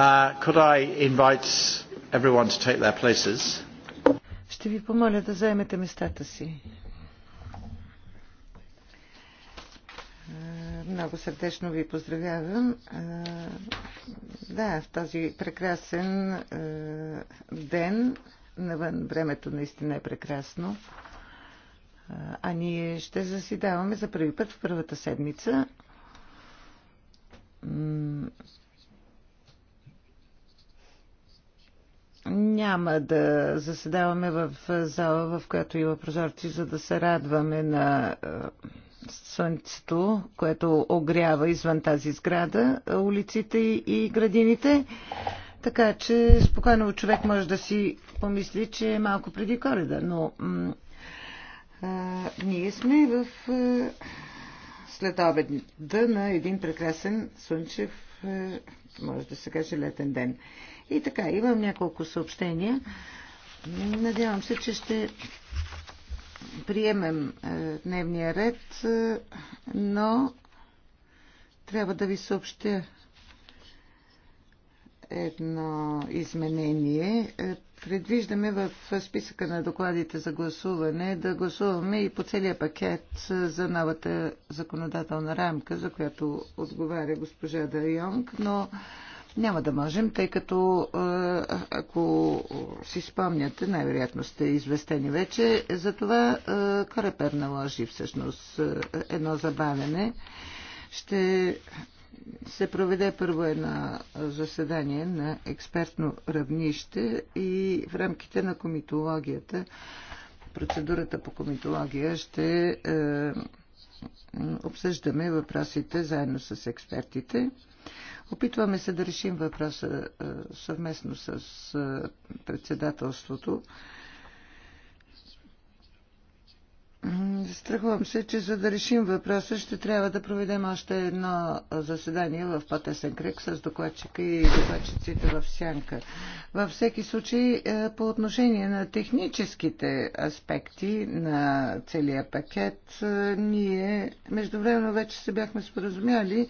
Uh, could I invite everyone to take their places? Ще ви помоля да заемете местата си. Е, много сърдечно ви поздравявам. Е, да, в този прекрасен е, ден, навън времето наистина е прекрасно, а ние ще заседаваме за първи път в първата седмица Няма да заседаваме в зала, в която има прозорци, за да се радваме на е, слънцето, което огрява извън тази сграда, е, улиците и градините. Така че спокойно човек може да си помисли, че е малко преди коледа, но а, е, ние сме в а, следобеда на един прекрасен слънчев, а, може да се каже летен ден. И така, имам няколко съобщения. Надявам се, че ще приемем е, дневния ред, е, но трябва да ви съобщя едно изменение. Е, предвиждаме в списъка на докладите за гласуване да гласуваме и по целия пакет за новата законодателна рамка, за която отговаря госпожа Дайонг, но няма да можем, тъй като е, ако си спомняте, най-вероятно сте известени вече, за това е, Корепер наложи всъщност е, едно забавене. Ще се проведе първо едно заседание на експертно равнище и в рамките на комитологията, процедурата по комитология ще обсъждаме въпросите заедно с експертите. Опитваме се да решим въпроса съвместно с председателството Страхувам се, че за да решим въпроса, ще трябва да проведем още едно заседание в по-тесен кръг с докладчика и докладчиците в сянка. Във всеки случай, е, по отношение на техническите аспекти на целия пакет, е, ние междувременно вече се бяхме споразумяли,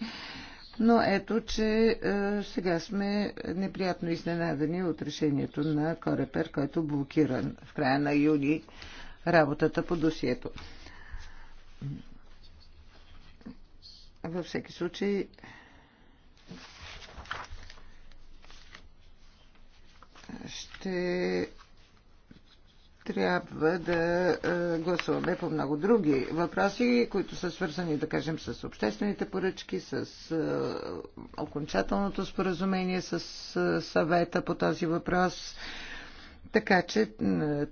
но ето, че е, сега сме неприятно изненадани от решението на Корепер, който блокиран в края на юни работата по досието. Във всеки случай ще трябва да гласуваме по много други въпроси, които са свързани, да кажем, с обществените поръчки, с окончателното споразумение с съвета по този въпрос. Така че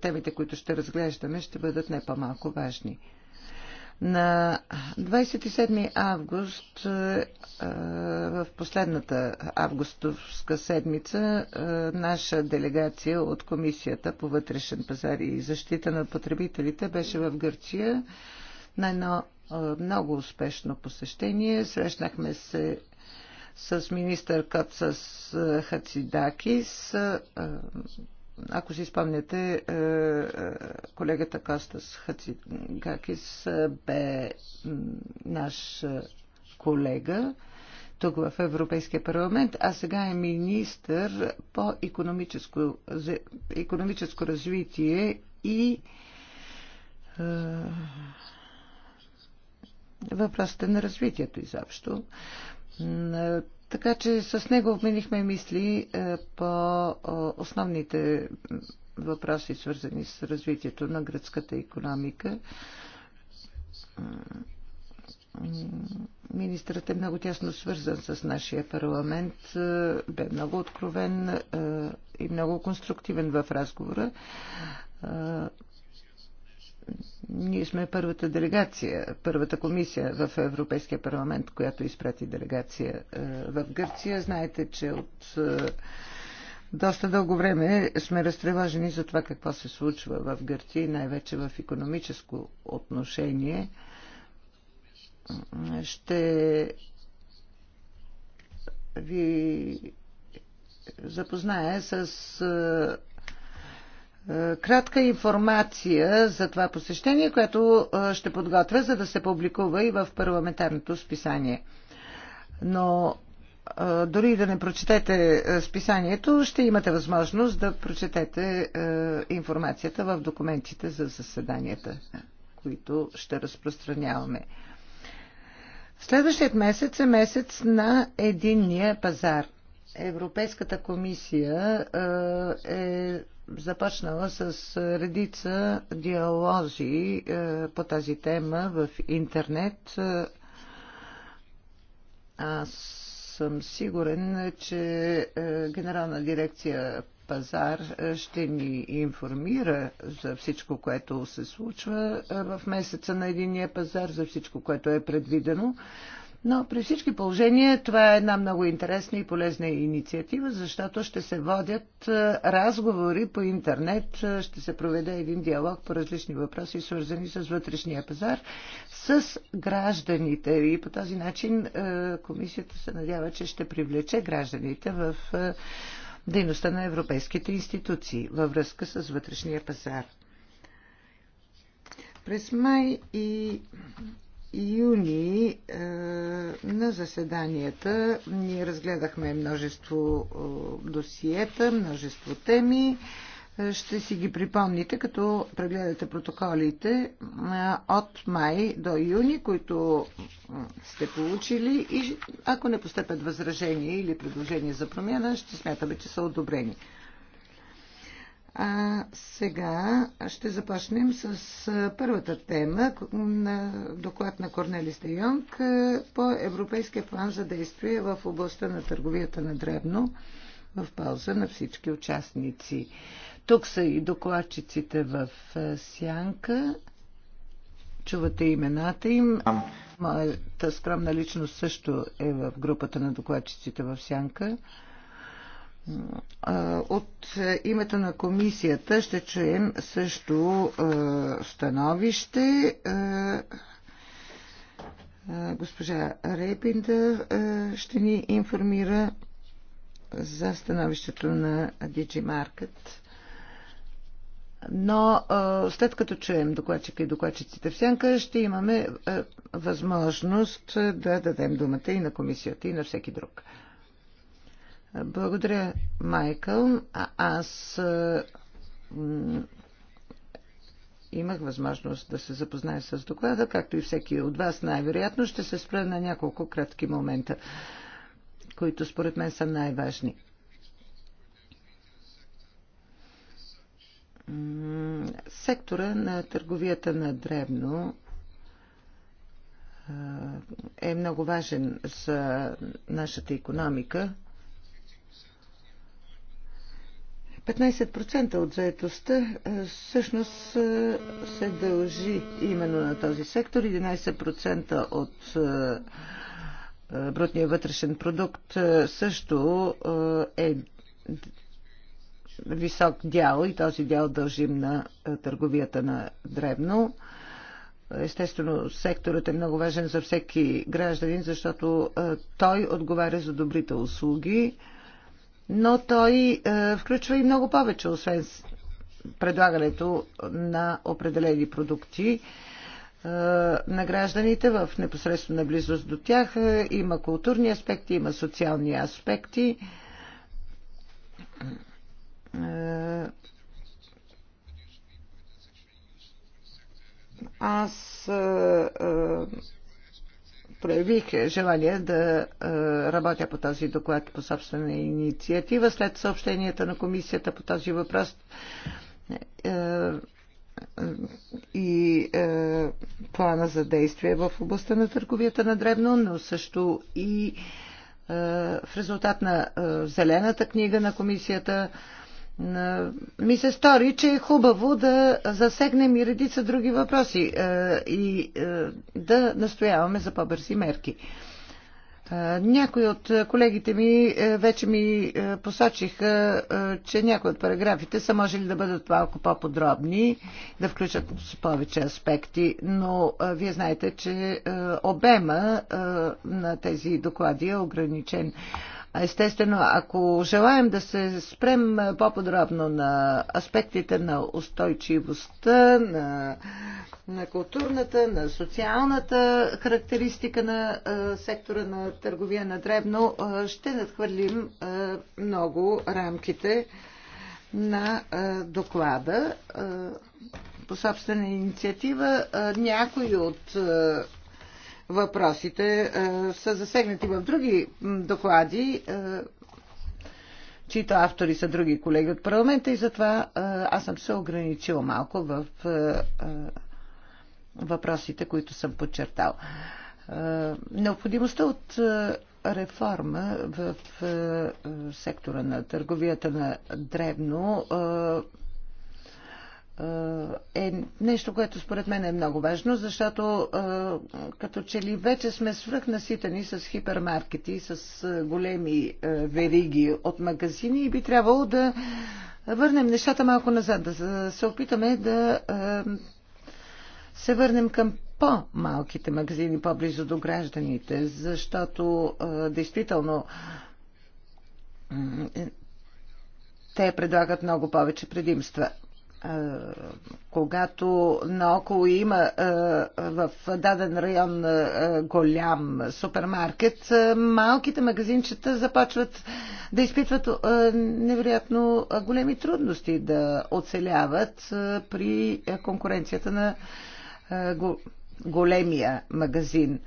темите, които ще разглеждаме, ще бъдат не по-малко важни. На 27 август, е, е, в последната августовска седмица, е, наша делегация от Комисията по вътрешен пазар и защита на потребителите беше в Гърция на едно много успешно посещение. Срещнахме се с министър Кацас Хацидакис, ако си спомняте, е, е, колегата Костас Хацигакис е, бе наш колега тук в Европейския парламент, а сега е министър по економическо, економическо развитие и въпросите на развитието изобщо. Така че с него обменихме мисли е, по е, основните въпроси, свързани с развитието на гръцката економика. Министрът е много тясно свързан с нашия парламент, е, бе много откровен и много конструктивен в разговора ние сме първата делегация, първата комисия в Европейския парламент, която изпрати делегация е, в Гърция. Знаете, че от е, доста дълго време сме разтревожени за това какво се случва в Гърция най-вече в економическо отношение. Ще ви запозная с е, е, кратка информация за това посещение, което е, ще подготвя, за да се публикува и в парламентарното списание. Но е, дори да не прочетете списанието, ще имате възможност да прочетете информацията в документите за заседанията, които ще разпространяваме. Следващият месец е месец на единния пазар. Европейската комисия е започнала с редица диалози по тази тема в интернет. Аз съм сигурен, че Генерална дирекция пазар ще ни информира за всичко, което се случва в месеца на единия пазар, за всичко, което е предвидено. Но при всички положения това е една много интересна и полезна инициатива, защото ще се водят е, разговори по интернет, е, ще се проведе един диалог по различни въпроси, свързани с вътрешния пазар, с гражданите. И по този начин е, комисията се надява, че ще привлече гражданите в дейността на европейските институции във връзка с вътрешния пазар. През май и юни е, на заседанията ние разгледахме множество е, досиета, множество теми. Е, ще си ги припомните, като прегледате протоколите от май до юни, които сте получили и ако не постъпят възражения или предложения за промяна, ще смятаме, че са одобрени. А сега ще започнем с първата тема на доклад на Корнели Стейонг по Европейския план за действие в областта на търговията на дребно в пауза на всички участници. Тук са и докладчиците в Сянка. Чувате имената им. Моята скромна личност също е в групата на докладчиците в Сянка. От името на комисията ще чуем също становище. Госпожа Репинда ще ни информира за становището на Digimarket. Но след като чуем докладчика и докладчиците в сянка, ще имаме възможност да дадем думата и на комисията, и на всеки друг. Благодаря, Майкъл. А, аз имах възможност да се запозная с доклада, както и всеки от вас най-вероятно ще се спра на няколко кратки момента, които според мен са най-важни. Сектора на търговията на дребно е много важен за нашата економика. 15% от заетостта е, всъщност е, се дължи именно на този сектор. 11% от е, брутния вътрешен продукт също е висок дял и този дял дължим на търговията на дребно. Естествено, секторът е много важен за всеки гражданин, защото той отговаря за добрите услуги но той е, включва и много повече, освен предлагането на определени продукти е, на гражданите в непосредствена близост до тях. Е, има културни аспекти, има социални аспекти. Е, аз е, е, проявих желание да е, работя по този доклад по собствена инициатива след съобщенията на комисията по този въпрос е, и е, плана за действие в областта на търговията на дребно, но също и е, в резултат на е, зелената книга на комисията е, ми се стори, че е хубаво да засегнем и редица други въпроси е, и е, да настояваме за по-бързи мерки. Е, някои от колегите ми вече ми посочиха, че някои от параграфите са можели да бъдат малко по-подробни, да включат повече аспекти, но вие знаете, че обема на тези доклади е ограничен. Естествено, ако желаем да се спрем по-подробно на аспектите на устойчивостта, на, на културната, на социалната характеристика на а, сектора на търговия на дребно, а, ще надхвърлим а, много рамките на а, доклада. А, по собствена инициатива а, някои от а, въпросите е, са засегнати в други доклади, е, чието автори са други колеги от парламента и затова е, аз съм се ограничила малко в въпросите, които съм подчертал. Необходимостта от реформа в сектора на търговията на дребно е нещо, което според мен е много важно, защото като че ли вече сме свръхнаситани с хипермаркети, с големи вериги от магазини и би трябвало да върнем нещата малко назад, да се опитаме да се върнем към по-малките магазини, по-близо до гражданите, защото действително е, те предлагат много повече предимства когато наоколо има в даден район голям супермаркет, малките магазинчета започват да изпитват невероятно големи трудности да оцеляват при конкуренцията на големия магазин.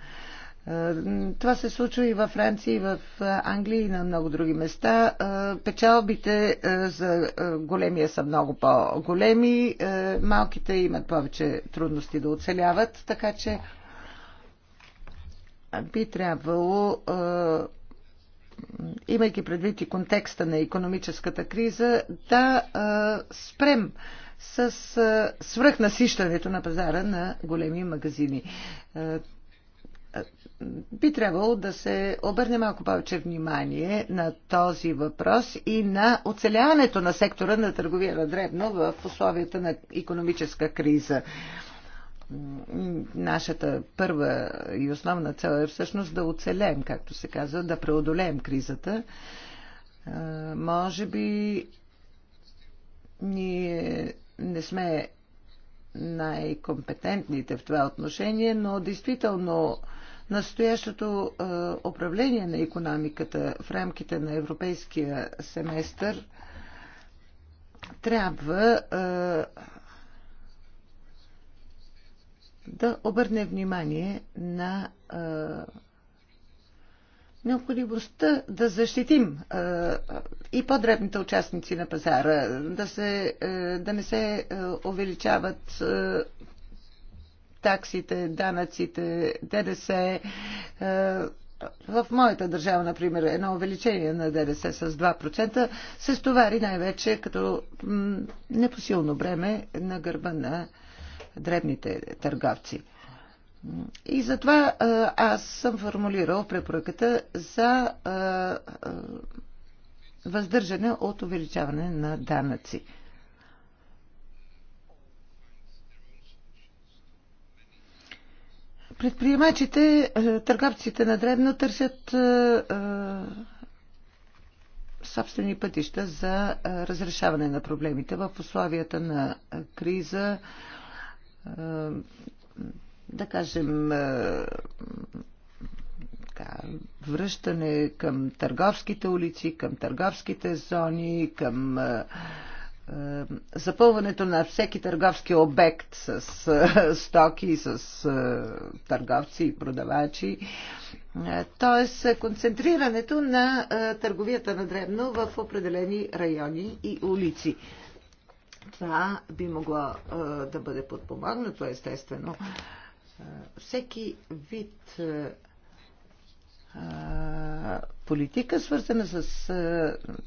Е, това се случва и във Франция, и в е, Англия, и на много други места. Е, печалбите за големия са много по-големи, малките имат повече трудности да оцеляват, така че би трябвало, имайки предвид и контекста на економическата криза, да спрем с свръхнасищането на пазара на големи магазини би трябвало да се обърне малко повече внимание на този въпрос и на оцеляването на сектора на търговия на дребно в условията на економическа криза. Нашата първа и основна цел е всъщност да оцелем, както се казва, да преодолеем кризата. Може би ние не сме най-компетентните в това отношение, но действително Настоящото е, управление на економиката в рамките на европейския семестър трябва е, да обърне внимание на е, необходимостта да защитим е, и по-дребните участници на пазара, да, се, е, да не се е, увеличават е, таксите, данъците, ДДС. Е, в моята държава, например, едно увеличение на ДДС с 2% се стовари най-вече като непосилно бреме на гърба на дребните търговци. И затова е, аз съм формулирал препоръката за е, въздържане от увеличаване на данъци. Предприемачите, е, търговците на дребно търсят е, е, собствени пътища за разрешаване на проблемите в условията на криза, да кажем, връщане към търговските улици, към търговските зони, към е, запълването на всеки търговски обект с е, стоки, с е, търговци и продавачи. Тоест, концентрирането на търговията на дребно в определени райони и улици. Това би могло да бъде подпомогнато, естествено. Всеки вид политика, свързана с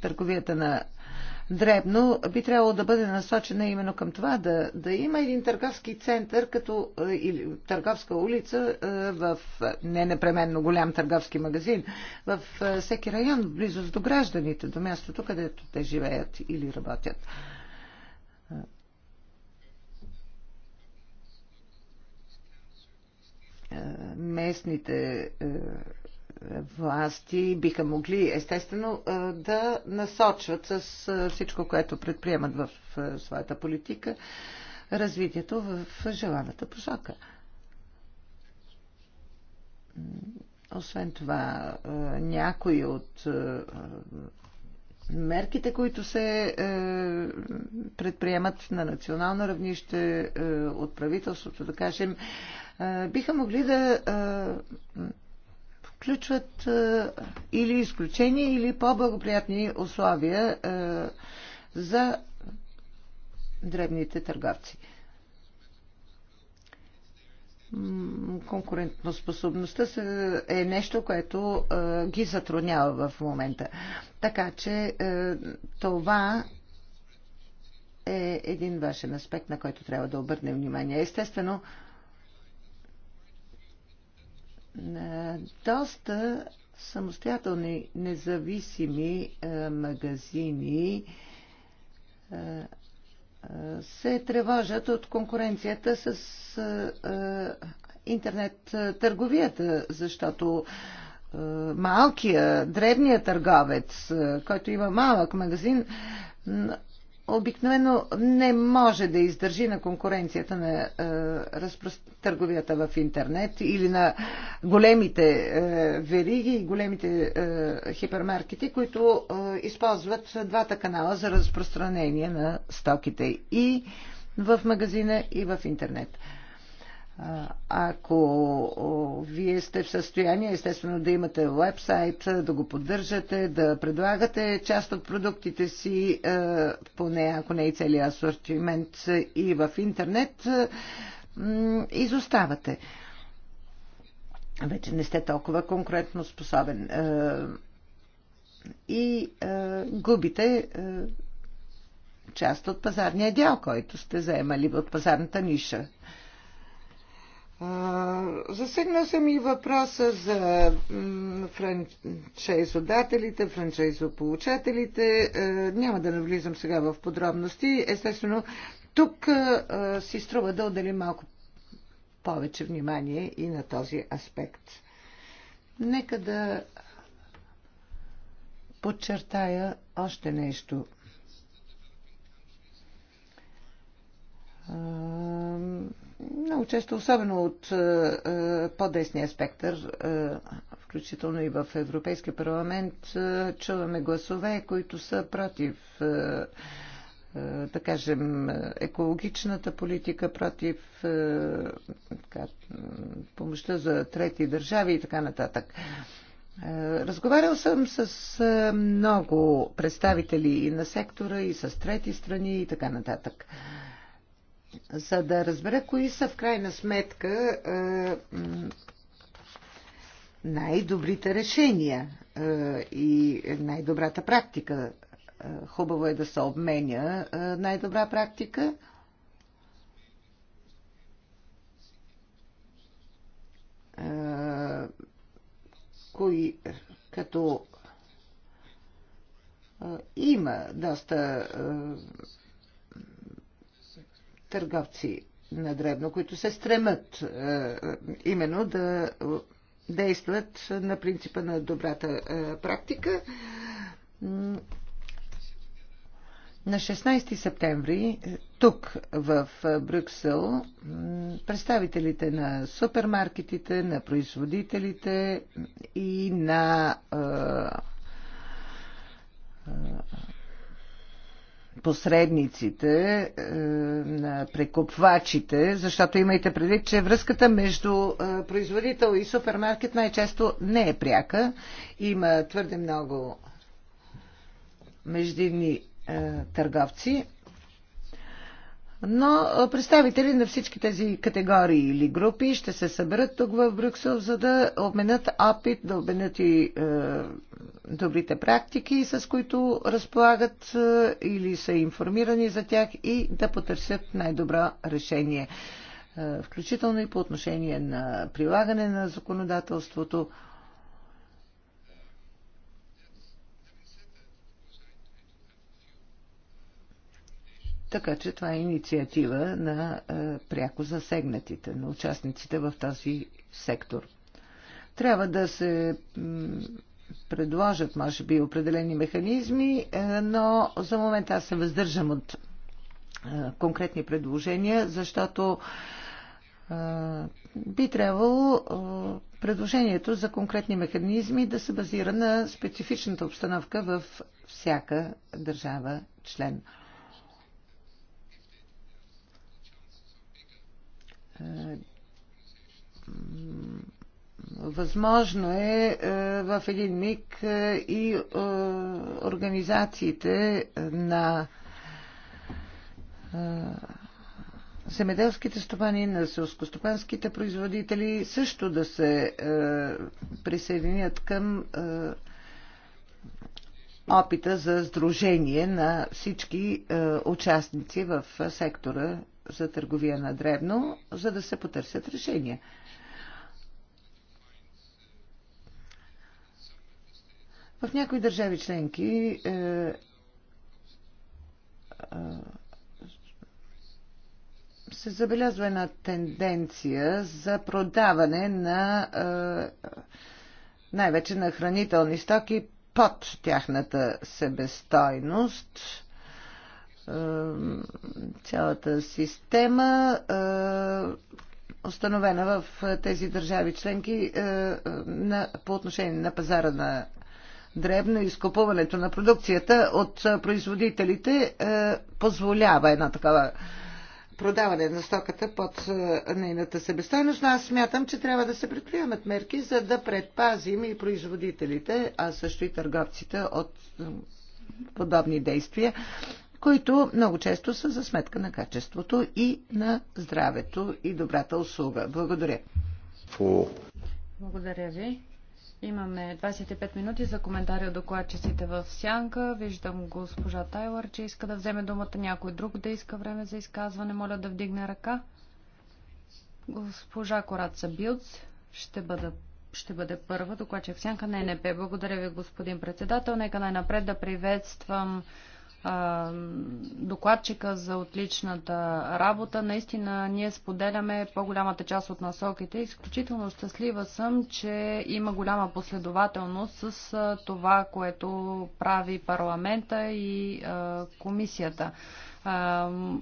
търговията на дребно, би трябвало да бъде насочена именно към това, да, да има един търговски център като, е, или търговска улица е, в не непременно голям търговски магазин, в е, всеки район, близо до гражданите, до мястото, където те живеят или работят. Местните власти биха могли естествено да насочват с всичко, което предприемат в своята политика, развитието в желаната посока. Освен това, някои от мерките, които се предприемат на национално равнище от правителството, да кажем, биха могли да включват е, или изключения, или по-благоприятни условия е, за дребните търговци. Конкурентноспособността е нещо, което е, ги затруднява в момента. Така че това е един важен аспект, на който трябва да обърнем внимание. Естествено, е, доста самостоятелни, независими е, магазини е, се тревожат от конкуренцията с интернет търговията, защото малкия, дребния търговец, който има малък магазин, обикновено не може да издържи на конкуренцията на е, търговията в интернет или на големите е, вериги и големите е, хипермаркети, които е, използват двата канала за разпространение на стоките и в магазина, и в интернет. Ако вие сте в състояние, естествено, да имате вебсайт, да го поддържате, да предлагате част от продуктите си, поне ако не и целият асортимент и в интернет, изоставате. Вече не сте толкова конкретно способен. И губите част от пазарния дял, който сте заемали от пазарната ниша. Засегна съм и въпроса за франчайзодателите, франчайзополучателите. Няма да навлизам сега в подробности. Естествено, тук си струва да отделим малко повече внимание и на този аспект. Нека да подчертая още нещо много често, особено от е, е, по-десния спектър, е, включително и в Европейския парламент, чуваме гласове, които са против да кажем, екологичната политика против така, помощта за трети държави и така нататък. Разговарял съм с много представители и на сектора, и с трети страни и така нататък за да разбера кои са в крайна сметка е, най-добрите решения е, и най-добрата практика. Е, хубаво е да се обменя най-добра практика. кои като има доста търговци на дребно, които се стремат е, е, именно да действат на принципа на добрата е, практика. На 16 септември тук в Брюксел представителите на супермаркетите, на производителите и на посредниците, е, на прекупвачите, защото имайте предвид, че връзката между е, производител и супермаркет най-често не е пряка. Има твърде много междинни е, търговци. Но представители на всички тези категории или групи ще се съберат тук в Брюксел, за да обменят опит, да обменят и е, добрите практики, с които разполагат е, или са информирани за тях и да потърсят най-добро решение, е, включително и по отношение на прилагане на законодателството. Така че това е инициатива на е, пряко засегнатите, на участниците в този сектор. Трябва да се предложат, може би, определени механизми, е, но за момента аз се въздържам от е, конкретни предложения, защото би трябвало предложението за конкретни механизми да се базира на специфичната обстановка в всяка държава член. Е, възможно е, е в един миг е, и организациите на земеделските стопани, на селскостопанските производители също да се присъединят към опита за сдружение на всички участници в сектора за търговия на дребно, за да се потърсят решения. В някои държави членки е, е, се забелязва една тенденция за продаване на е, най-вече на хранителни стоки под тяхната себестойност е, цялата система, е, установена в тези държави членки е, по отношение на пазара на дребно и изкупуването на продукцията от производителите позволява една такава продаване на стоката под нейната себестойност, но аз смятам, че трябва да се предприемат мерки, за да предпазим и производителите, а също и търговците от подобни действия които много често са за сметка на качеството и на здравето и добрата услуга. Благодаря. Фу. Благодаря ви. Имаме 25 минути за коментари от докладчиците в Сянка. Виждам госпожа Тайлър, че иска да вземе думата някой друг, да иска време за изказване. Моля да вдигне ръка. Госпожа Кораца Билц ще бъде, ще бъде първа докладчик в Сянка на НП. Благодаря ви, господин председател. Нека най-напред да приветствам докладчика за отличната работа. Наистина ние споделяме по-голямата част от насоките. Изключително щастлива съм, че има голяма последователност с това, което прави парламента и комисията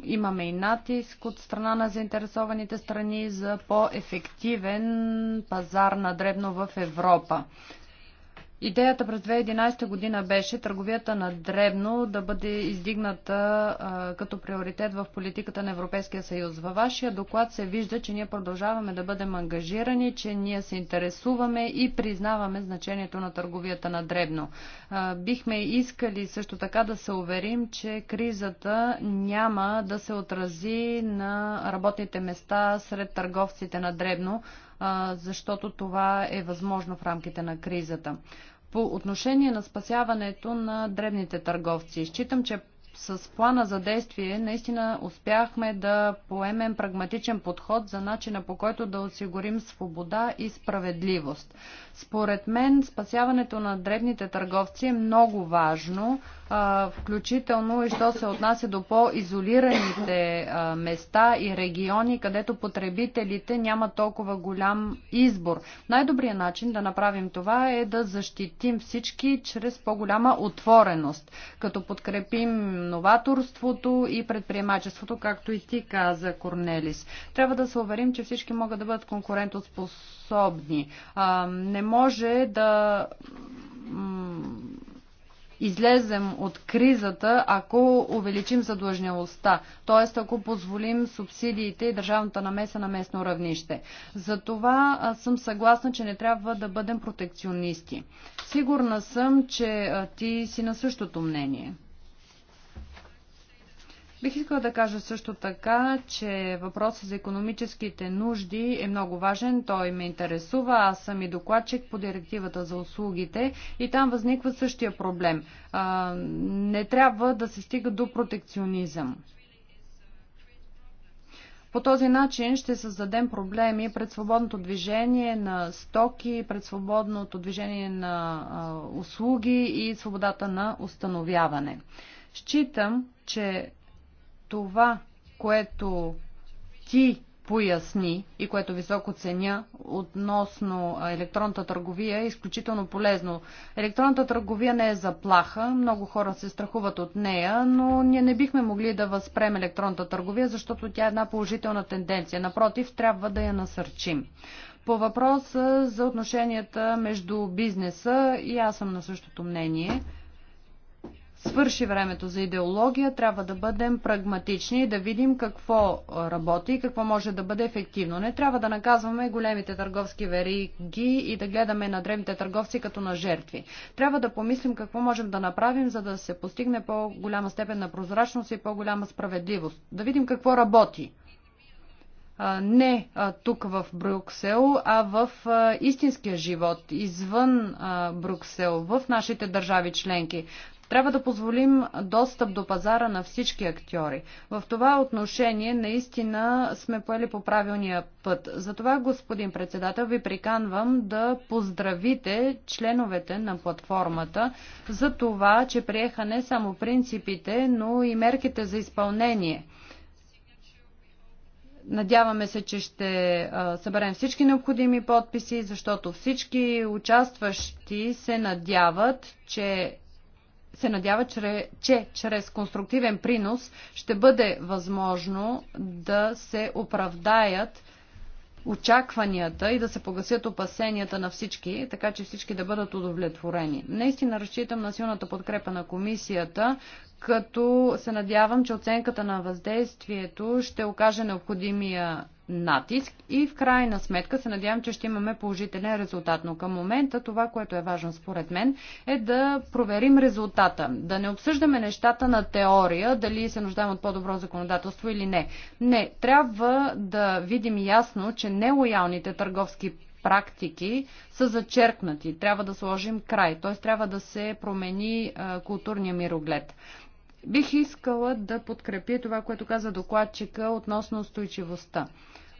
имаме и натиск от страна на заинтересованите страни за по-ефективен пазар на дребно в Европа. Идеята през 2011 година беше търговията на дребно да бъде издигната а, като приоритет в политиката на Европейския съюз. Във вашия доклад се вижда, че ние продължаваме да бъдем ангажирани, че ние се интересуваме и признаваме значението на търговията на дребно. А, бихме искали също така да се уверим, че кризата няма да се отрази на работните места сред търговците на дребно, защото това е възможно в рамките на кризата. По отношение на спасяването на дребните търговци, считам, че с плана за действие наистина успяхме да поемем прагматичен подход за начина по който да осигурим свобода и справедливост. Според мен спасяването на дребните търговци е много важно, включително и що се отнася до по-изолираните места и региони, където потребителите няма толкова голям избор. Най-добрият начин да направим това е да защитим всички чрез по-голяма отвореност, като подкрепим новаторството и предприемачеството, както и ти каза, Корнелис. Трябва да се уверим, че всички могат да бъдат конкурентоспособни. Не може да излезем от кризата, ако увеличим задлъжнялостта, т.е. ако позволим субсидиите и държавната намеса на местно равнище. За това съм съгласна, че не трябва да бъдем протекционисти. Сигурна съм, че ти си на същото мнение. Бих искала да кажа също така, че въпросът за економическите нужди е много важен. Той ме интересува. Аз съм и докладчик по директивата за услугите и там възниква същия проблем. не трябва да се стига до протекционизъм. По този начин ще създадем проблеми пред свободното движение на стоки, пред свободното движение на услуги и свободата на установяване. Считам, че това, което ти поясни и което високо ценя относно електронната търговия е изключително полезно. Електронната търговия не е заплаха, много хора се страхуват от нея, но ние не бихме могли да възпрем електронната търговия, защото тя е една положителна тенденция. Напротив, трябва да я насърчим. По въпроса за отношенията между бизнеса и аз съм на същото мнение – свърши времето за идеология, трябва да бъдем прагматични и да видим какво работи и какво може да бъде ефективно. Не трябва да наказваме големите търговски вериги и да гледаме на древните търговци като на жертви. Трябва да помислим какво можем да направим, за да се постигне по-голяма степен на прозрачност и по-голяма справедливост. Да видим какво работи не тук в Брюксел, а в истинския живот, извън Брюксел, в нашите държави членки. Трябва да позволим достъп до пазара на всички актьори. В това отношение наистина сме поели по правилния път. Затова, господин председател, ви приканвам да поздравите членовете на платформата за това, че приеха не само принципите, но и мерките за изпълнение. Надяваме се, че ще съберем всички необходими подписи, защото всички участващи се надяват, че се надява, че, че чрез конструктивен принос ще бъде възможно да се оправдаят очакванията и да се погасят опасенията на всички, така че всички да бъдат удовлетворени. Наистина разчитам на силната подкрепа на комисията, като се надявам, че оценката на въздействието ще окаже необходимия натиск и в крайна сметка се надявам, че ще имаме положителен резултат. Но към момента това, което е важно според мен, е да проверим резултата. Да не обсъждаме нещата на теория, дали се нуждаем от по-добро законодателство или не. Не, трябва да видим ясно, че нелоялните търговски практики са зачеркнати. Трябва да сложим край, т.е. трябва да се промени културния мироглед. Бих искала да подкрепя това, което каза докладчика относно устойчивостта.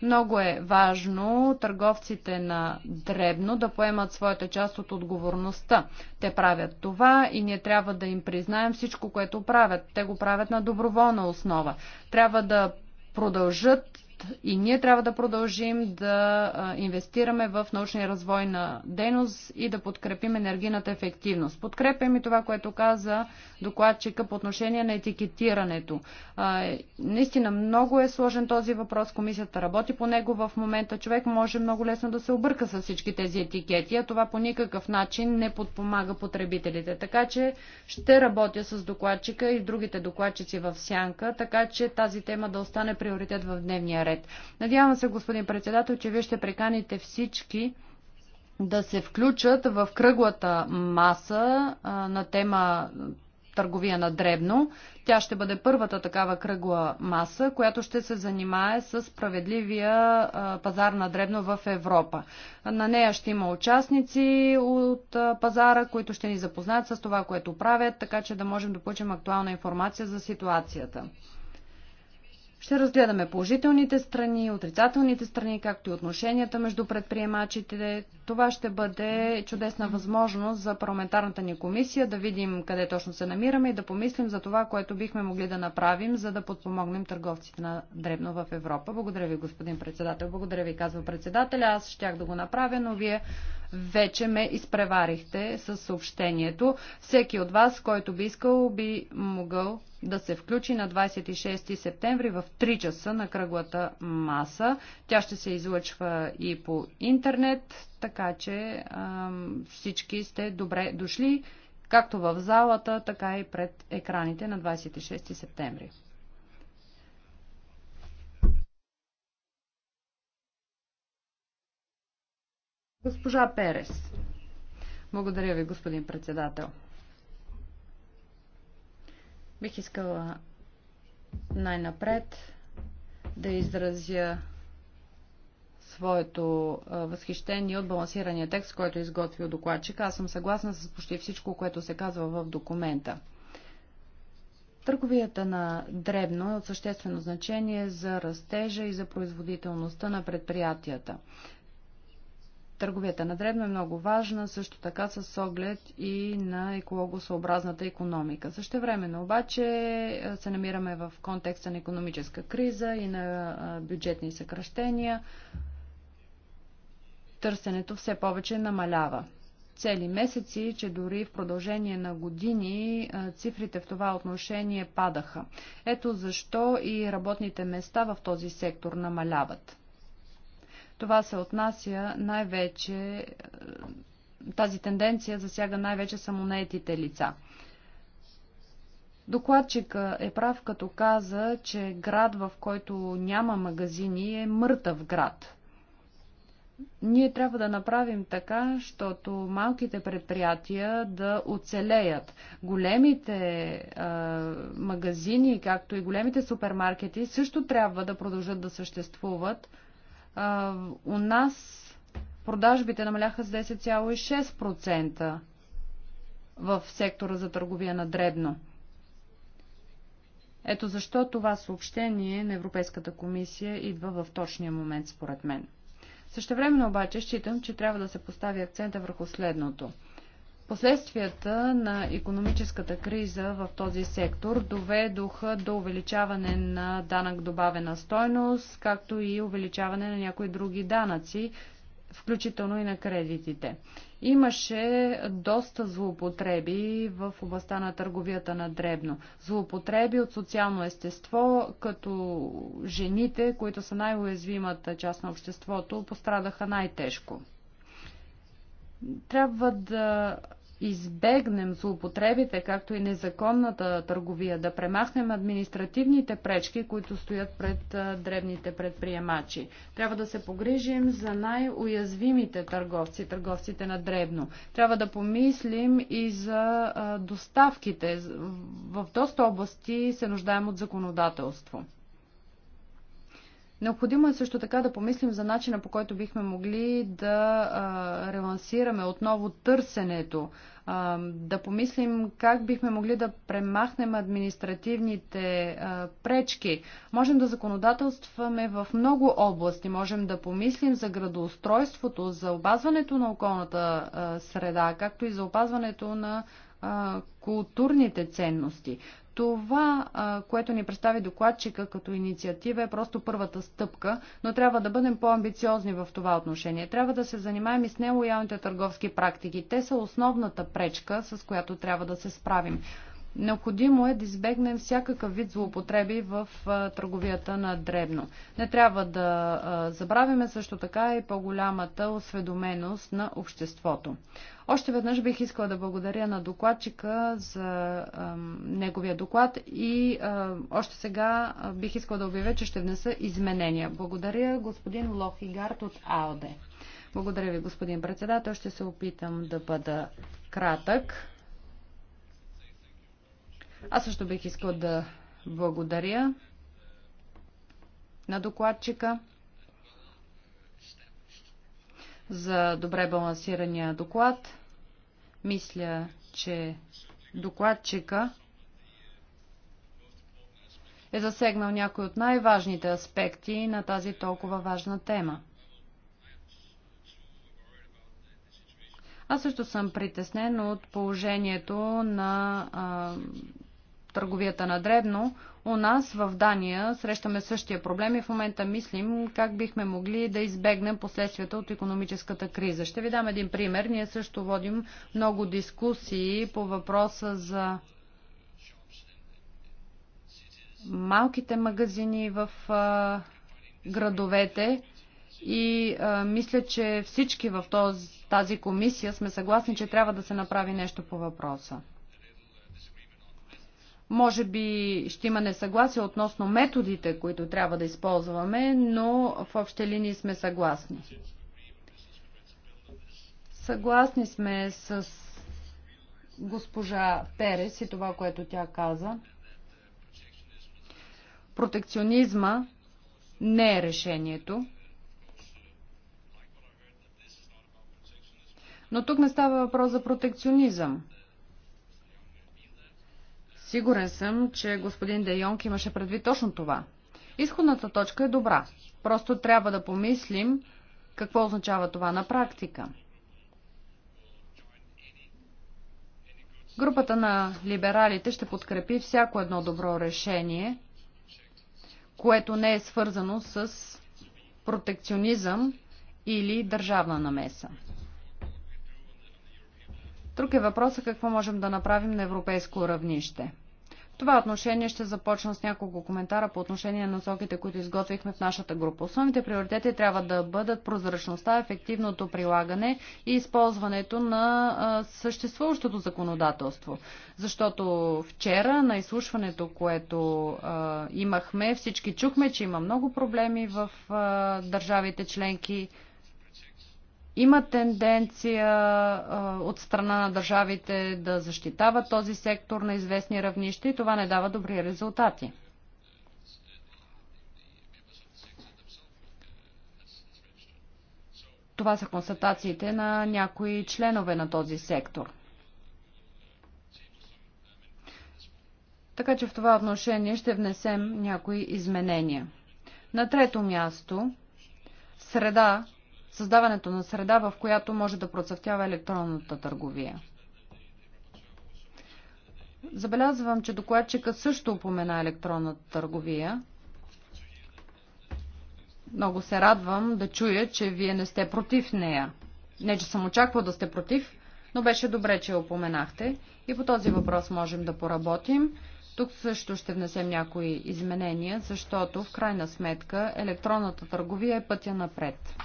Много е важно търговците на дребно да поемат своята част от отговорността. Те правят това и ние трябва да им признаем всичко, което правят. Те го правят на доброволна основа. Трябва да продължат и ние трябва да продължим да инвестираме в научна и развойна дейност и да подкрепим енергийната ефективност. Подкрепям и това, което каза докладчика по отношение на етикетирането. Наистина много е сложен този въпрос. Комисията работи по него в момента. Човек може много лесно да се обърка с всички тези етикети, а това по никакъв начин не подпомага потребителите. Така че ще работя с докладчика и другите докладчици в сянка, така че тази тема да остане приоритет в дневния ред приоритет. Надявам се, господин председател, че вие ще приканите всички да се включат в кръглата маса на тема търговия на дребно. Тя ще бъде първата такава кръгла маса, която ще се занимае с справедливия пазар на дребно в Европа. На нея ще има участници от пазара, които ще ни запознаят с това, което правят, така че да можем да получим актуална информация за ситуацията. Ще разгледаме положителните страни, отрицателните страни, както и отношенията между предприемачите. Това ще бъде чудесна възможност за парламентарната ни комисия да видим къде точно се намираме и да помислим за това, което бихме могли да направим, за да подпомогнем търговците на дребно в Европа. Благодаря ви, господин председател. Благодаря ви, казва председателя. Аз щях да го направя, но вие вече ме изпреварихте с съобщението. Всеки от вас, който би искал, би могъл да се включи на 26 септември в 3 часа на кръглата маса. Тя ще се излъчва и по интернет, така че ам, всички сте добре дошли, както в залата, така и пред екраните на 26 септември. Госпожа Перес. Благодаря ви, господин председател. Бих искала най-напред да изразя своето възхищение от балансирания текст, който е изготвил докладчик. Аз съм съгласна с почти всичко, което се казва в документа. Търговията на дребно е от съществено значение за растежа и за производителността на предприятията. Търговията на дребно е много важна, също така с оглед и на екологосъобразната економика. Също времено обаче се намираме в контекста на економическа криза и на бюджетни съкръщения. Търсенето все повече намалява. Цели месеци, че дори в продължение на години цифрите в това отношение падаха. Ето защо и работните места в този сектор намаляват. Това се отнася най-вече, е, тази тенденция засяга най-вече самонетите лица. Докладчика е прав, като каза, че град, в който няма магазини, е мъртъв град. Ние трябва да направим така, защото малките предприятия да оцелеят. Големите а, магазини, както и големите супермаркети, също трябва да продължат да съществуват, у нас продажбите намаляха с 10,6% в сектора за търговия на дребно. Ето защо това съобщение на Европейската комисия идва в точния момент, според мен. Същевременно обаче считам, че трябва да се постави акцента върху следното – Последствията на економическата криза в този сектор доведоха до увеличаване на данък добавена стойност, както и увеличаване на някои други данъци, включително и на кредитите. Имаше доста злоупотреби в областта на търговията на дребно. Злоупотреби от социално естество, като жените, които са най-уязвимата част на обществото, пострадаха най-тежко. Трябва да избегнем злоупотребите, както и незаконната търговия, да премахнем административните пречки, които стоят пред древните предприемачи. Трябва да се погрижим за най-уязвимите търговци, търговците на дребно. Трябва да помислим и за доставките. В доста области се нуждаем от законодателство. Необходимо е също така да помислим за начина по който бихме могли да а, релансираме отново търсенето, а, да помислим как бихме могли да премахнем административните а, пречки. Можем да законодателстваме в много области, можем да помислим за градоустройството, за опазването на околната а, среда, както и за опазването на културните ценности. Това, което ни представи докладчика като инициатива е просто първата стъпка, но трябва да бъдем по-амбициозни в това отношение. Трябва да се занимаем и с нелоялните търговски практики. Те са основната пречка, с която трябва да се справим. Необходимо е да избегнем всякакъв вид злоупотреби в търговията на дребно. Не трябва да забравяме също така и по-голямата осведоменост на обществото. Още веднъж бих искала да благодаря на докладчика за а, неговия доклад и а, още сега бих искала да обявя, че ще внеса изменения. Благодаря господин Лохигард от АОДЕ. Благодаря ви, господин председател. Ще се опитам да бъда кратък. Аз също бих искал да благодаря на докладчика за добре балансирания доклад. Мисля, че докладчика е засегнал някои от най-важните аспекти на тази толкова важна тема. Аз също съм притеснен от положението на а, търговията на дребно. У нас в Дания срещаме същия проблем и в момента мислим как бихме могли да избегнем последствията от економическата криза. Ще ви дам един пример. Ние също водим много дискусии по въпроса за малките магазини в а, градовете и а, мисля, че всички в този, тази комисия сме съгласни, че трябва да се направи нещо по въпроса. Може би ще има несъгласие относно методите, които трябва да използваме, но в общи линии сме съгласни. Съгласни сме с госпожа Перес и това, което тя каза. Протекционизма не е решението. Но тук не става въпрос за протекционизъм. Сигурен съм, че господин Де Йонг имаше предвид точно това. Изходната точка е добра. Просто трябва да помислим какво означава това на практика. Групата на либералите ще подкрепи всяко едно добро решение, което не е свързано с протекционизъм или държавна намеса. Друг е въпросът какво можем да направим на европейско равнище това отношение ще започна с няколко коментара по отношение на насоките, които изготвихме в нашата група. Основните приоритети трябва да бъдат прозрачността, ефективното прилагане и използването на съществуващото законодателство. Защото вчера на изслушването, което имахме, всички чухме, че има много проблеми в държавите членки има тенденция а, от страна на държавите да защитават този сектор на известни равнища и това не дава добри резултати. Това са констатациите на някои членове на този сектор. Така че в това отношение ще внесем някои изменения. На трето място, среда, създаването на среда, в която може да процъфтява електронната търговия. Забелязвам, че докладчика също упомена електронната търговия. Много се радвам да чуя, че вие не сте против нея. Не, че съм очаквал да сте против, но беше добре, че я упоменахте. И по този въпрос можем да поработим. Тук също ще внесем някои изменения, защото в крайна сметка електронната търговия е пътя напред.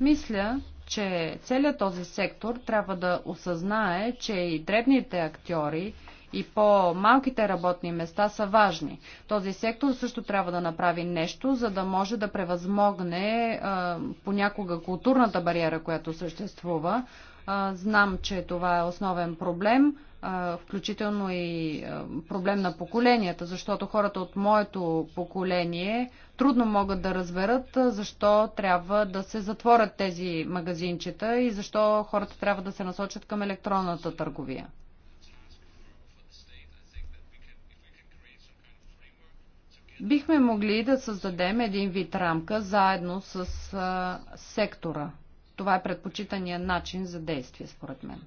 Мисля, че целият този сектор трябва да осъзнае, че и дребните актьори и по-малките работни места са важни. Този сектор също трябва да направи нещо, за да може да превъзмогне а, понякога културната бариера, която съществува. А, знам, че това е основен проблем включително и проблем на поколенията, защото хората от моето поколение трудно могат да разберат защо трябва да се затворят тези магазинчета и защо хората трябва да се насочат към електронната търговия. Бихме могли да създадем един вид рамка заедно с сектора. Това е предпочитания начин за действие, според мен.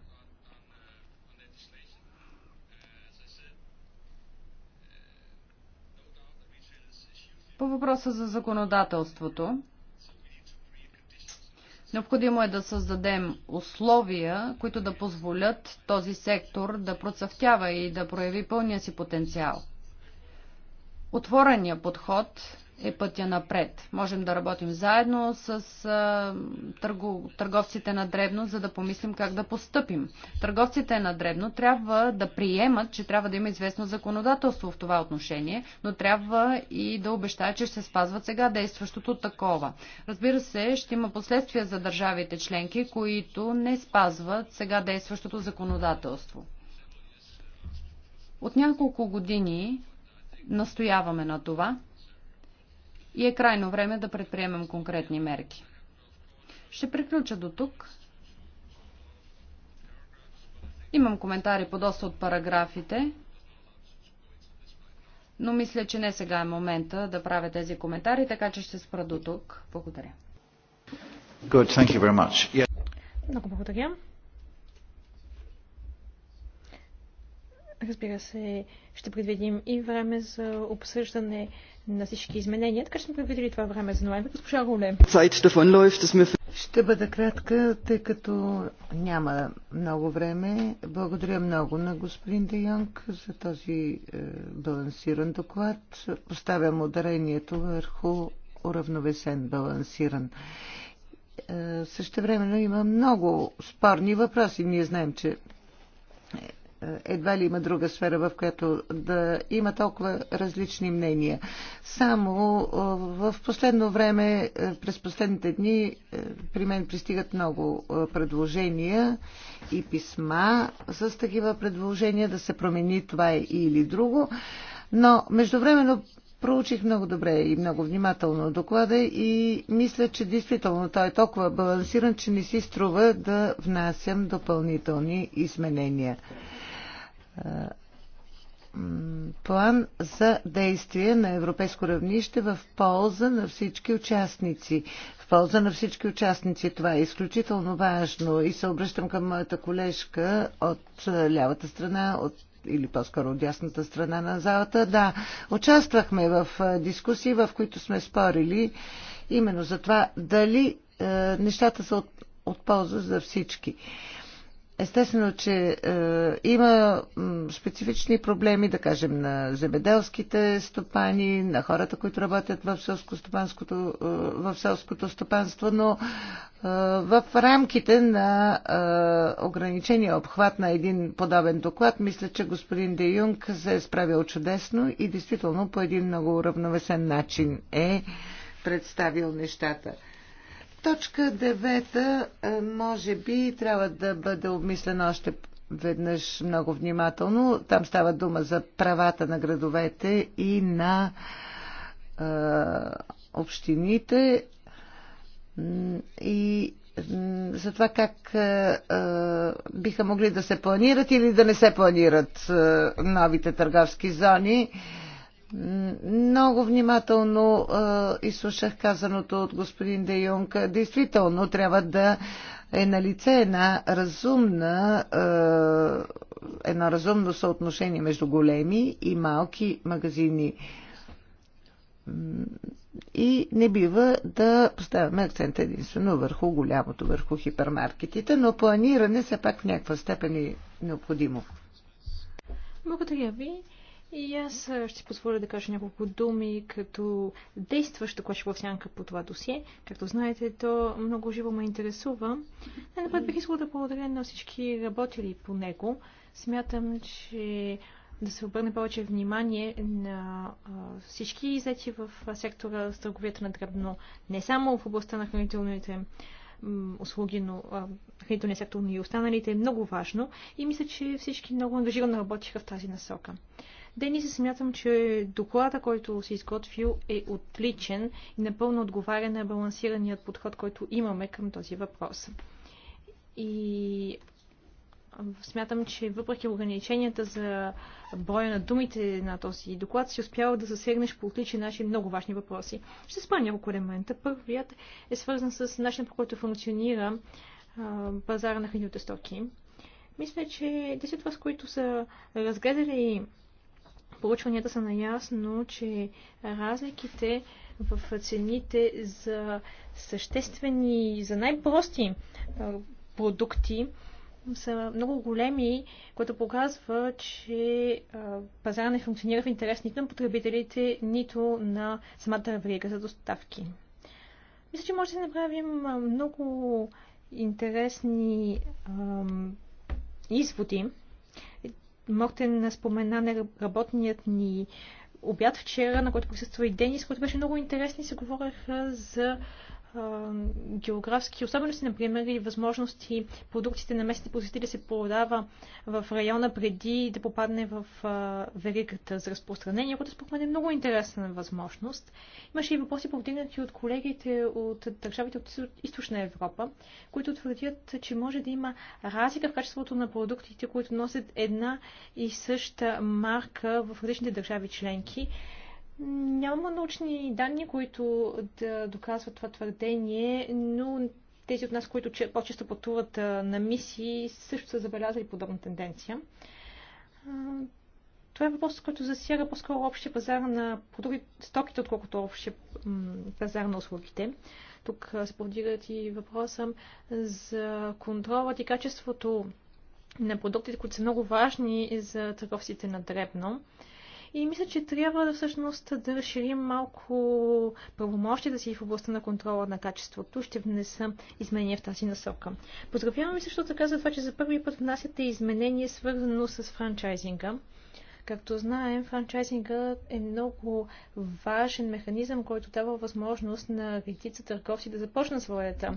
По въпроса за законодателството, необходимо е да създадем условия, които да позволят този сектор да процъфтява и да прояви пълния си потенциал. Отворения подход е пътя напред. Можем да работим заедно с а, търго, търговците на дребно, за да помислим как да постъпим. Търговците на дребно трябва да приемат, че трябва да има известно законодателство в това отношение, но трябва и да обещаят, че ще спазват сега действащото такова. Разбира се, ще има последствия за държавите членки, които не спазват сега действащото законодателство. От няколко години настояваме на това и е крайно време да предприемем конкретни мерки. Ще приключа до тук. Имам коментари по доста от параграфите, но мисля, че не сега е момента да правя тези коментари, така че ще спра до тук. Благодаря. Good, thank you very much. Yeah. Много благодаря. Разбира се, ще предвидим и време за обсъждане на всички изменения, така че сме предвидили това време за ноември. Госпожа Руле. Ще бъда кратка, тъй като няма много време. Благодаря много на господин Де Йонг за този е, балансиран доклад. Поставям ударението върху уравновесен балансиран. Е, Също времено има много спорни въпроси. Ние знаем, че едва ли има друга сфера, в която да има толкова различни мнения. Само в последно време, през последните дни, при мен пристигат много предложения и писма с такива предложения да се промени това е или друго. Но междувременно проучих много добре и много внимателно доклада и мисля, че действително той е толкова балансиран, че не си струва да внасям допълнителни изменения план за действие на европейско равнище в полза на всички участници. В полза на всички участници това е изключително важно и се обръщам към моята колежка от лявата страна, от или по-скоро от дясната страна на залата. Да, участвахме в дискусии, в които сме спорили именно за това дали е, нещата са от, от полза за всички. Е, Естествено, че е, има специфични проблеми, да кажем, на земеделските стопани, на хората, които работят в селско-стопанското, е, в селското стопанство, но е, в рамките на е, ограничения обхват на един подобен доклад, мисля, че господин Де Юнг се е справил чудесно и действително по един много уравновесен начин е представил нещата. Точка 9 е, може би трябва да бъде обмислена още веднъж много внимателно. Там става дума за правата на градовете и на е, общините и за това как е, е, биха могли да се планират или да не се планират е, новите търговски зони. Е, много внимателно а, изслушах казаното от господин Де Юнг. Действително трябва да е на лице една разумна, а, едно разумно съотношение между големи и малки магазини. И не бива да поставяме акцент единствено върху голямото, върху хипермаркетите, но планиране все пак в някаква степен е необходимо. Благодаря ви. И аз ще позволя да кажа няколко думи като действаща докладчик в сянка по това досие. Както знаете, то много живо ме интересува. Най-напред бих искала да благодаря на всички работили по него. Смятам, че да се обърне повече внимание на всички изети в сектора с търговията на дребно, не само в областта на хранителните услуги, но хранителния сектор, но и останалите е много важно и мисля, че всички много ангажирано работиха в тази насока. Денис, смятам, че доклада, който си изготвил е отличен и напълно отговаря на балансираният подход, който имаме към този въпрос. И смятам, че въпреки ограниченията за броя на думите на този доклад, си успява да засегнеш по отличен начин много важни въпроси. Ще спомня няколко елемента. Първият е свързан с начина по който функционира пазара на хранителните стоки. Мисля, че тези от вас, които са разгледали проучванията са наясно, че разликите в цените за съществени, за най-прости продукти са много големи, което показва, че пазара не функционира в интерес нито на потребителите, нито на самата врига за доставки. Мисля, че може да направим много интересни ам, изводи Мортен спомена работният ни обяд вчера, на който присъства и Денис, който беше много интересен и се говореха за географски особености, например, и възможности продуктите на местните производители се продава в района преди да попадне в веригата за разпространение, което според мен е много интересна възможност. Имаше и въпроси повдигнати от колегите от държавите от Източна Европа, които твърдят, че може да има разлика в качеството на продуктите, които носят една и съща марка в различните държави членки няма научни данни, които да доказват това твърдение, но тези от нас, които по-често пътуват на мисии, също са забелязали подобна тенденция. Това е въпрос, който засяга по-скоро общия пазар на продукти, стоките, отколкото общия пазар на услугите. Тук се повдигат и въпроса за контролът и качеството на продуктите, които са много важни за търговците на дребно. И мисля, че трябва да всъщност да разширим малко правомощи да си в областта на контрола на качеството. Ще внеса изменения в тази насока. Поздравявам ви също така за това, че за първи път внасяте изменение свързано с франчайзинга. Както знаем, франчайзинга е много важен механизъм, който дава възможност на редица търговци да започнат своята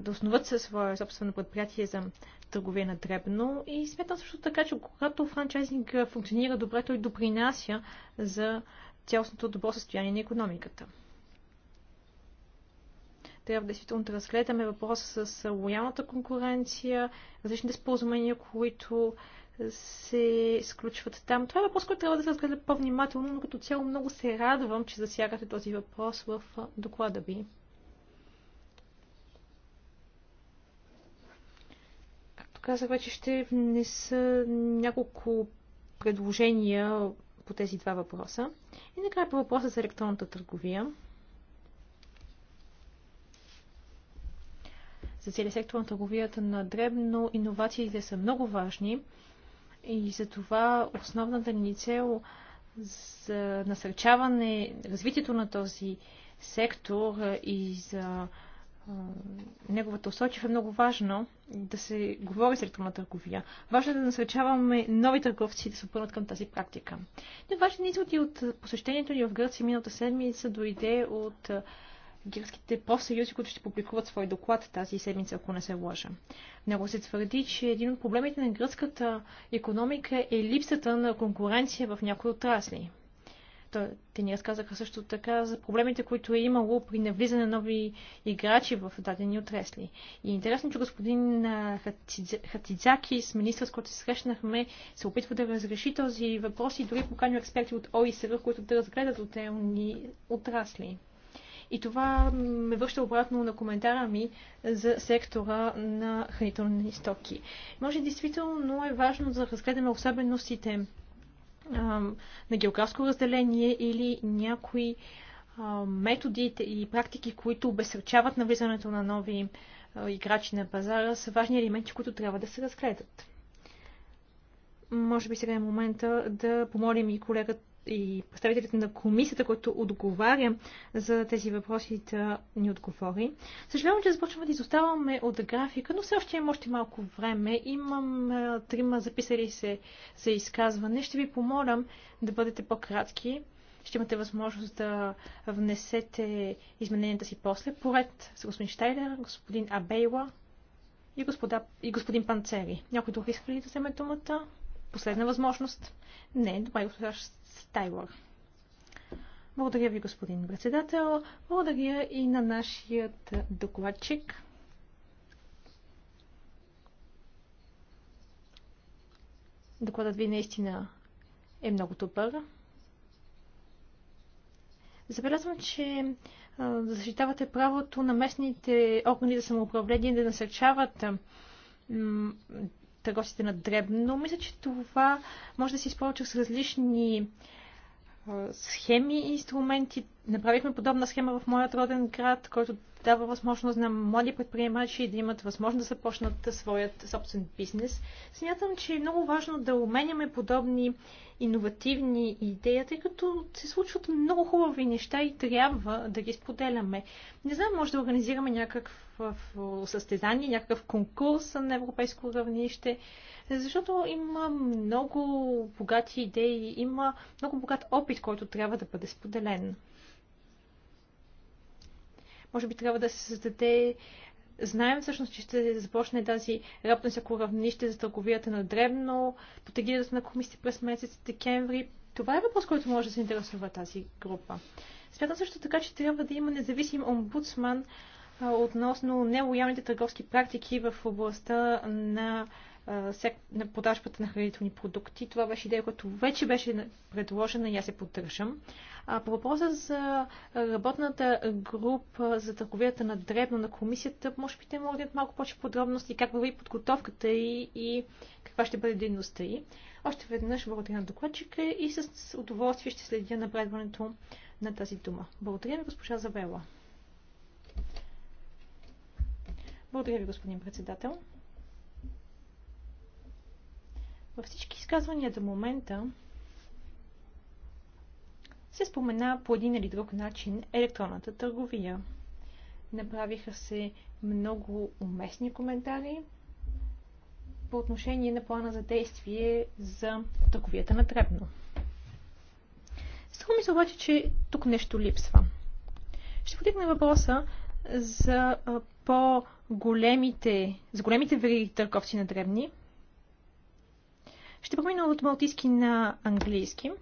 да основат със свое собствено предприятие за търговия на дребно. И смятам също така, че когато франчайзинг функционира добре, той допринася за цялостното добро състояние на економиката. Трябва действително да разгледаме въпроса с лоялната конкуренция, различните споразумения, които се сключват там. Това е въпрос, който трябва да се разгледа по-внимателно, но като цяло много се радвам, че засягате този въпрос в доклада ви. казах вече, ще внеса няколко предложения по тези два въпроса. И накрая по въпроса за електронната търговия. За целия сектор на търговията на дребно иновациите са много важни и за това основната ни цел за насърчаване развитието на този сектор и за неговата усочив е много важно да се говори с електронна търговия. Важно е да насречаваме нови търговци да се обърнат към тази практика. Неважни изводи от посещението ни в Гърция миналата седмица дойде от гръцките профсъюзи, които ще публикуват свой доклад тази седмица, ако не се лъжа. Много се твърди, че един от проблемите на гръцката економика е липсата на конкуренция в някои отрасли. Те ни разказаха също така за проблемите, които е имало при навлизане на нови играчи в дадени отресли. И е интересно, че господин Хатидзаки с министър, с който се срещнахме, се опитва да разреши този въпрос и дори поканил експерти от ОИСР, които да разгледат отделни отрасли. И това ме връща обратно на коментара ми за сектора на хранителни стоки. Може действително е важно да разгледаме особеностите на географско разделение или някои методите и практики, които обесърчават навлизането на нови играчи на пазара, са важни елементи, които трябва да се разгледат. Може би сега е момента да помолим и колегата и представителите на комисията, който отговаря за тези въпроси, да ни отговори. Съжалявам, че започваме да изоставаме от графика, но все още има още малко време. Имам е, трима записали се за изказване. Ще ви помолям да бъдете по-кратки. Ще имате възможност да внесете измененията си после. Поред с господин Штайлер, господин Абейла и, господа, и господин Панцери. Някой друг иска ли да вземе думата? Последна възможност? Не, добре, госпожа Стайлор. Благодаря ви, господин председател. Благодаря и на нашият докладчик. Докладът ви наистина е много добър. Забелязвам, че защитавате правото на местните органи за самоуправление да насърчават търговците на дребно. Мисля, че това може да се използва с различни схеми и инструменти. Направихме подобна схема в моят роден град, който дава възможност на млади предприемачи да имат възможност да започнат своят собствен бизнес. Смятам, че е много важно да уменяме подобни иновативни идеи, тъй като се случват много хубави неща и трябва да ги споделяме. Не знам, може да организираме някакво състезание, някакъв конкурс на европейско равнище, защото има много богати идеи, има много богат опит, който трябва да бъде споделен. Може би трябва да се създаде Знаем всъщност, че ще започне тази работна всяко равнище за търговията на дребно, под егидата на комисията през месец декември. Това е въпрос, който може да се интересува тази група. Смятам също така, че трябва да има независим омбудсман относно нелоялните търговски практики в областта на на продажбата на хранителни продукти. Това беше идея, която вече беше предложена и аз се поддържам. А по въпроса за работната група за търговията на дребно на комисията, може би те могат да малко повече подробности как върви подготовката и, и каква ще бъде дейността й. Още веднъж благодаря на докладчика и с удоволствие ще следя напредването на тази дума. Благодаря ви госпожа Завела. Благодаря ви, господин председател. Във всички изказвания до момента се спомена по един или друг начин електронната търговия. Направиха се много уместни коментари по отношение на плана за действие за търговията на Требно. Струва ми се обаче, че тук нещо липсва. Ще подигна въпроса за по-големите, за големите вериги търговци на дребни, ще премина от малтийски на английски.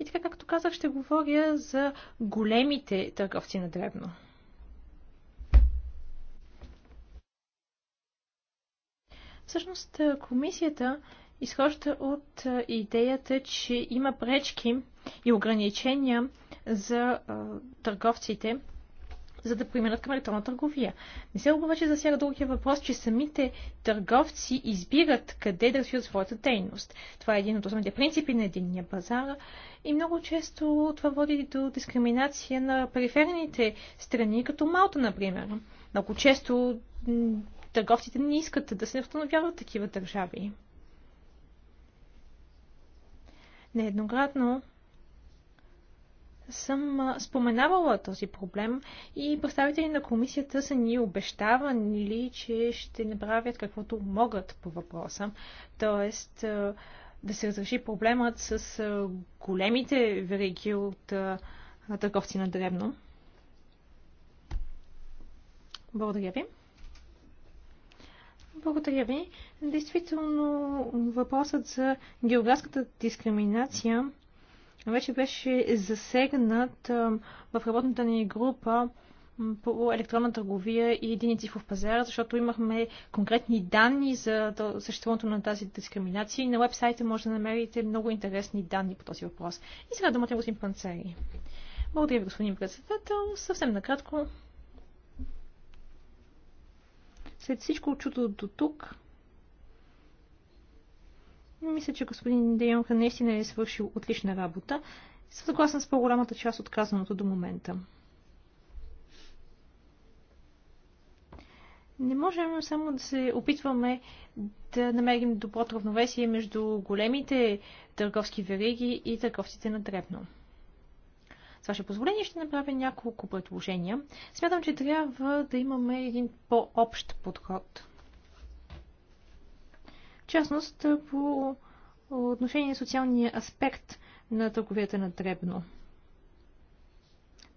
И така, както казах, ще говоря за големите търговци на дребно. Всъщност, комисията изхожда от идеята, че има пречки и ограничения за търговците за да преминат към електронна търговия. Не се обаче засяга другия въпрос, че самите търговци избират къде да развиват своята дейност. Това е един от основните принципи на единния пазар и много често това води до дискриминация на периферните страни, като Малта, например. Много често търговците не искат да се установяват такива държави. Нееднократно съм споменавала този проблем и представители на комисията са ни обещавали, че ще направят каквото могат по въпроса. Тоест да се разреши проблемът с големите вериги от търговци на древно. Благодаря ви. Благодаря ви. Действително, въпросът за географската дискриминация вече беше засегнат в работната ни група по електронна търговия и един цифров пазар, защото имахме конкретни данни за съществуването на тази дискриминация и на вебсайта може да намерите много интересни данни по този въпрос. И сега думата е господин Панцери. Благодаря ви, господин председател. Съвсем накратко. След всичко чуто до тук, мисля, че господин Дейонка наистина е свършил отлична работа. Съгласен с по-голямата част от казаното до момента. Не можем само да се опитваме да намерим доброто равновесие между големите търговски вериги и търговците на дребно. С ваше позволение ще направя няколко предложения. Смятам, че трябва да имаме един по-общ подход – в частност по отношение на социалния аспект на търговията на Дребно.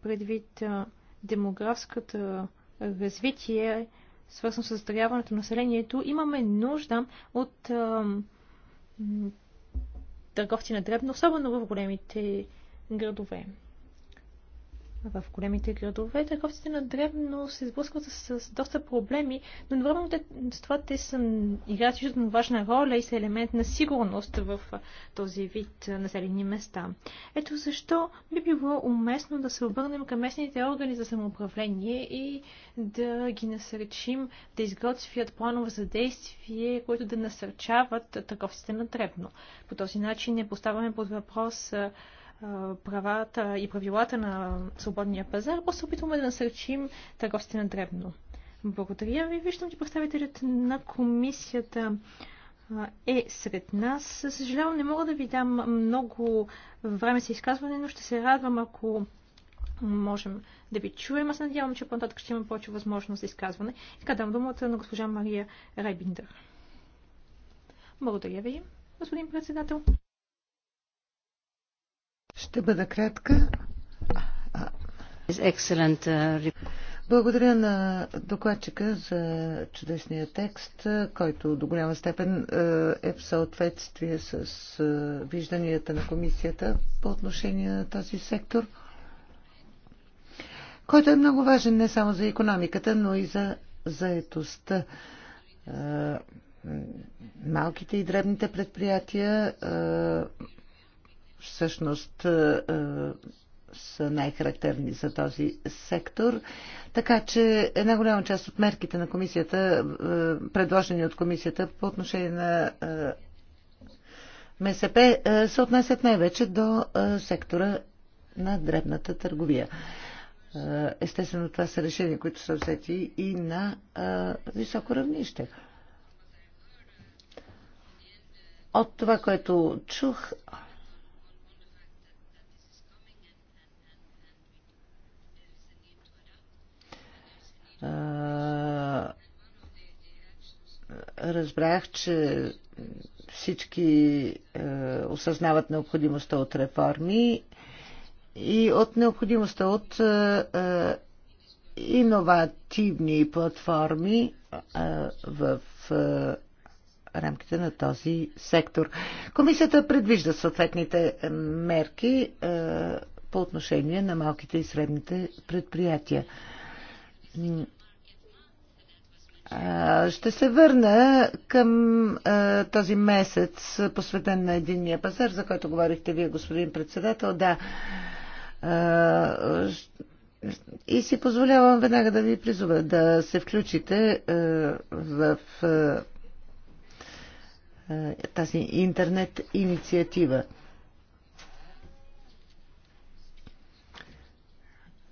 Предвид демографската развитие, свързано с застаряването на населението, имаме нужда от търговци на дребно, особено в големите градове в големите градове, търговците на древно се сблъскват с, с доста проблеми, но едновременно с това те са играят изключително важна роля и са елемент на сигурност в този вид населени места. Ето защо би било уместно да се обърнем към местните органи за самоуправление и да ги насърчим да изготвят планове за действие, които да насърчават търговците на древно. По този начин не поставяме под въпрос правата и правилата на свободния пазар, просто се опитваме да насърчим търговците на дребно. Благодаря ви. Виждам, че представителят на комисията е сред нас. Съжалявам, не мога да ви дам много време за изказване, но ще се радвам, ако можем да ви чуем. Аз надявам, че по-нататък ще има повече възможност за изказване. И така дам думата на госпожа Мария Райбиндър. Благодаря ви, господин председател. Ще бъда кратка. Uh, Благодаря на докладчика за чудесния текст, който до голяма степен е, е в съответствие с е, вижданията на комисията по отношение на този сектор, който е много важен не само за економиката, но и за заетостта. Е, малките и дребните предприятия всъщност е, е, са най-характерни за този сектор. Така че една голяма част от мерките на комисията, е, предложени от комисията по отношение на МСП, се отнасят най-вече до сектора на дребната търговия. Естествено, това са решения, които са взети и на високо равнище. От това, което чух, разбрах, че всички осъзнават необходимостта от реформи и от необходимостта от иновативни платформи в рамките на този сектор. Комисията предвижда съответните мерки по отношение на малките и средните предприятия. Ще се върна към този месец, посветен на единния пазар, за който говорихте вие, господин председател. Да. И си позволявам веднага да ви призова да се включите в тази интернет инициатива.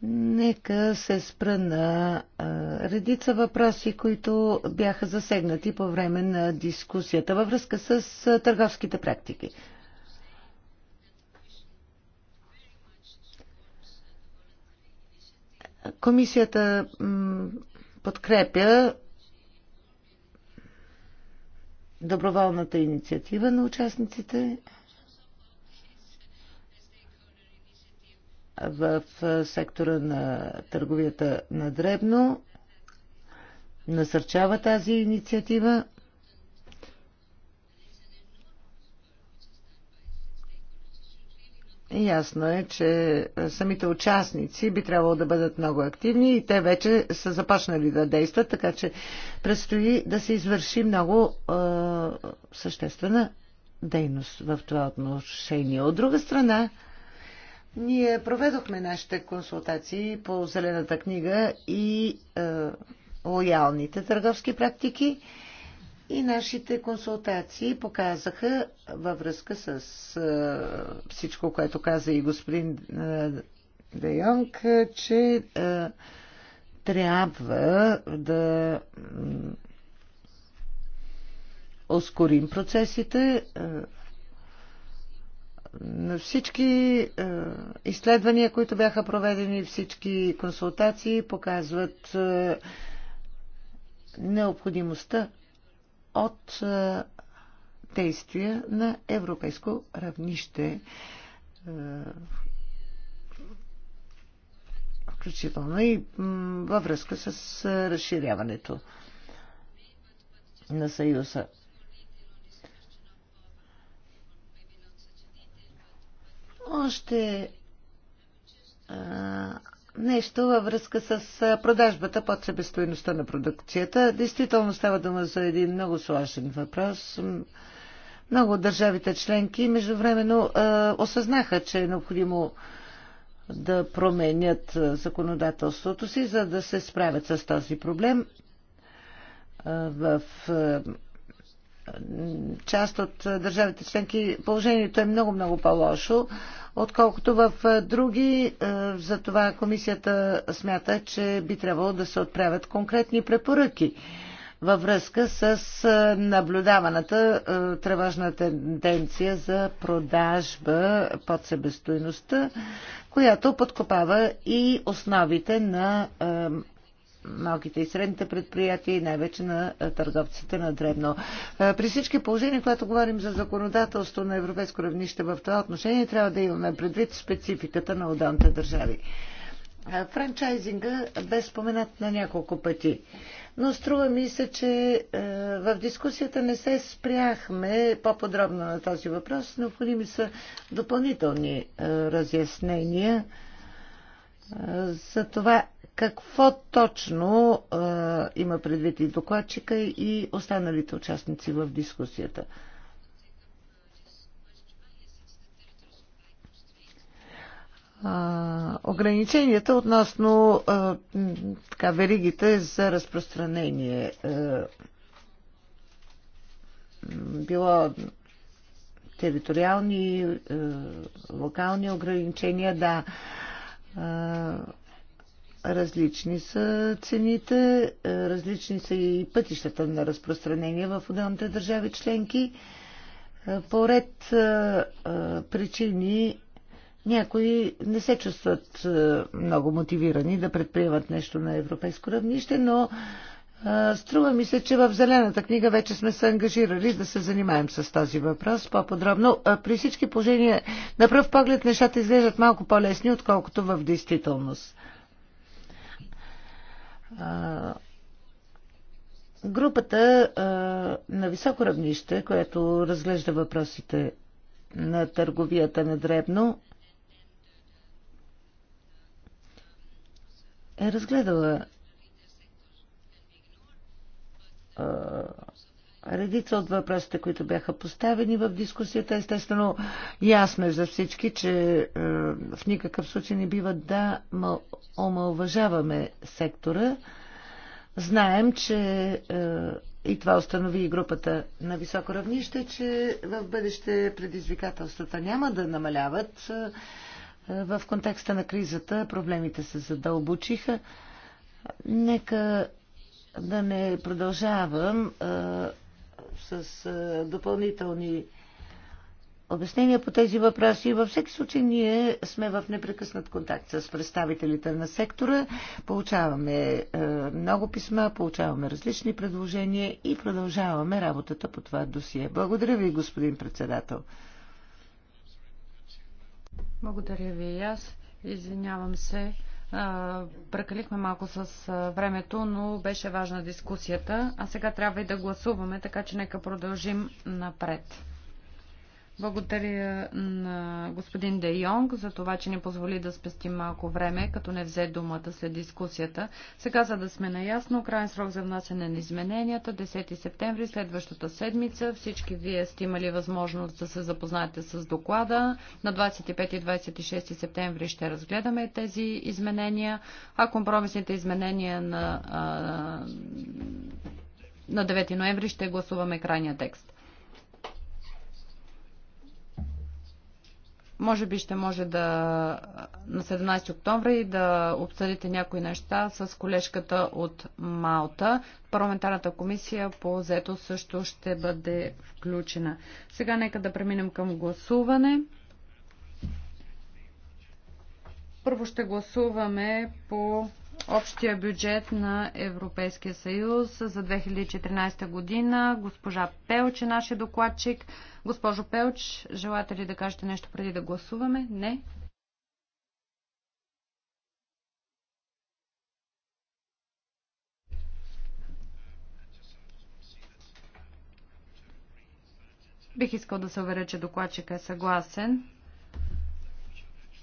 Нека се спра на а, редица въпроси, които бяха засегнати по време на дискусията във връзка с а, търговските практики. Комисията подкрепя доброволната инициатива на участниците в сектора на търговията на Дребно насърчава тази инициатива. Ясно е, че самите участници би трябвало да бъдат много активни и те вече са започнали да действат, така че предстои да се извърши много е, съществена дейност в това отношение. От друга страна, ние проведохме нашите консултации по Зелената книга и е, лоялните търговски практики и нашите консултации показаха във връзка с е, всичко, което каза и господин е, Де Йонг, е, че е, трябва да ускорим процесите. Е, на Всички е, изследвания, които бяха проведени, всички консултации показват е, необходимостта от е, действия на европейско равнище, включително и във връзка с разширяването на Съюза. Още а, нещо във връзка с продажбата под себестоиността на продукцията. Действително става дума за един много сложен въпрос. Много от държавите членки междувременно а, осъзнаха, че е необходимо да променят законодателството си, за да се справят с този проблем. В част от държавите членки положението е много-много по-лошо, отколкото в други. Затова комисията смята, че би трябвало да се отправят конкретни препоръки във връзка с наблюдаваната тревожна тенденция за продажба под себестойността, която подкопава и основите на малките и средните предприятия и най-вече на търговците на древно. При всички положения, когато говорим за законодателство на европейско равнище в това отношение, трябва да имаме предвид спецификата на отделните държави. Франчайзинга бе споменат на няколко пъти. Но струва ми се, че в дискусията не се спряхме по-подробно на този въпрос. Необходими са допълнителни разяснения за това какво точно а, има предвид и докладчика и останалите участници в дискусията? А, ограниченията относно а, така, веригите за разпространение. А, било териториални, а, локални ограничения, да. А, Различни са цените, е, различни са и пътищата на разпространение в отделните държави членки. Е, По ред е, причини някои не се чувстват много мотивирани да предприемат нещо на европейско равнище, но струва ми се, че в Зелената книга вече сме се ангажирали да се занимаем с този въпрос по-подробно. При всички положения, на пръв поглед, нещата изглеждат малко по-лесни, отколкото в действителност. Групата а, на високо равнище, която разглежда въпросите на търговията на дребно, е разгледала а, редица от въпросите, които бяха поставени в дискусията. Естествено, ясно е за всички, че е, в никакъв случай не бива да омалважаваме сектора. Знаем, че е, и това установи и групата на високо равнище, че в бъдеще предизвикателствата няма да намаляват. Е, в контекста на кризата проблемите се задълбочиха. Нека да не продължавам с а, допълнителни обяснения по тези въпроси. Във всеки случай ние сме в непрекъснат контакт с представителите на сектора. Получаваме а, много писма, получаваме различни предложения и продължаваме работата по това досие. Благодаря ви, господин председател. Благодаря ви и аз. Извинявам се прекалихме малко с времето, но беше важна дискусията. А сега трябва и да гласуваме, така че нека продължим напред. Благодаря на господин Де Йонг за това, че ни позволи да спестим малко време, като не взе думата след дискусията. Сега, за да сме наясно, крайен срок за внасяне на измененията 10 септември, следващата седмица. Всички вие сте имали възможност да се запознаете с доклада. На 25 и 26 септември ще разгледаме тези изменения, а компромисните изменения на, на 9 ноември ще гласуваме крайния текст. Може би ще може да на 17 октомври да обсъдите някои неща с колежката от Малта. Парламентарната комисия по заето също ще бъде включена. Сега нека да преминем към гласуване. Първо ще гласуваме по общия бюджет на Европейския съюз за 2014 година. Госпожа Пелч е нашия докладчик. Госпожо Пелч, желаете ли да кажете нещо преди да гласуваме? Не. Бих искал да се уверя, че докладчик е съгласен.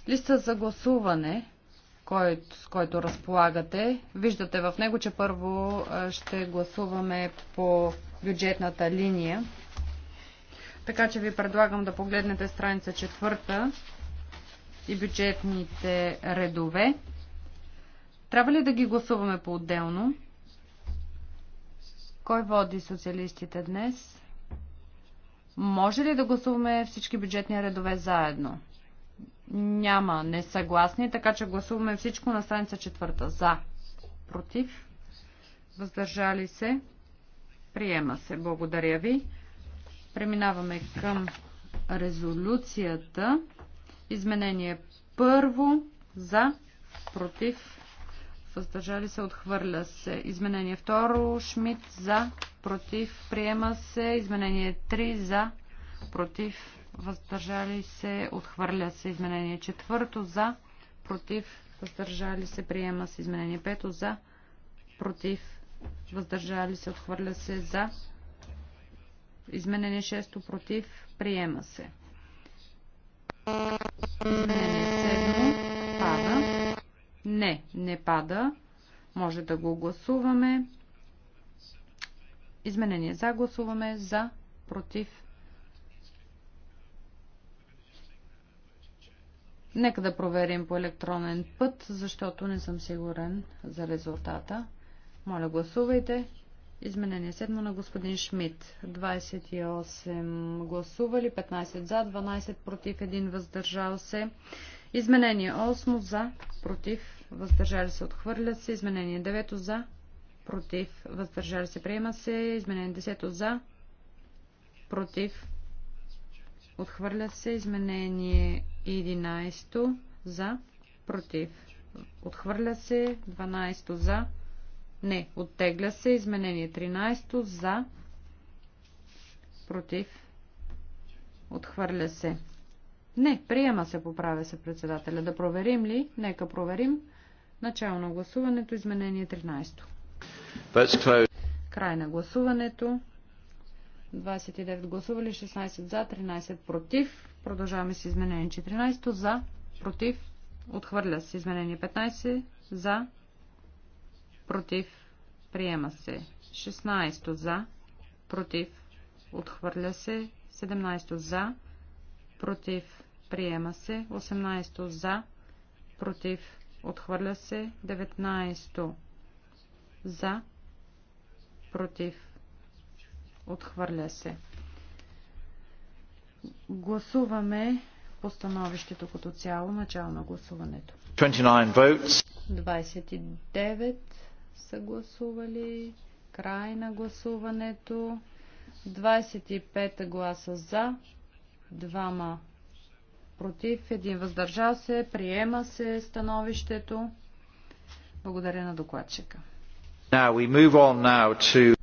Листа за гласуване който, с който разполагате. Виждате в него, че първо ще гласуваме по бюджетната линия. Така че ви предлагам да погледнете страница четвърта и бюджетните редове. Трябва ли да ги гласуваме по-отделно? Кой води социалистите днес? Може ли да гласуваме всички бюджетни редове заедно? няма несъгласни, така че гласуваме всичко на страница четвърта. За, против, въздържали се, приема се. Благодаря ви. Преминаваме към резолюцията. Изменение първо за, против, въздържали се, отхвърля се. Изменение второ, Шмидт за, против, приема се. Изменение 3 за, против, въздържали се, отхвърля се. Изменение четвърто за, против, въздържали се, приема се. Изменение пето за, против, въздържали се, отхвърля се, за. Изменение шесто против, приема се. Изменение седмо пада. Не, не пада. Може да го гласуваме. Изменение за гласуваме, за, против, Нека да проверим по електронен път, защото не съм сигурен за резултата. Моля, гласувайте. Изменение 7 на господин Шмидт. 28 гласували, 15 за, 12 против, 1 въздържал се. Изменение 8 за, против, въздържали се, отхвърля се. Изменение 9 за, против, въздържали се, приема се. Изменение 10 за, против, отхвърля се. Изменение 11 за, против. Отхвърля се 12 за. Не, оттегля се изменение 13 за, против. Отхвърля се. Не, приема се, поправя се председателя. Да проверим ли? Нека проверим. Начало на гласуването, изменение 13. Край на гласуването. 29 гласували, 16 за, 13 против. Продължаваме с изменение 14. За. Против. Отхвърля се. Изменение 15. За. Против. Приема се. 16. За. Против. Отхвърля се. 17. За. Против. Приема се. 18. За. Против. Отхвърля се. 19. За. Против. Отхвърля се. Гласуваме по становището като цяло, начало на гласуването. 29 votes. 29 са гласували. Край на гласуването. 25 гласа за, 2 против, 1 въздържал се. Приема се становището. Благодаря на докладчика. Now we move on now to...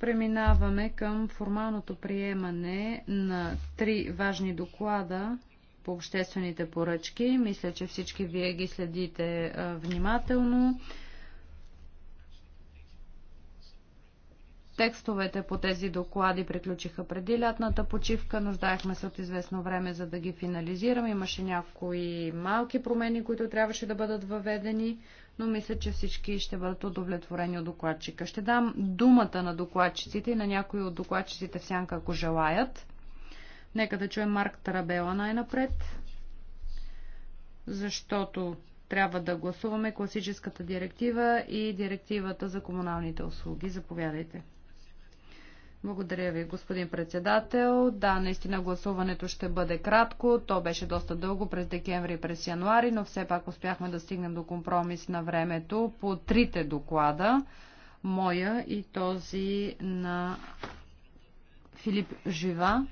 Преминаваме към формалното приемане на три важни доклада по обществените поръчки. Мисля, че всички вие ги следите внимателно. Текстовете по тези доклади приключиха преди лятната почивка. Нуждаехме се от известно време, за да ги финализираме. Имаше някои малки промени, които трябваше да бъдат въведени но мисля, че всички ще бъдат удовлетворени от докладчика. Ще дам думата на докладчиците и на някои от докладчиците в сянка, ако желаят. Нека да чуем Марк Тарабела най-напред, защото трябва да гласуваме класическата директива и директивата за комуналните услуги. Заповядайте. Благодаря ви, господин председател. Да, наистина гласуването ще бъде кратко. То беше доста дълго през декември и през януари, но все пак успяхме да стигнем до компромис на времето по трите доклада. Моя и този на Филип Жива.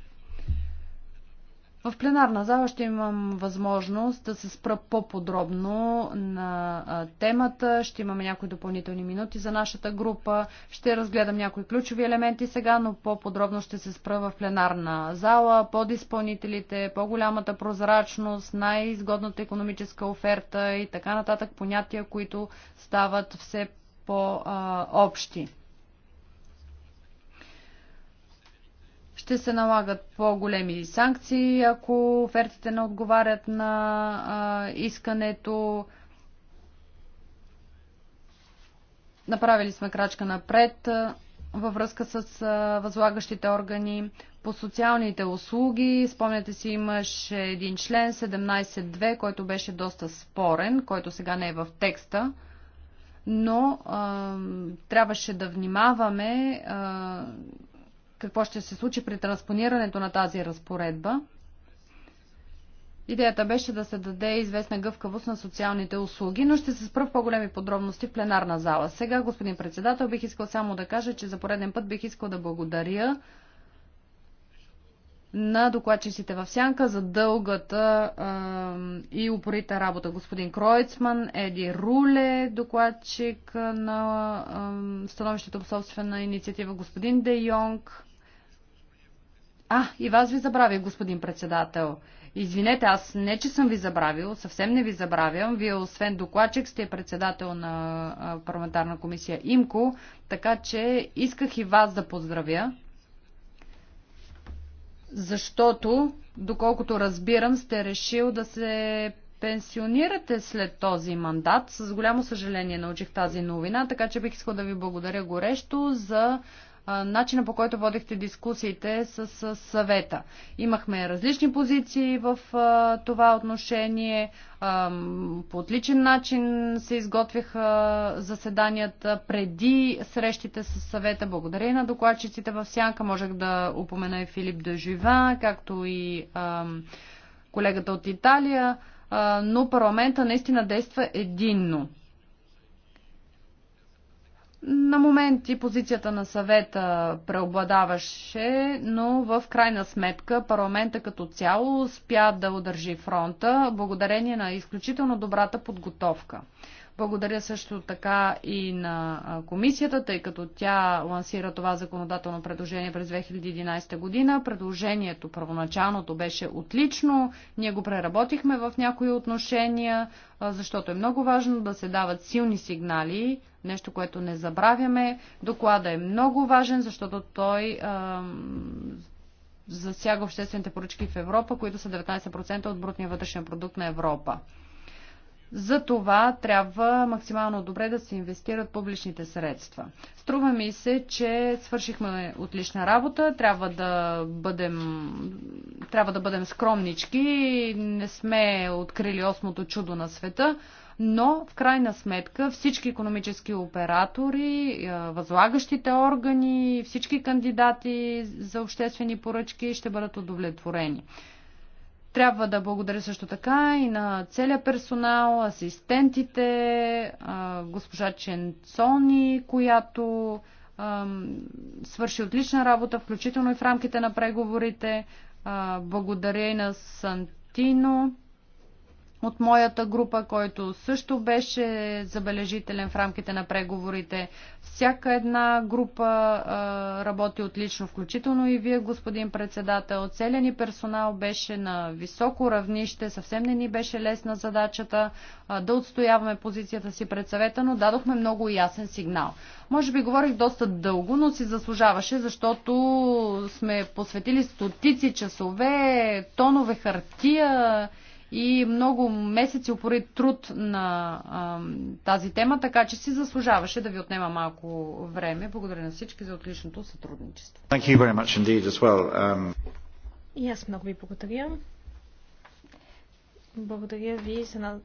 В пленарна зала ще имам възможност да се спра по-подробно на темата. Ще имаме някои допълнителни минути за нашата група. Ще разгледам някои ключови елементи сега, но по-подробно ще се спра в пленарна зала. Подизпълнителите, по-голямата прозрачност, най-изгодната економическа оферта и така нататък понятия, които стават все по-общи. ще се налагат по-големи санкции, ако офертите не отговарят на а, искането. Направили сме крачка напред във връзка с а, възлагащите органи. По социалните услуги, спомняте си, имаше един член 17.2, който беше доста спорен, който сега не е в текста, но а, трябваше да внимаваме. А, какво ще се случи при транспонирането на тази разпоредба. Идеята беше да се даде известна гъвкавост на социалните услуги, но ще се спра в по-големи подробности в пленарна зала. Сега, господин председател, бих искал само да кажа, че за пореден път бих искал да благодаря на докладчиците в Сянка за дългата а, и упорита работа. Господин Кройцман, Еди Руле, докладчик на а, становището по собствена инициатива, господин Де Йонг. А, и вас ви забравя, господин председател. Извинете, аз не, че съм ви забравил, съвсем не ви забравям. Вие, освен докладчик, сте председател на парламентарна комисия ИМКО, така че исках и вас да поздравя защото, доколкото разбирам, сте решил да се пенсионирате след този мандат. С голямо съжаление научих тази новина, така че бих искал да ви благодаря горещо за начина по който водихте дискусиите с, с съвета. Имахме различни позиции в а, това отношение. А, по отличен начин се изготвяха заседанията преди срещите с съвета. Благодаря и на докладчиците в Сянка. Можех да упомена и Филип Дежива, както и а, колегата от Италия. но парламента наистина действа единно. На моменти позицията на съвета преобладаваше, но в крайна сметка парламента като цяло успя да удържи фронта благодарение на изключително добрата подготовка. Благодаря също така и на комисията, тъй като тя лансира това законодателно предложение през 2011 година. Предложението първоначалното беше отлично. Ние го преработихме в някои отношения, защото е много важно да се дават силни сигнали, нещо, което не забравяме. Доклада е много важен, защото той засяга обществените поръчки в Европа, които са 19% от брутния вътрешен продукт на Европа. За това трябва максимално добре да се инвестират публичните средства. Струва ми се, че свършихме отлична работа, трябва да бъдем, трябва да бъдем скромнички, не сме открили осмото чудо на света, но в крайна сметка всички економически оператори, е, възлагащите органи, всички кандидати за обществени поръчки ще бъдат удовлетворени. Трябва да благодаря също така и на целият персонал, асистентите, госпожа Ченцони, която свърши отлична работа, включително и в рамките на преговорите. Благодаря и на Сантино от моята група, който също беше забележителен в рамките на преговорите. Всяка една група а, работи отлично, включително и вие, господин председател. Целият ни персонал беше на високо равнище, съвсем не ни беше лесна задачата а, да отстояваме позицията си пред съвета, но дадохме много ясен сигнал. Може би говорих доста дълго, но си заслужаваше, защото сме посветили стотици часове, тонове хартия и много месеци упори труд на а, тази тема, така че си заслужаваше да ви отнема малко време. Благодаря на всички за отличното сътрудничество. Um, и аз много ви благодаря. Благодаря ви за на...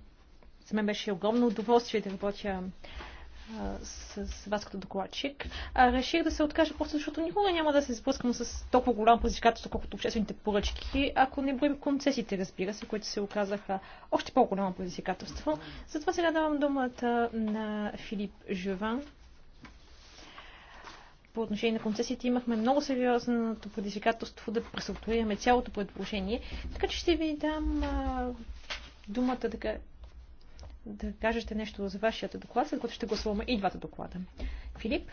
За мен беше огромно удоволствие да работя с, с вас като докладчик, а, реших да се откажа просто защото никога няма да се сблъскам с толкова голямо предизвикателство, колкото обществените поръчки, ако не броим концесиите, разбира се, които се оказаха още по-голямо предизвикателство. Затова сега давам думата на Филип Жуван. По отношение на концесиите имахме много сериозното предизвикателство да преструктурираме цялото предложение, така че ще ви дам а, думата така да кажете нещо за вашият доклад, след което ще гласуваме и двата доклада. Филип,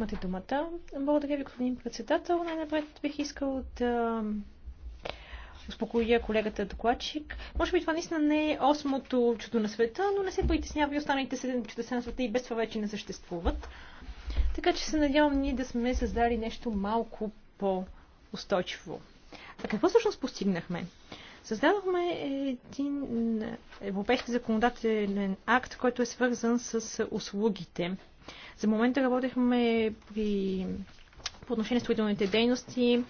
имате думата. Благодаря ви, господин председател. Най-напред бих искал да успокоя колегата докладчик. Може би това наистина не е осмото чудо на света, но не се притеснява и останалите седем чудеса на света и без това вече не съществуват. Така че се надявам ние да сме създали нещо малко по-устойчиво. А какво всъщност постигнахме? Създадохме един е, европейски законодателен акт, който е свързан с услугите. За момента работехме при по отношение на строителните дейности,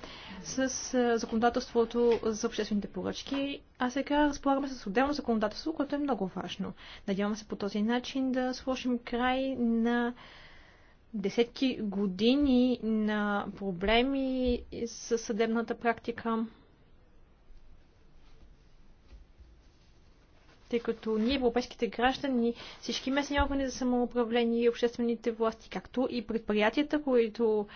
с е, законодателството за обществените поръчки, а сега разполагаме с отделно законодателство, което е много важно. Надяваме се по този начин да сложим край на десетки години на проблеми с съдебната практика, тъй като ние, европейските граждани, всички местни органи за самоуправление и обществените власти, както и предприятията, които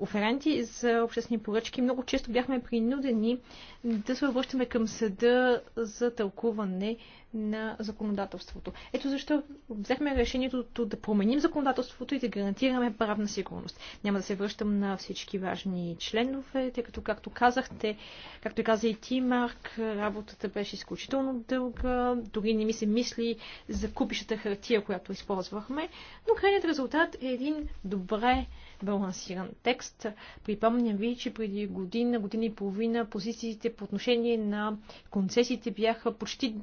оференти за обществени поръчки, много често бяхме принудени да се обръщаме към съда за тълкуване на законодателството. Ето защо взехме решението да променим законодателството и да гарантираме правна сигурност. Няма да се връщам на всички важни членове, тъй като, както казахте, както и каза и ти, Марк, работата беше изключително дълга, дори не ми се мисли за купищата хартия, която използвахме, но крайният резултат е един добре балансиран текст. Припомням ви, че преди година, година и половина позициите по отношение на концесиите бяха почти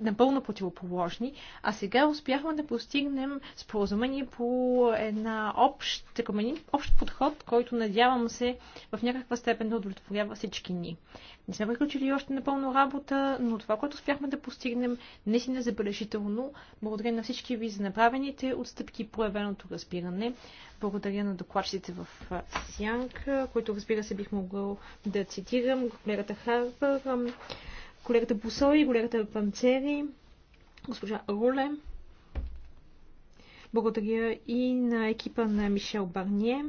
напълно противоположни, а сега успяхме да постигнем споразумение по една общ, един общ подход, който надявам се в някаква степен да удовлетворява всички ни. Не сме приключили още напълно работа, но това, което успяхме да постигнем, не си незабележително. Благодаря на всички ви за направените отстъпки и проявеното разбиране. Благодаря на докладчиците в Сянка, които разбира се бих могъл да цитирам, колегата Харпър, колегата Бусови, колегата Панцери, госпожа Руле. Благодаря и на екипа на Мишел Барние,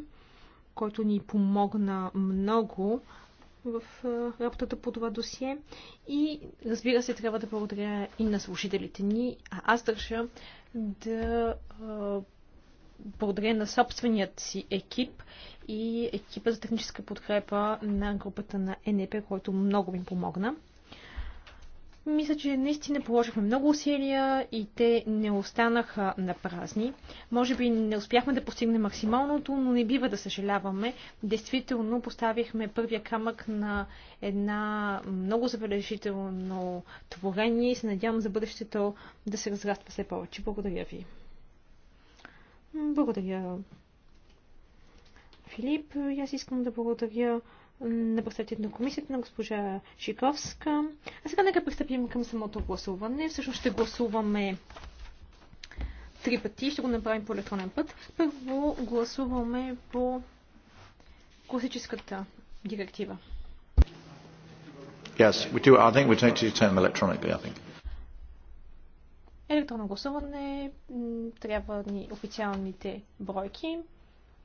който ни помогна много в работата по това досие. И разбира се, трябва да благодаря и на слушателите ни, а аз държа да благодаря на собственият си екип и екипа за техническа подкрепа на групата на НЕП, който много ми помогна. Мисля, че наистина положихме много усилия и те не останаха на празни. Може би не успяхме да постигнем максималното, но не бива да съжаляваме. Действително поставихме първия камък на една много забележително творение и се надявам за бъдещето да се разраства все повече. Благодаря ви. Благодаря. Филип, и аз искам да благодаря на представителите на комисията на госпожа Шиковска. А сега нека пристъпим към самото гласуване. Всъщност ще гласуваме три пъти. Ще го направим по електронен път. Първо гласуваме по класическата директива. Yes, we do. I think we take to turn electronically, I think. Електронно гласуване трябва ни официалните бройки.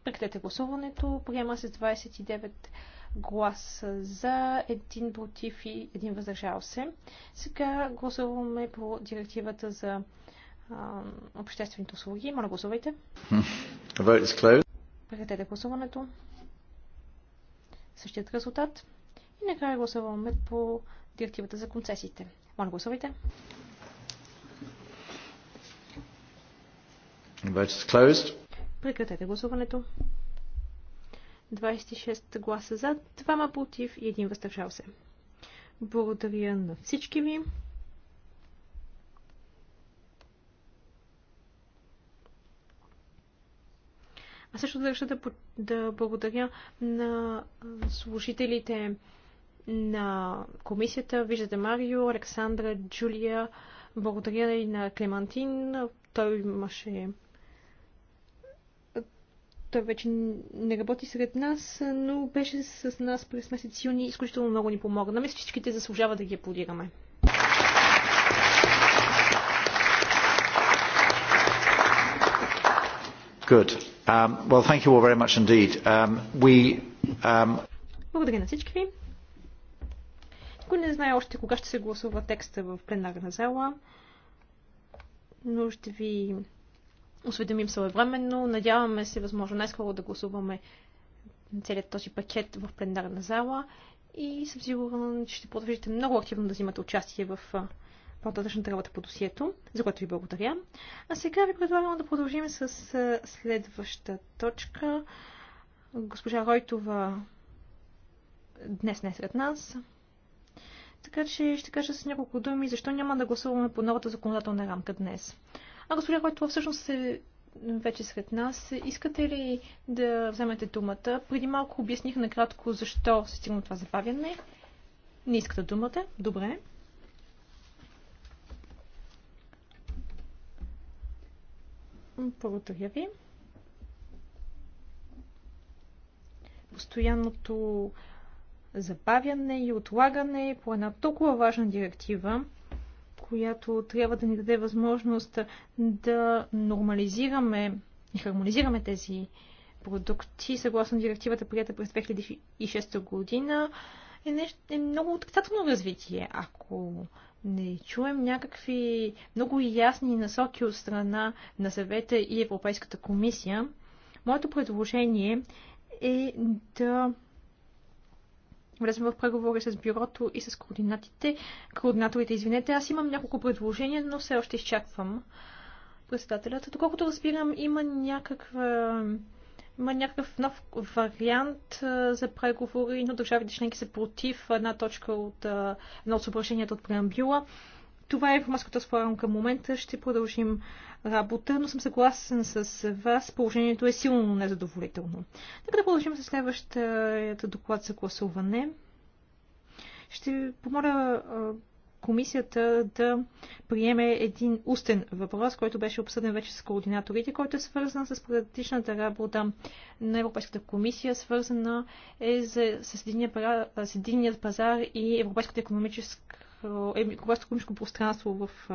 Прекратете гласуването. Приема се 29 гласа за, един против и един въздържал се. Сега гласуваме по директивата за а, обществените услуги. Моля, гласувайте. Прекратете гласуването. Същият резултат. И накрая гласуваме по директивата за концесиите. Моля, гласувайте. Прекратете гласуването. 26 гласа за, 2 против и 1 въздържал се. Благодаря на всички ви. А също държа да, да благодаря на служителите на комисията. Виждате Марио, Александра, Джулия. Благодаря и на Клемантин. Той имаше той вече не работи сред нас, но беше с нас през месец юни. Изключително много ни помогна. Мисля, те заслужава да ги аплодираме. Good. Um, well, thank you all very much indeed. Um, we, um... Благодаря на всички ви. Никой не знае още кога ще се гласува текста в пленарна зала, но ще ви осведомим своевременно. Надяваме се, възможно най-скоро да гласуваме целият този пакет в пленарна зала и съм сигурна, че ще продължите много активно да взимате участие в по-нататъчната работа по досието, за което ви благодаря. А сега ви предлагам да продължим с следваща точка. Госпожа Ройтова днес не е сред нас. Така че ще кажа с няколко думи защо няма да гласуваме по новата законодателна рамка днес. А госпожа, който всъщност е вече сред нас, искате ли да вземете думата? Преди малко обясних накратко защо се стигна това забавяне. Не искате думата? Добре. Благодаря ви. Постоянното забавяне и отлагане по една толкова важна директива която трябва да ни даде възможност да нормализираме и хармонизираме тези продукти, съгласно директивата, прията през 2006 година, е, нещо, е много отрицателно развитие. Ако не чуем някакви много ясни насоки от страна на съвета и Европейската комисия, моето предложение е да влезем в преговори с бюрото и с координатите. Координаторите, извинете, аз имам няколко предложения, но все още изчаквам председателят. Доколкото разбирам, има някаква има някакъв нов вариант а, за преговори, но държавите членки са против една точка от а, едно от съображението от преамбюла. Това е информация, която към момента. Ще продължим работа, но съм съгласен с вас. Положението е силно незадоволително. Нека да продължим с следващата доклад за гласуване. Ще помоля комисията да приеме един устен въпрос, който беше обсъден вече с координаторите, който е свързан с практичната работа на Европейската комисия, свързана е с единият пазар и Европейската економическа е, Когато економическо пространство в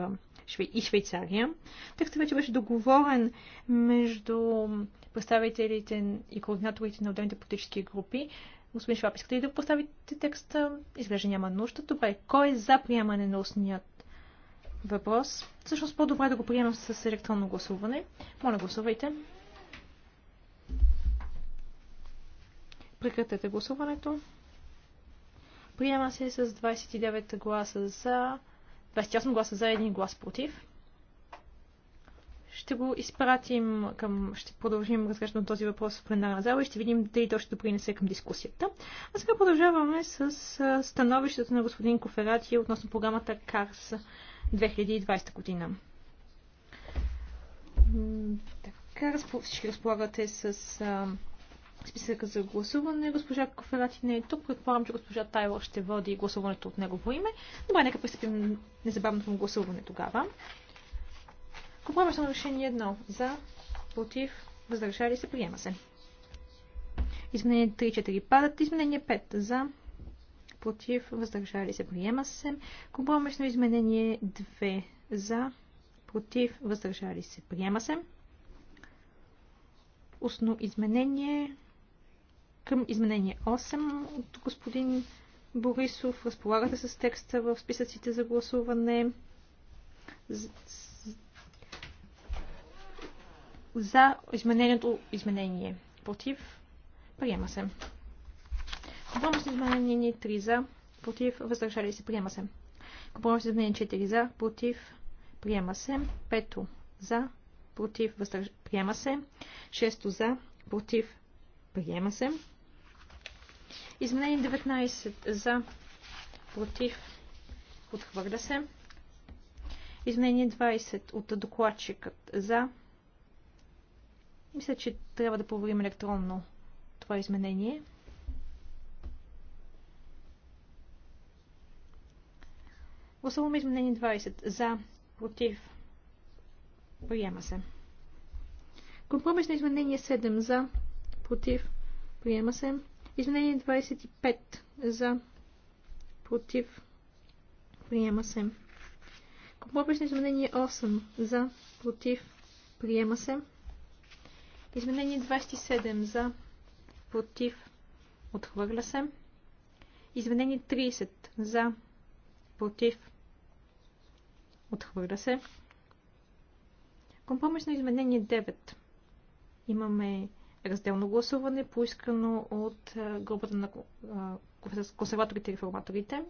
и Швейцария. Текстът вече беше договорен между представителите и координаторите на отделните политически групи. Господин Шваб, искате ли да поставите текста? Изглежда няма нужда. Добре, кой е за приемане на устният въпрос? Всъщност по-добре е да го приемем с електронно гласуване. Моля, гласувайте. Прекратете гласуването. Приема се с 29 гласа за, 28 гласа за, 1 глас против. Ще го изпратим към... Ще продължим разглеждането този въпрос в пленарна зала и ще видим дали то ще допринесе към дискусията. А сега продължаваме с становището на господин Коферати относно програмата КАРС 2020 година. Така, всички разполагате с списъка за гласуване. Госпожа Кофелати не е тук. Предполагам, че госпожа Тайла ще води гласуването от негово име. Добре, нека пристъпим незабавно към гласуване тогава. Компромисно решение 1. За, против, въздържали се, приема се. Изменение 3-4 падат. Изменение 5. За, против, въздържали се, приема се. Компромисно изменение 2. За, против, въздържали се, приема се. Устно изменение към изменение 8 от господин Борисов. Разполагате с текста в списъците за гласуване. За изменението изменение. Против. Приема се. Компромисно изменение 3 е за. Против. Въздържали се. Приема се. Компромисно изменение 4 за. Против. Приема се. Пето за. Против. Въздърж... Приема се. Шесто за. Против. Приема се. Изменение 19 за, против, отхвърля се. Изменение 20 от докладчикът за. Мисля, че трябва да проверим електронно това изменение. Гласуваме изменение 20 за, против, приема се. Компромисно изменение 7 за, против, приема се. Изменение 25 за против. Приема се. Компромисно изменение 8 за против. Приема се. Изменение 27 за против. Отхвърля се. Изменение 30 за против. Отхвърля се. Компромисно изменение 9. Имаме разделно гласуване, поискано от групата на консерваторите и реформаторите.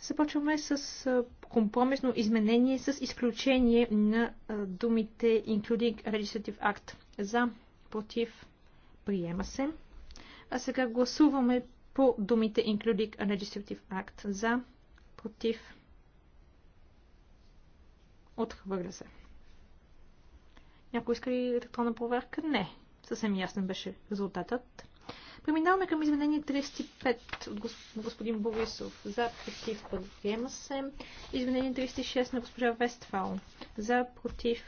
Започваме с компромисно изменение с изключение на думите Including Legislative Act. За, против, приема се. А сега гласуваме по думите Including Legislative Act. За, против, отхвърля се. Някой иска ли електронна проверка? Не. Съвсем ясен беше резултатът. Преминаваме към изменение 35 от господин Борисов. За, против, приема се. Изменение 36 на госпожа Вестфал. За, против.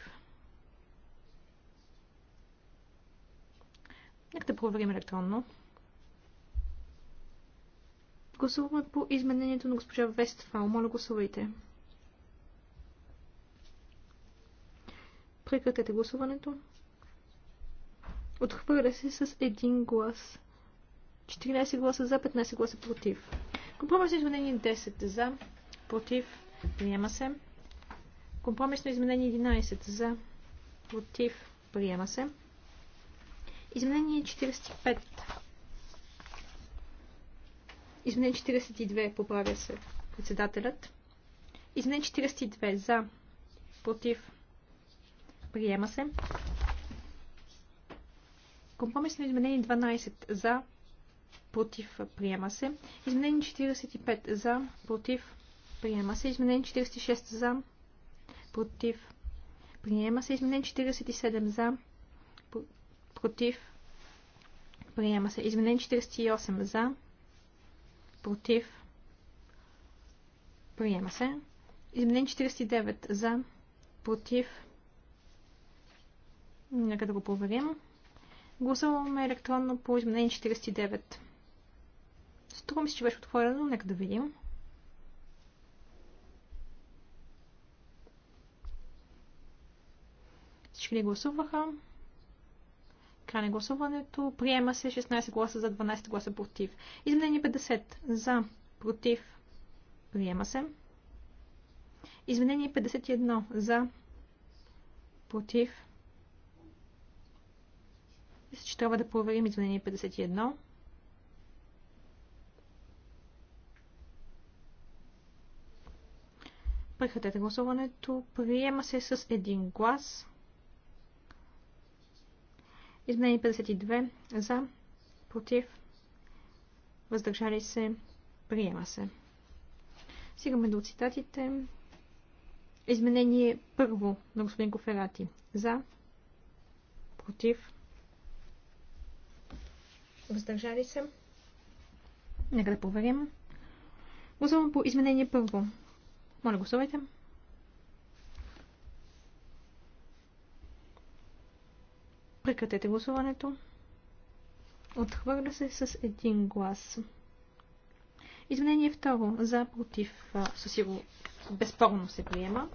Нека да проверим електронно. Гласуваме по изменението на госпожа Вестфал. Моля, гласувайте. Прекратете гласуването. Отхвърля се с един глас. 14 гласа за, 15 гласа против. Компромисно изменение 10 за, против, приема се. Компромисно изменение 11 за, против, приема се. Изменение 45. Изменение 42, поправя се председателят. Изменение 42 за, против, Приема се. Компромисно изменение 12 за, против, приема се. Изменение 45 за, против, приема се. Изменение 46 за, против, приема се. Изменение 47 за, против, приема се. Изменение 48 за, против, приема се. Изменение 49 за, против, Нека да го проверим. Гласуваме електронно по изменение 49. Струва ми се, че беше отворено. Нека да видим. Всички ли гласуваха? Край на гласуването. Приема се 16 гласа за 12 гласа против. Изменение 50. За. Против. Приема се. Изменение 51. За. Против. Мисля, че трябва да проверим изменение 51. Прекратете гласуването. Приема се с един глас. Изменение 52. За. Против. Въздържали се. Приема се. Сигаме до цитатите. Изменение първо на господин Коферати. За. Против. Въздържали се. Нека да проверим. Гласувам по изменение първо. Моля, гласувайте. Прекратете гласуването. Отхвърля се с един глас. Изменение второ. За, против, със сигурно безспорно се приема.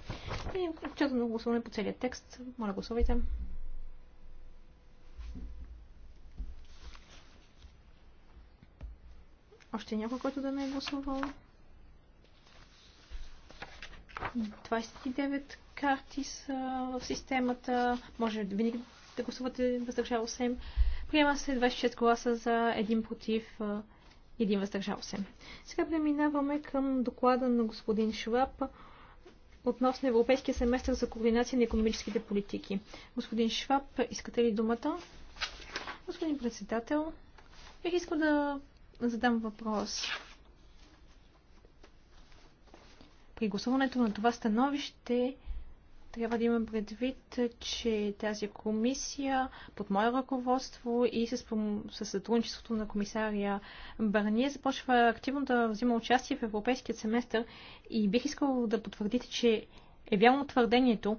И отчетно гласуване по целия текст. Моля, гласувайте. Още е някой, който да не е гласувал. 29 карти са в системата. Може винаги да гласувате въздържал 8. Приема се 26 гласа за един против един въздържал 8. Сега преминаваме към доклада на господин Шваб относно Европейския семестър за координация на економическите политики. Господин Шваб, искате ли думата? Господин председател, бих искал да задам въпрос. При гласуването на това становище трябва да имам предвид, че тази комисия под мое ръководство и с, с сътрудничеството на комисария Барние започва активно да взима участие в европейския семестър и бих искал да потвърдите, че е вярно твърдението,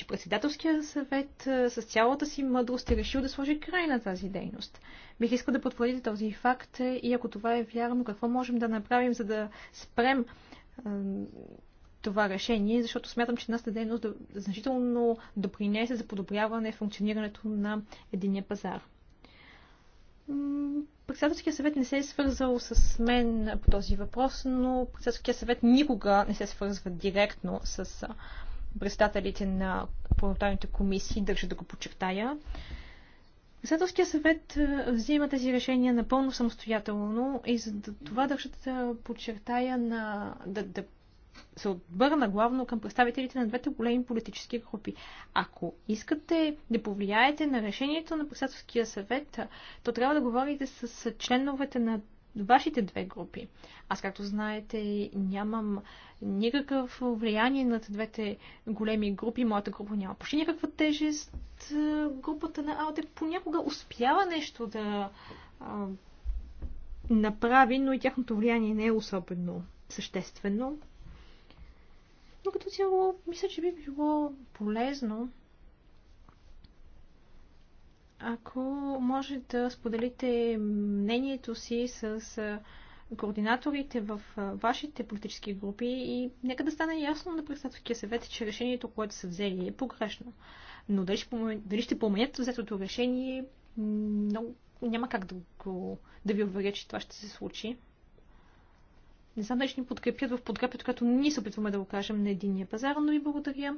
че председателския съвет с цялата си мъдрост е решил да сложи край на тази дейност. Бих искал да потвърдите този факт е, и ако това е вярно, какво можем да направим, за да спрем това решение, защото смятам, че нашата дейност значително допринесе за подобряване функционирането на единия пазар. Председателския съвет не се е свързал с мен по този въпрос, но председателския съвет никога не се е свързва директно с председателите на парламентарните комисии, държа да го подчертая. Председателския съвет е, взима тези решения напълно самостоятелно и за това държа да подчертая на, да, да се отбърна главно към представителите на двете големи политически групи. Ако искате да повлияете на решението на председателския съвет, то трябва да говорите с членовете на вашите две групи. Аз, както знаете, нямам никакъв влияние над двете големи групи. Моята група няма почти никаква тежест. Групата на Алде понякога успява нещо да а, направи, но и тяхното влияние не е особено съществено. Но като цяло, мисля, че би било полезно ако може да споделите мнението си с координаторите в вашите политически групи и нека да стане ясно на председателския съвет, че решението, което са взели е погрешно. Но дали ще, дали ще поменят взетото решение, много, няма как да, го, да ви уверя, че това ще се случи. Не знам дали ще ни подкрепят в подкрепят, като ние се опитваме да го кажем на единния пазар, но ви благодаря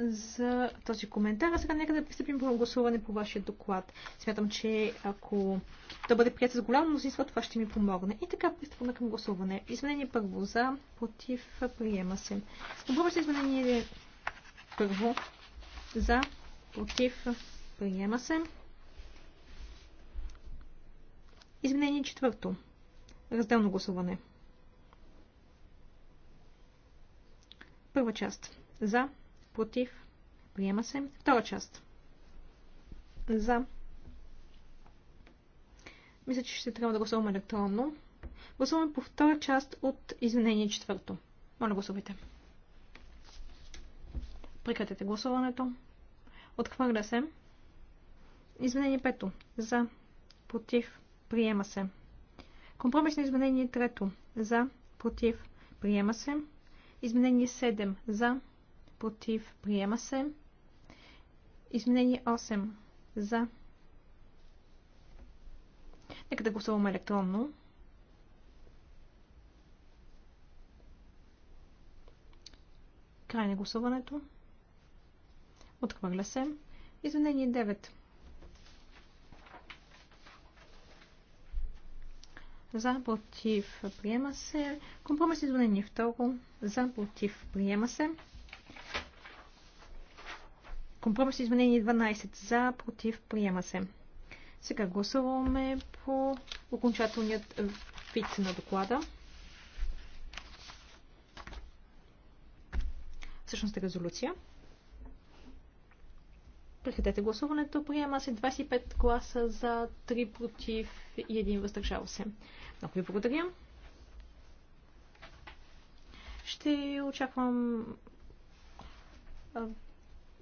за този коментар. А сега нека да пристъпим към гласуване по вашия доклад. Смятам, че ако да бъде прият с голямо мнозинство, това ще ми помогне. И така пристъпваме към гласуване. Изменение първо за, против, приема се. Добро се изменение първо за, против, приема се. Изменение четвърто. Разделно гласуване. Първа част. За. Против. Приема се. Втора част. За. Мисля, че ще трябва да гласуваме електронно. Гласуваме по втора част от изменение четвърто. Моля, гласувайте. Прекратете гласуването. Отхвърля се. Изменение пето. За. Против. Приема се. Компромисно изменение трето. За. Против. Приема се. Изменение 7 за, против, приема се. Изменение 8 за. Нека да гласуваме електронно. Край на гласуването. Отхвърля се. Изменение 9 за, против, приема се. Компромис изменение второ, за, против, приема се. Компромис изменение 12, за, против, приема се. Сега гласуваме по окончателният вид на доклада. Всъщност е резолюция. Прекратете гласуването. Приема се 25 гласа за 3 против и 1 въздържал се. Много ви благодаря. Ще очаквам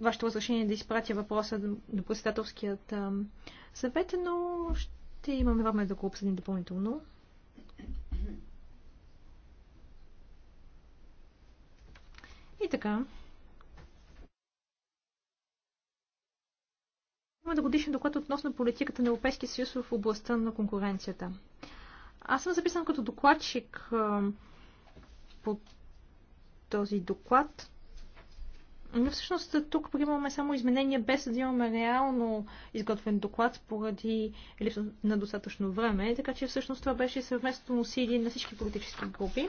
вашето разрешение да изпратя въпроса до председателският съвет, но ще имаме време да го обсъдим допълнително. И така. Имаме годишен доклад относно политиката на Европейския съюз в областта на конкуренцията. Аз съм записан като докладчик по този доклад. Но всъщност тук приемаме само изменения, без да имаме реално изготвен доклад поради липса на достатъчно време. Така че всъщност това беше съвместно усилие на всички политически групи.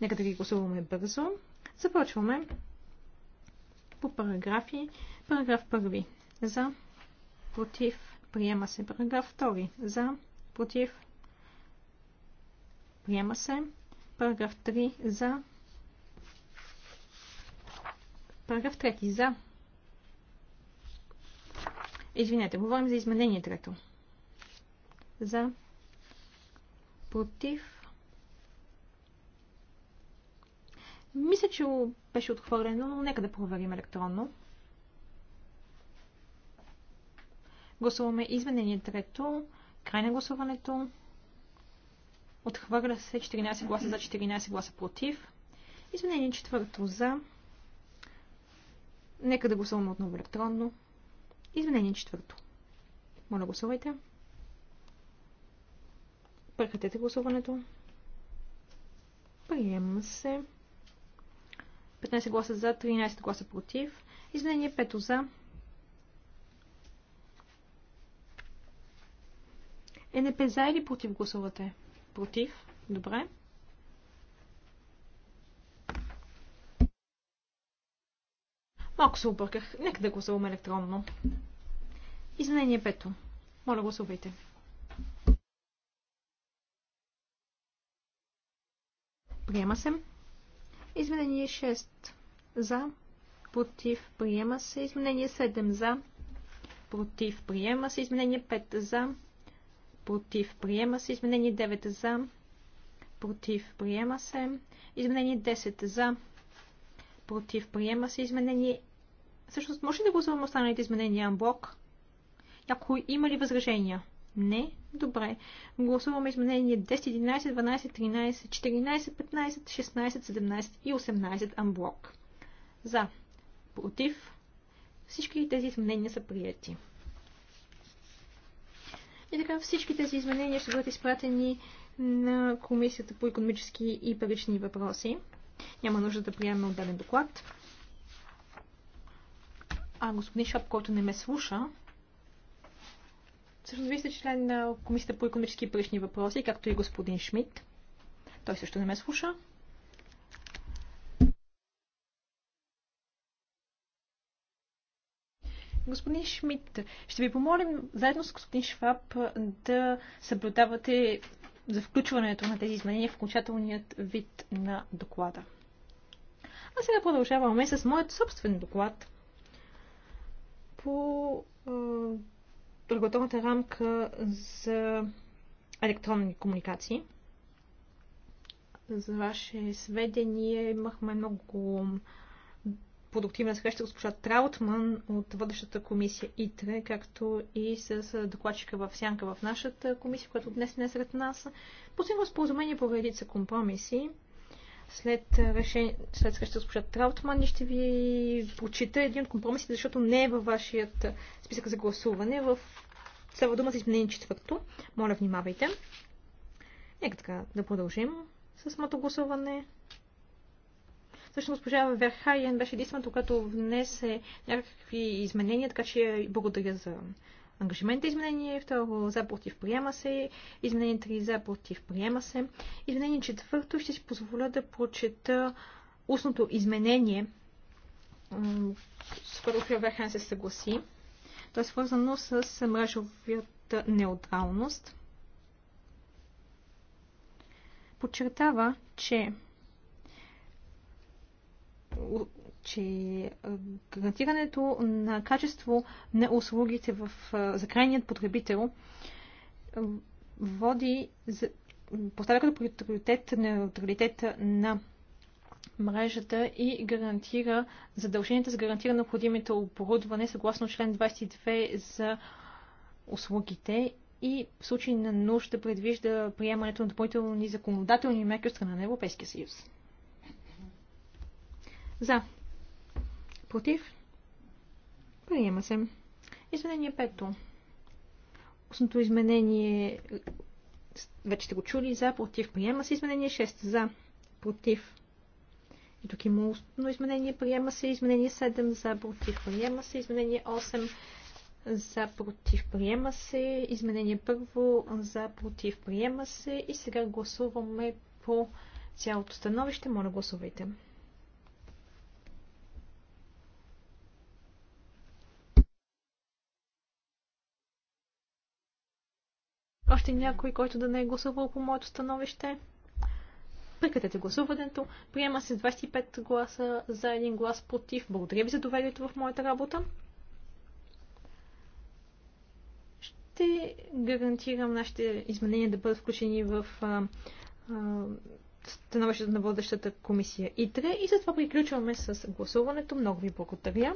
Нека да ги гласуваме бързо. Започваме по параграфи. Параграф първи. За против, приема се. Параграф 2 за, против, приема се. Параграф 3 за, параграф 3 за. Извинете, говорим за изменение трето. За, против, мисля, че беше отхвърлено, но нека да проверим електронно. Гласуваме изменение трето. Край на гласуването. Отхвърля се 14 гласа за 14 гласа против. Изменение четвърто за. Нека да гласуваме отново електронно. Изменение четвърто. Моля гласувайте. Прекратете гласуването. Приема се. 15 гласа за, 13 гласа против. Изменение 5 за. Е не за или против гласувате? Против. Добре. Малко се обърках. Нека да гласуваме електронно. Изменение пето. Моля гласувайте. Приема се. Изменение 6. За. Против. Приема се. Изменение 7. За. Против. Приема се. Изменение 5. За против, приема се. Изменение 9 за, против, приема се. Изменение 10 за, против, приема се. Изменение... Всъщност, може ли да гласуваме останалите изменения блок? Ако има ли възражения? Не. Добре. Гласуваме изменение 10, 11, 12, 13, 14, 15, 16, 17 и 18 амблок. За. Против. Всички тези изменения са прияти. И така всички тези изменения ще бъдат изпратени на Комисията по економически и парични въпроси. Няма нужда да приемем отделен доклад. А господин Шап, който не ме слуша, всъщност вие сте член на Комисията по економически и парични въпроси, както и господин Шмидт. Той също не ме слуша. Господин Шмидт, ще ви помолим заедно с господин Шваб да съблюдавате за включването на тези изменения в окончателният вид на доклада. А сега продължаваме с моят собствен доклад по регулаторната рамка за електронни комуникации. За ваше сведение имахме много продуктивна среща госпожа Траутман от водещата комисия ИТРЕ, както и с докладчика в Сянка в нашата комисия, която днес не е сред нас. Постигнахме споразумение по редица компромиси. След, решение, след среща с госпожа Траутман ще ви прочита един от компромисите, защото не е във вашият списък за гласуване. В... Става дума за изменение четвърто. Моля, внимавайте. Нека така да продължим с самото гласуване. Всъщност госпожа Верхайен беше единствената, която внесе някакви изменения, така че благодаря за ангажимента изменение, второ за против приема се, изменение три за против приема се, изменение четвърто ще си позволя да прочета устното изменение, с което Верхайен се съгласи. То е свързано с мрежовията неутралност. Подчертава, че че гарантирането на качество на услугите в, за крайният потребител води, поставя като приоритет неутралитета на мрежата и гарантира задълженията за гарантира необходимите оборудване съгласно член 22 за услугите и в случай на нужда предвижда приемането на допълнителни законодателни мерки от страна на Европейския съюз. За. Против. Приема се. Изменение пето. Основното изменение вече сте го чули. За. Против. Приема се. Изменение 6. За. Против. И тук има устно изменение. Приема се. Изменение 7. За. Против. Приема се. Изменение 8 за против приема се, изменение първо за против приема се и сега гласуваме по цялото становище. Моля гласувайте. още някой, който да не е гласувал по моето становище? Прекратете гласуването. Приема се 25 гласа за един глас против. Благодаря ви за доверието в моята работа. Ще гарантирам нашите изменения да бъдат включени в а, а, становището на водещата комисия ИТРЕ. И затова приключваме с гласуването. Много ви благодаря.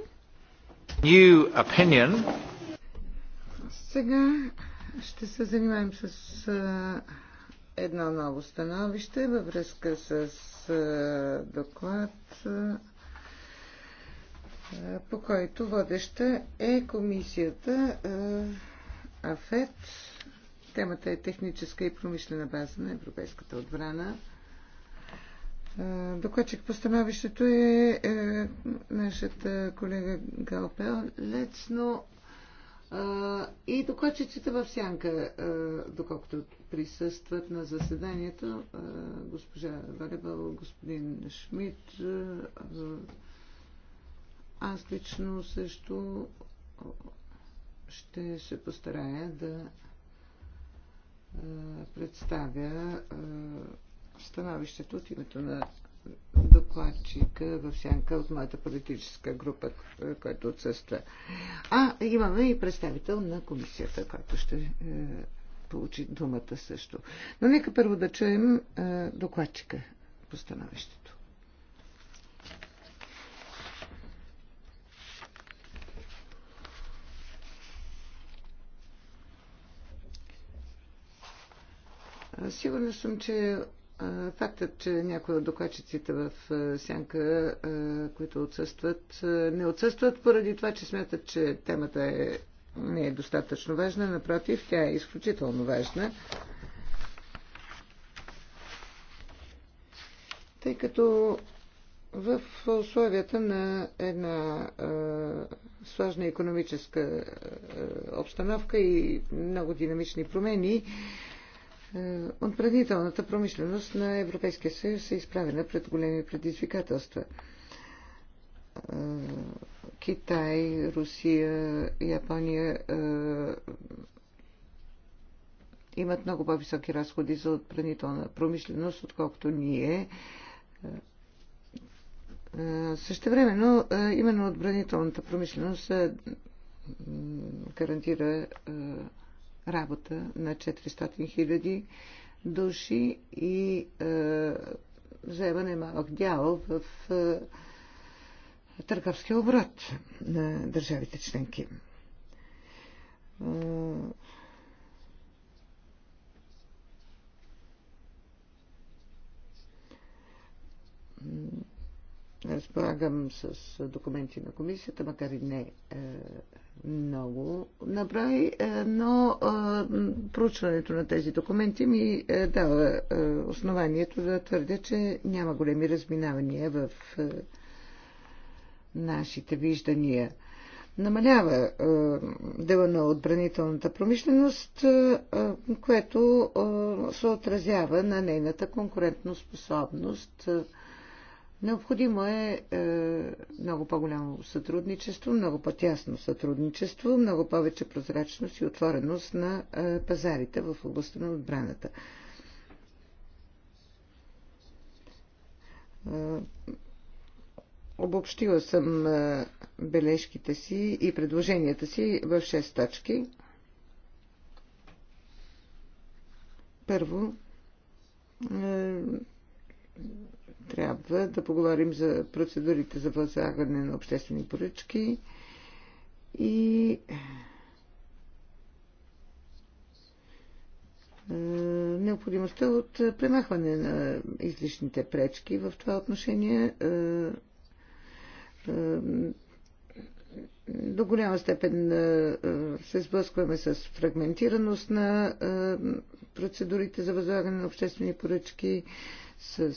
Сега ще се занимаем с едно ново становище във връзка с доклад, по който водеща е комисията АФЕТ. Темата е техническа и промишлена база на европейската отбрана. Докладчик по становището е, е нашата колега Галпел Лец, но и докладчиците в сянка, доколкото присъстват на заседанието, госпожа Варебал, господин Шмидт, аз лично също ще се постарая да представя становището от името на докладчика в сянка от моята политическа група, е, която отсъства. А имаме и представител на комисията, който ще е, получи думата също. Но нека първо да чуем е, докладчика по становището. Сигурна съм, че Фактът, че някои от докладчиците в Сянка, които отсъстват, не отсъстват поради това, че смятат, че темата е, не е достатъчно важна. Напротив, тя е изключително важна. Тъй като в условията на една а, сложна економическа а, обстановка и много динамични промени, а, е, отбранителната промишленост на Европейския съюз е изправена пред големи предизвикателства. Е, Китай, Русия, Япония е, имат много по-високи разходи за отбранителна промишленост, отколкото ние. Също но именно отбранителната промишленост гарантира работа на 400 000 души и е, взема немалък дял в е, търговския оборот на държавите членки. разполагам е, с документи на комисията, макар и не е, много направи, е, но е, проучването на тези документи ми е, дава основанието да твърдя, че няма големи разминавания в нашите виждания. Намалява дела на отбранителната промишленост, което се отразява на нейната конкурентоспособност способност Необходимо е, е много по-голямо сътрудничество, много по-тясно сътрудничество, много повече прозрачност и отвореност на е, пазарите в областта на отбраната. Е, обобщила съм е, бележките си и предложенията си в 6 точки. Първо, е, трябва да поговорим за процедурите за възлагане на обществени поръчки и е, необходимостта от премахване на излишните пречки в това отношение е, е, до голяма степен се сблъскваме с фрагментираност на процедурите за възлагане на обществени поръчки, с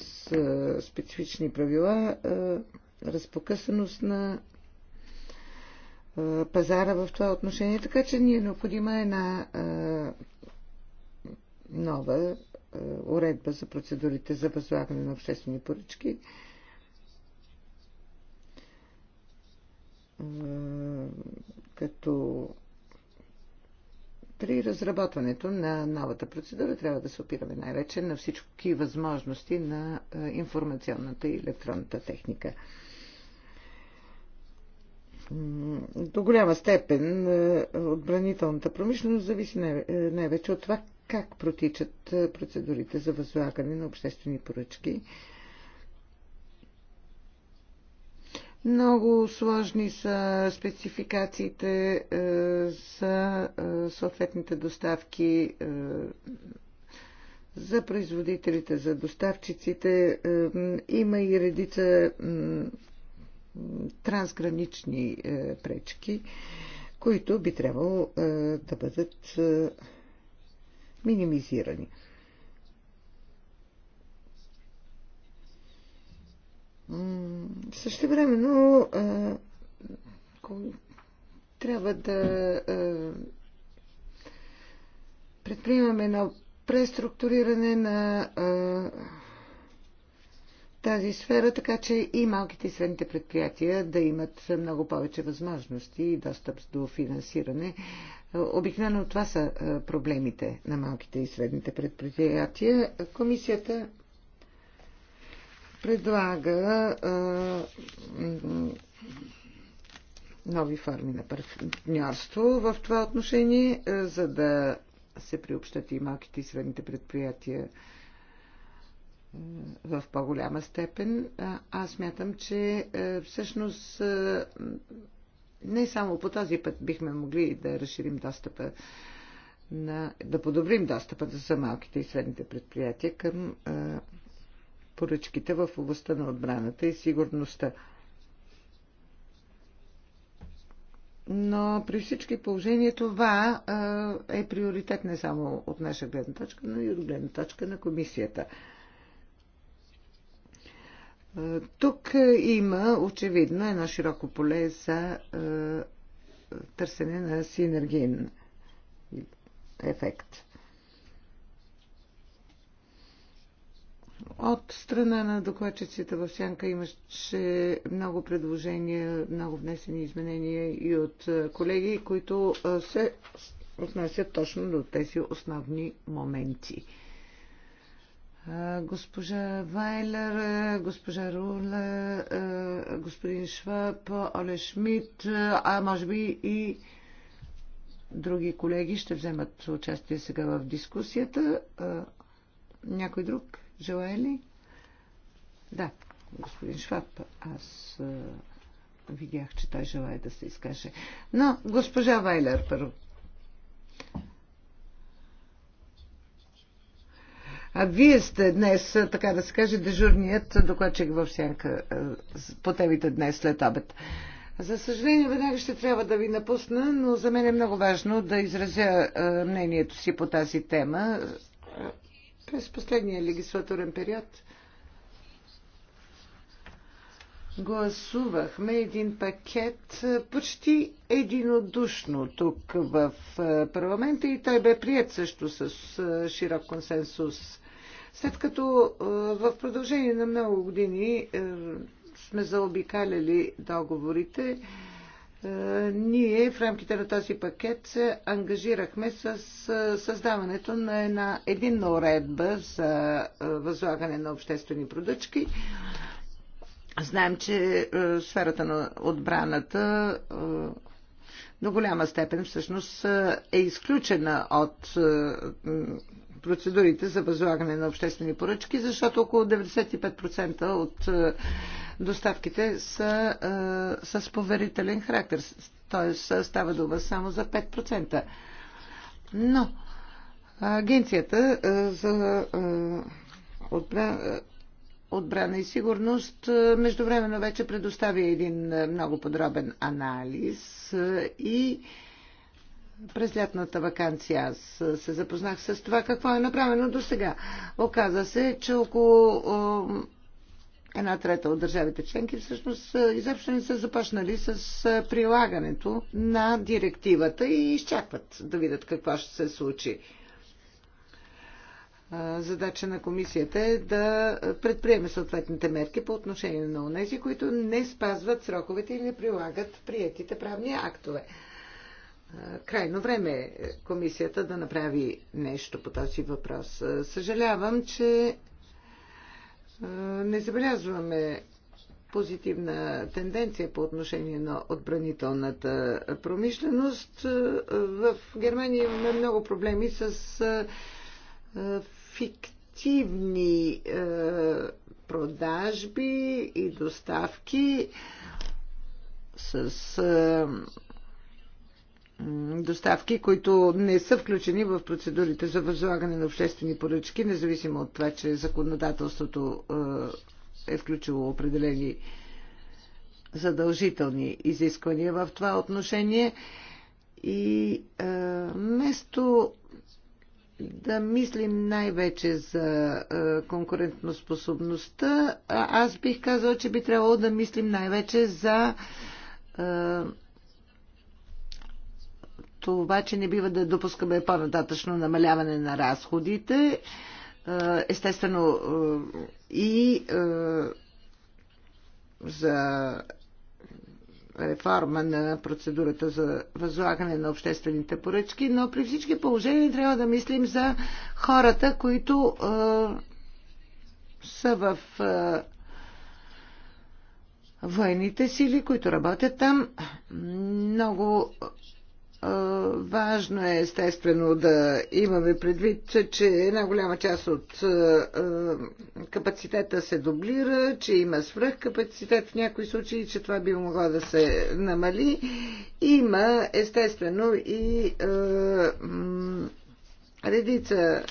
специфични правила, разпокъсаност на пазара в това отношение. Така че ни е необходима една нова уредба за процедурите за възлагане на обществени поръчки. като при разработването на новата процедура трябва да се опираме най-вече на всички възможности на е, информационната и електронната техника. До голяма степен е, отбранителната промишленост зависи е, най-вече от това как протичат процедурите за възлагане на обществени поръчки Много сложни са спецификациите е, за е, съответните доставки е, за производителите, за доставчиците. Е, има и редица е, трансгранични е, пречки, които би трябвало е, да бъдат е, минимизирани. Също време, но трябва да предприемаме едно преструктуриране на тази сфера, така че и малките и средните предприятия да имат много повече възможности и достъп до финансиране. Обикновено това са проблемите на малките и средните предприятия. Комисията предлага нови форми на партньорство в това отношение, за да се приобщат и малките и средните предприятия в по-голяма степен. Аз мятам, че всъщност не само по този път бихме могли да разширим достъпа на, да подобрим достъпа за малките и средните предприятия към поръчките в областта на отбраната и сигурността. Но при всички положения това е приоритет не само от наша гледна точка, но и от гледна точка на комисията. Тук има очевидно едно широко поле за търсене на синергиен ефект. От страна на докладчиците в Сянка имаше много предложения, много внесени изменения и от е, колеги, които е, се отнасят точно до тези основни моменти. Е, госпожа Вайлер, госпожа Руле, господин Шваб, Оле Шмидт, а може би и други колеги ще вземат участие сега в дискусията. Някой друг? Желая ли? Да, господин Шваб, аз видях, че той желая да се изкаже. Но госпожа Вайлер първо. А вие сте днес, така да се каже, дежурният докладчик в сянка по темите днес след обед. За съжаление, веднага ще трябва да ви напусна, но за мен е много важно да изразя мнението си по тази тема. През последния легислатурен период гласувахме един пакет почти единодушно тук в парламента и той бе прият също с широк консенсус. След като в продължение на много години сме заобикаляли договорите, е, ние в рамките на този пакет се ангажирахме с е, създаването на една единна уредба за е, възлагане на обществени продъчки. Знаем, че сферата на отбраната до голяма степен всъщност е изключена от процедурите за възлагане на обществени поръчки, защото около 95% от доставките са а, с поверителен характер, т.е. става дума само за 5%. Но Агенцията а, за а, отбра, отбрана и сигурност междувременно вече предостави един много подробен анализ и през лятната вакансия аз се запознах с това какво е направено до сега. Оказа се, че около Една трета от държавите членки всъщност е, изобщо не са започнали с е, прилагането на директивата и изчакват да видят какво ще се случи. Е, задача на комисията е да предприеме съответните мерки по отношение на онези, които не спазват сроковете или не прилагат приятите правни актове. Крайно време е комисията да направи нещо по този въпрос. Съжалявам, че не забелязваме позитивна тенденция по отношение на отбранителната промишленост. В Германия имаме много проблеми с фиктивни продажби и доставки с доставки, които не са включени в процедурите за възлагане на обществени поръчки, независимо от това, че законодателството е, е включило определени задължителни изисквания в това отношение. И е, вместо да мислим най-вече за е, конкурентноспособността, аз бих казала, че би трябвало да мислим най-вече за което обаче не бива да допускаме по-нататъчно намаляване на разходите. Естествено и за реформа на процедурата за възлагане на обществените поръчки, но при всички положения трябва да мислим за хората, които е, са в е, военните сили, които работят там. Много Важно е естествено да имаме предвид, че една голяма част от капацитета се дублира, че има капацитет в някои случаи, че това би могло да се намали. Има естествено и редица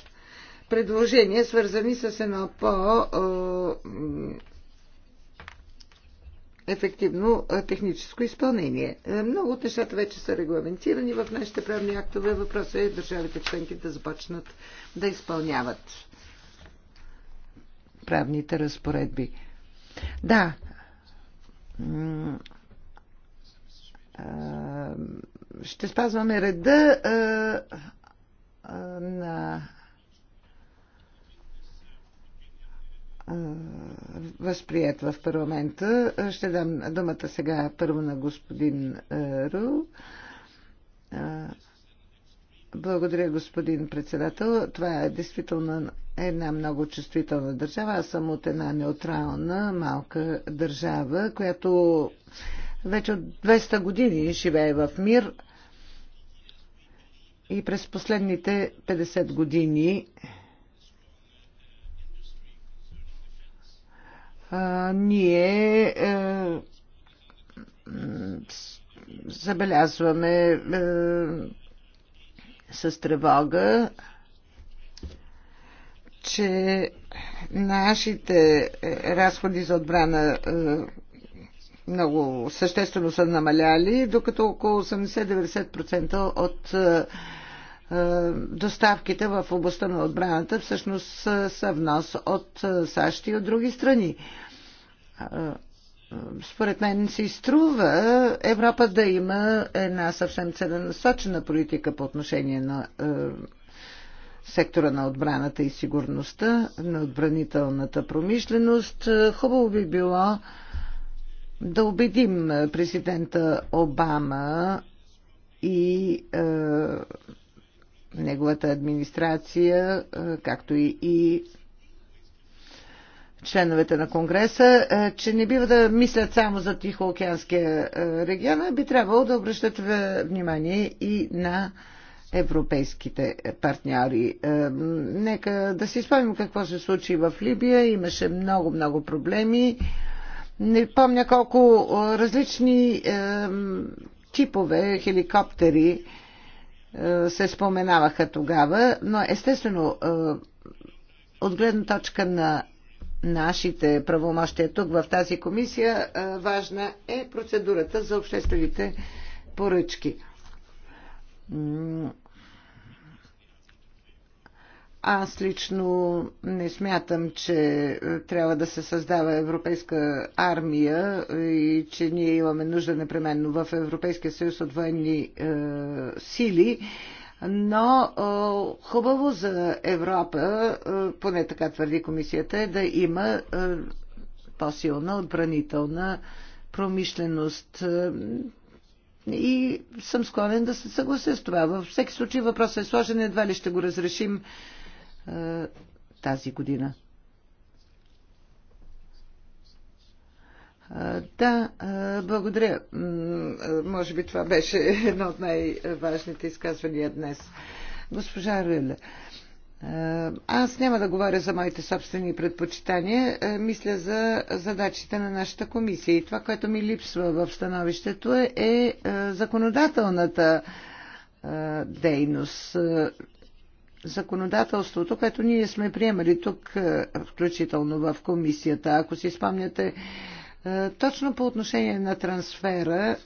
предложения, свързани с едно по- ефективно техническо изпълнение. Е, много от нещата вече са регламентирани в нашите правни актове. Въпросът е държавите членки да започнат да изпълняват правните разпоредби. Да. Ще спазваме реда на възприят в парламента. Ще дам думата сега първо на господин Ру. Благодаря, господин председател. Това е действително една много чувствителна държава. Аз съм от една неутрална малка държава, която вече от 200 години живее в мир. И през последните 50 години а, ние а, е, забелязваме а, е, с тревога, че нашите е, разходи за отбрана а, много съществено са намаляли, докато около 80-90% от а, е, доставките в областта на отбраната всъщност са внос от е, САЩ и от други страни. Е, според мен се изтрува Европа да има една съвсем целенасочена политика по отношение на сектора на отбраната и сигурността, на отбранителната промишленост. Хубаво би било да убедим президента Обама и е, неговата администрация, както и, и членовете на Конгреса, че не бива да мислят само за Тихоокеанския регион, а би трябвало да обръщат внимание и на европейските партньори. Нека да си спомним какво се случи в Либия. Имаше много-много проблеми. Не помня колко различни типове хеликоптери е, се споменаваха тогава, но естествено е, от гледна точка на нашите правомощия тук в тази комисия е, важна е процедурата за обществените поръчки. Аз лично не смятам, че е, трябва да се създава европейска армия и че ние имаме нужда непременно в Европейския съюз от военни е, сили, но е, хубаво за Европа, е, поне така твърди комисията, е да има е, по-силна отбранителна промишленост. И съм склонен да се съглася с това. Във всеки случай въпросът е сложен, едва ли ще го разрешим е, тази година. Е, да, е, благодаря. Може би това беше едно от най-важните изказвания днес. Госпожа Рюле, аз няма да говоря за моите собствени предпочитания, мисля за задачите на нашата комисия. И това, което ми липсва в становището е, е законодателната дейност законодателството, което ние сме приемали тук, е, включително в комисията. Ако си спомняте, е, точно по отношение на трансфера,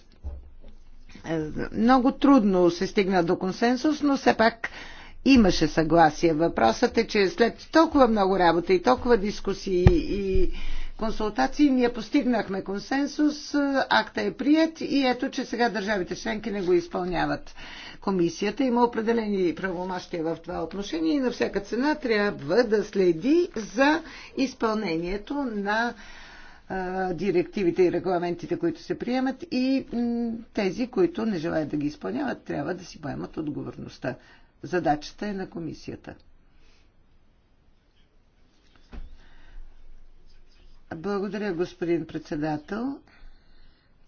е, много трудно се стигна до консенсус, но все пак имаше съгласие. Въпросът е, че след толкова много работа и толкова дискусии и консултации ние постигнахме консенсус, акта е прият и ето, че сега държавите членки не го изпълняват. Комисията има определени правомащия в това отношение и на всяка цена трябва да следи за изпълнението на директивите и регламентите, които се приемат и тези, които не желаят да ги изпълняват, трябва да си поемат отговорността. Задачата е на комисията. Благодаря, господин председател.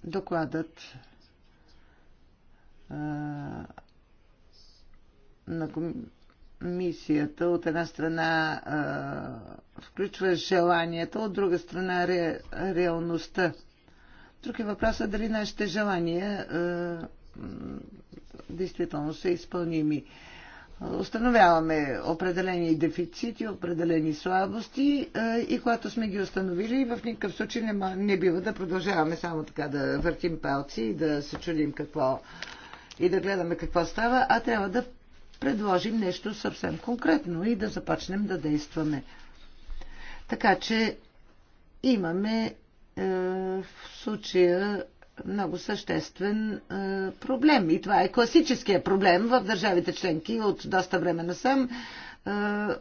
Докладът на комисията от една страна а, включва желанията, от друга страна ре, реалността. Друг е въпросът дали нашите желания а, действително са изпълними установяваме определени дефицити, определени слабости е, и когато сме ги установили, в никакъв случай не, не бива да продължаваме само така да въртим палци и да се чудим какво и да гледаме какво става, а трябва да предложим нещо съвсем конкретно и да започнем да действаме. Така че имаме е, в случая много съществен е, проблем. И това е класическия проблем в държавите членки от доста време насам. Е,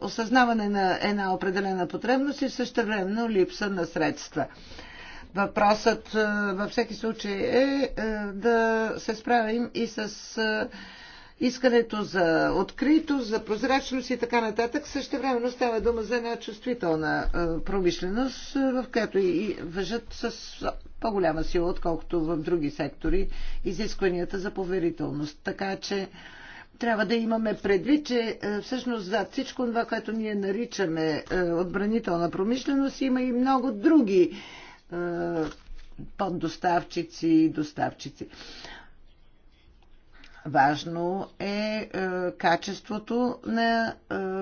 осъзнаване на една определена потребност и същевременно липса на средства. Въпросът е, във всеки случай е да се справим и с искането за откритост, за прозрачност и така нататък. Също времено става дума за една чувствителна е, промишленост, е, в която и въжат с по-голяма сила, отколкото в други сектори, изискванията за поверителност. Така че трябва да имаме предвид, че е, всъщност за всичко това, което ние наричаме отбранителна промишленост, има и много други поддоставчици и доставчици. Важно е, е качеството на е,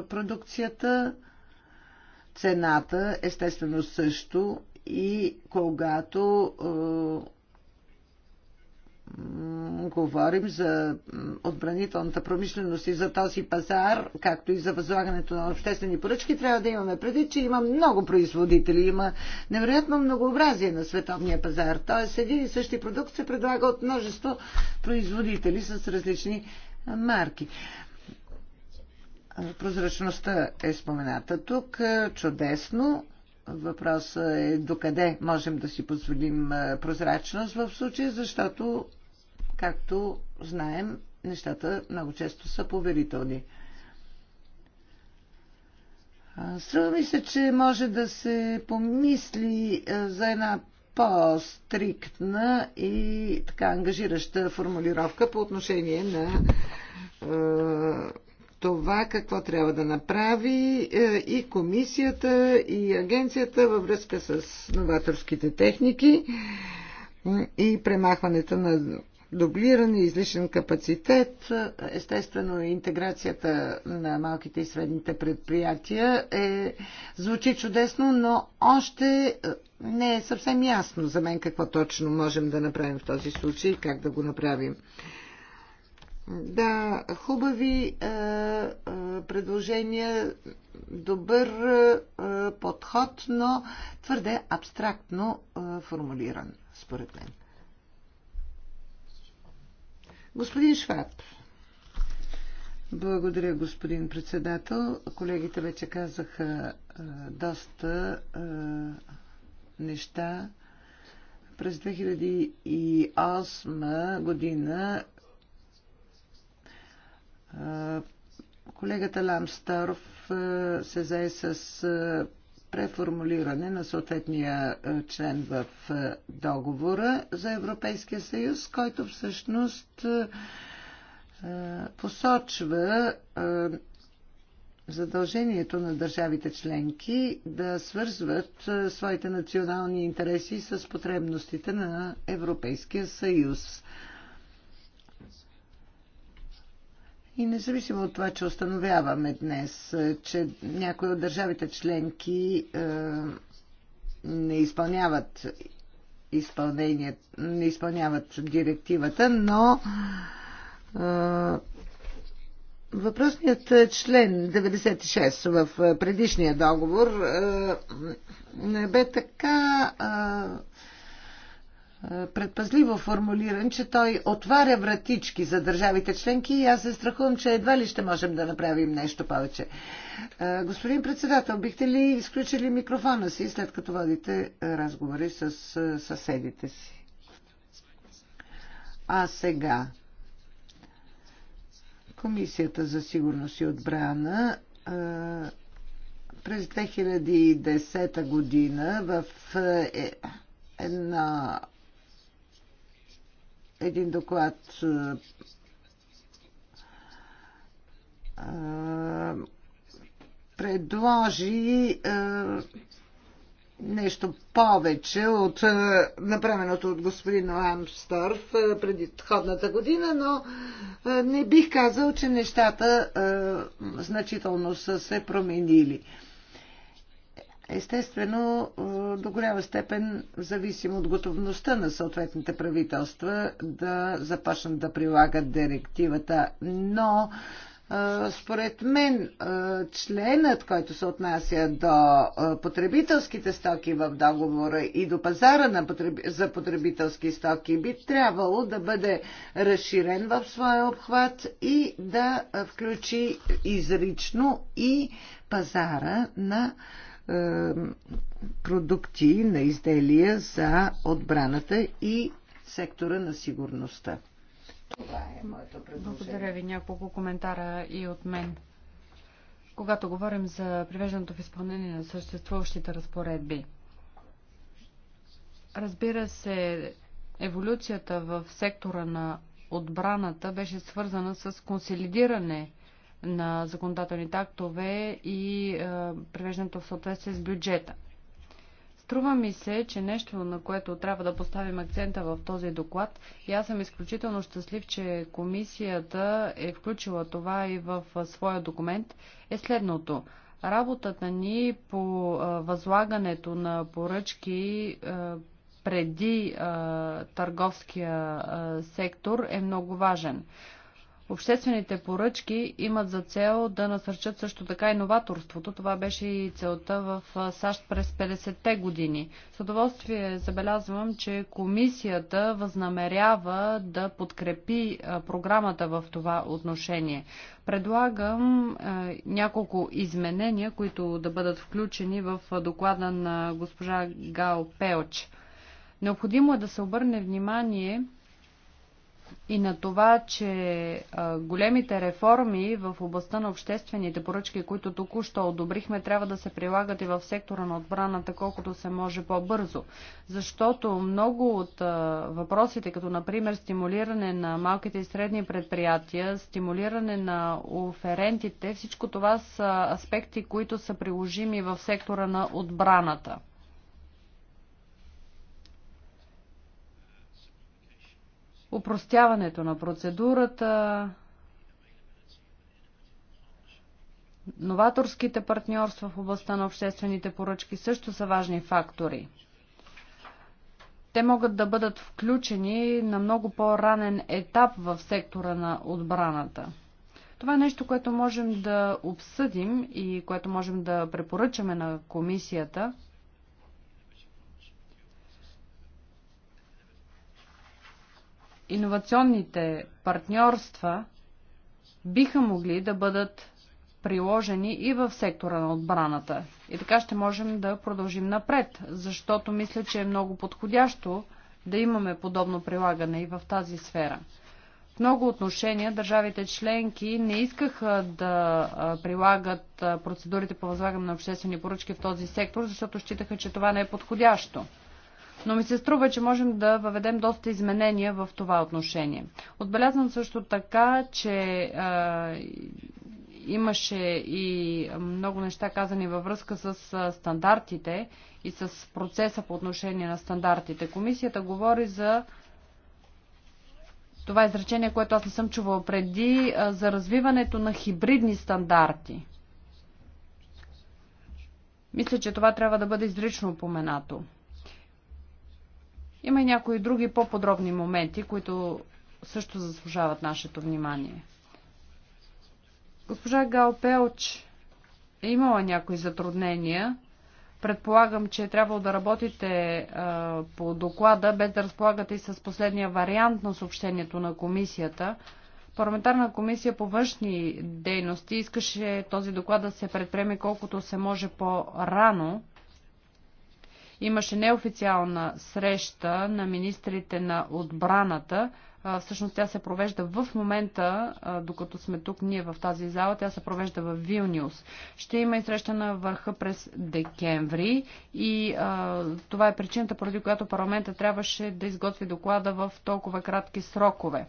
продукцията, цената, естествено също и когато е, говорим за отбранителната промишленост и за този пазар, както и за възлагането на обществени поръчки, трябва да имаме преди, че има много производители, има невероятно многообразие на световния пазар. Тоест един и същи продукт се предлага от множество производители с различни марки. Прозрачността е спомената тук. Чудесно. Въпросът е докъде можем да си позволим прозрачност в случая, защото Както знаем, нещата много често са поверителни. Струва ми се, че може да се помисли за една по-стриктна и така ангажираща формулировка по отношение на е, това какво трябва да направи е, и комисията, и агенцията във връзка с новаторските техники и премахването на дублиран и излишен капацитет. Естествено, интеграцията на малките и средните предприятия е, звучи чудесно, но още е, не е съвсем ясно за мен какво точно можем да направим в този случай и как да го направим. Да, хубави е, е, предложения, добър е, подход, но твърде абстрактно е, формулиран, според мен. Господин Шваб. Благодаря, господин председател. Колегите вече казаха а, доста а, неща. През 2008 година а, колегата Ламстаров се зае с преформулиране на съответния е, член в е, договора за Европейския съюз, който всъщност е, посочва задължението на държавите членки да свързват своите национални интереси с потребностите на Европейския съюз. И независимо от това, че установяваме днес, е, че някои от държавите членки е, не изпълняват изпълнение, не изпълняват директивата, но е, въпросният член 96 в предишния договор е, бе така е, е, предпазливо формулиран, че той отваря вратички за държавите членки и аз се страхувам, че едва ли ще можем да направим нещо повече. Е, господин председател, бихте ли изключили микрофона си, след като водите е, разговори с съседите си? А сега. Комисията за сигурност и отбрана през 2010 година в една един доклад предложи нещо повече от направеното от господин Амсторф ходната година, но не бих казал, че нещата значително са се променили естествено е, до голяма степен зависим от готовността на съответните правителства да започнат да прилагат директивата. Но е, според мен е, членът, който се отнася до потребителските стоки в договора и до пазара на потреби... за потребителски стоки, би трябвало да бъде разширен в своя обхват и да включи изрично и пазара на продукти, на изделия за отбраната и сектора на сигурността. Това е моето предложение. Благодаря ви. Няколко коментара и от мен. Когато говорим за привеждането в изпълнение на съществуващите разпоредби, разбира се, еволюцията в сектора на отбраната беше свързана с консолидиране на законодателните актове и е, превеждането в съответствие с бюджета. Струва ми се, че нещо, на което трябва да поставим акцента в този доклад, и аз съм изключително щастлив, че комисията е включила това и в е, своя документ, е следното. Работата ни по е, възлагането на поръчки преди търговския сектор е много важен. Обществените поръчки имат за цел да насърчат също така иноваторството. Това беше и целта в САЩ през 50-те години. С удоволствие забелязвам, че комисията възнамерява да подкрепи програмата в това отношение. Предлагам няколко изменения, които да бъдат включени в доклада на госпожа Гал Пелч. Необходимо е да се обърне внимание и на това, че големите реформи в областта на обществените поръчки, които току-що одобрихме, трябва да се прилагат и в сектора на отбраната, колкото се може по-бързо. Защото много от въпросите, като например стимулиране на малките и средни предприятия, стимулиране на оферентите, всичко това са аспекти, които са приложими в сектора на отбраната. упростяването на процедурата, новаторските партньорства в областта на обществените поръчки също са важни фактори. Те могат да бъдат включени на много по-ранен етап в сектора на отбраната. Това е нещо, което можем да обсъдим и което можем да препоръчаме на комисията – иновационните партньорства биха могли да бъдат приложени и в сектора на отбраната. И така ще можем да продължим напред, защото мисля, че е много подходящо да имаме подобно прилагане и в тази сфера. В много отношения държавите членки не искаха да прилагат процедурите по възлагане на обществени поръчки в този сектор, защото считаха, че това не е подходящо но ми се струва, че можем да въведем доста изменения в това отношение. Отбелязвам също така, че а, имаше и много неща казани във връзка с стандартите и с процеса по отношение на стандартите. Комисията говори за това изречение, което аз не съм чувала преди, за развиването на хибридни стандарти. Мисля, че това трябва да бъде изрично упоменато. Има и някои други по-подробни моменти, които също заслужават нашето внимание. Госпожа Гал Пелч е имала някои затруднения. Предполагам, че е трябвало да работите а, по доклада, без да разполагате и с последния вариант на съобщението на комисията. Парламентарна комисия по външни дейности искаше този доклад да се предприеме колкото се може по-рано, Имаше неофициална среща на министрите на отбраната. Всъщност тя се провежда в момента, докато сме тук ние в тази зала, тя се провежда в Вилниус. Ще има и среща на върха през декември и а, това е причината, поради която парламента трябваше да изготви доклада в толкова кратки срокове.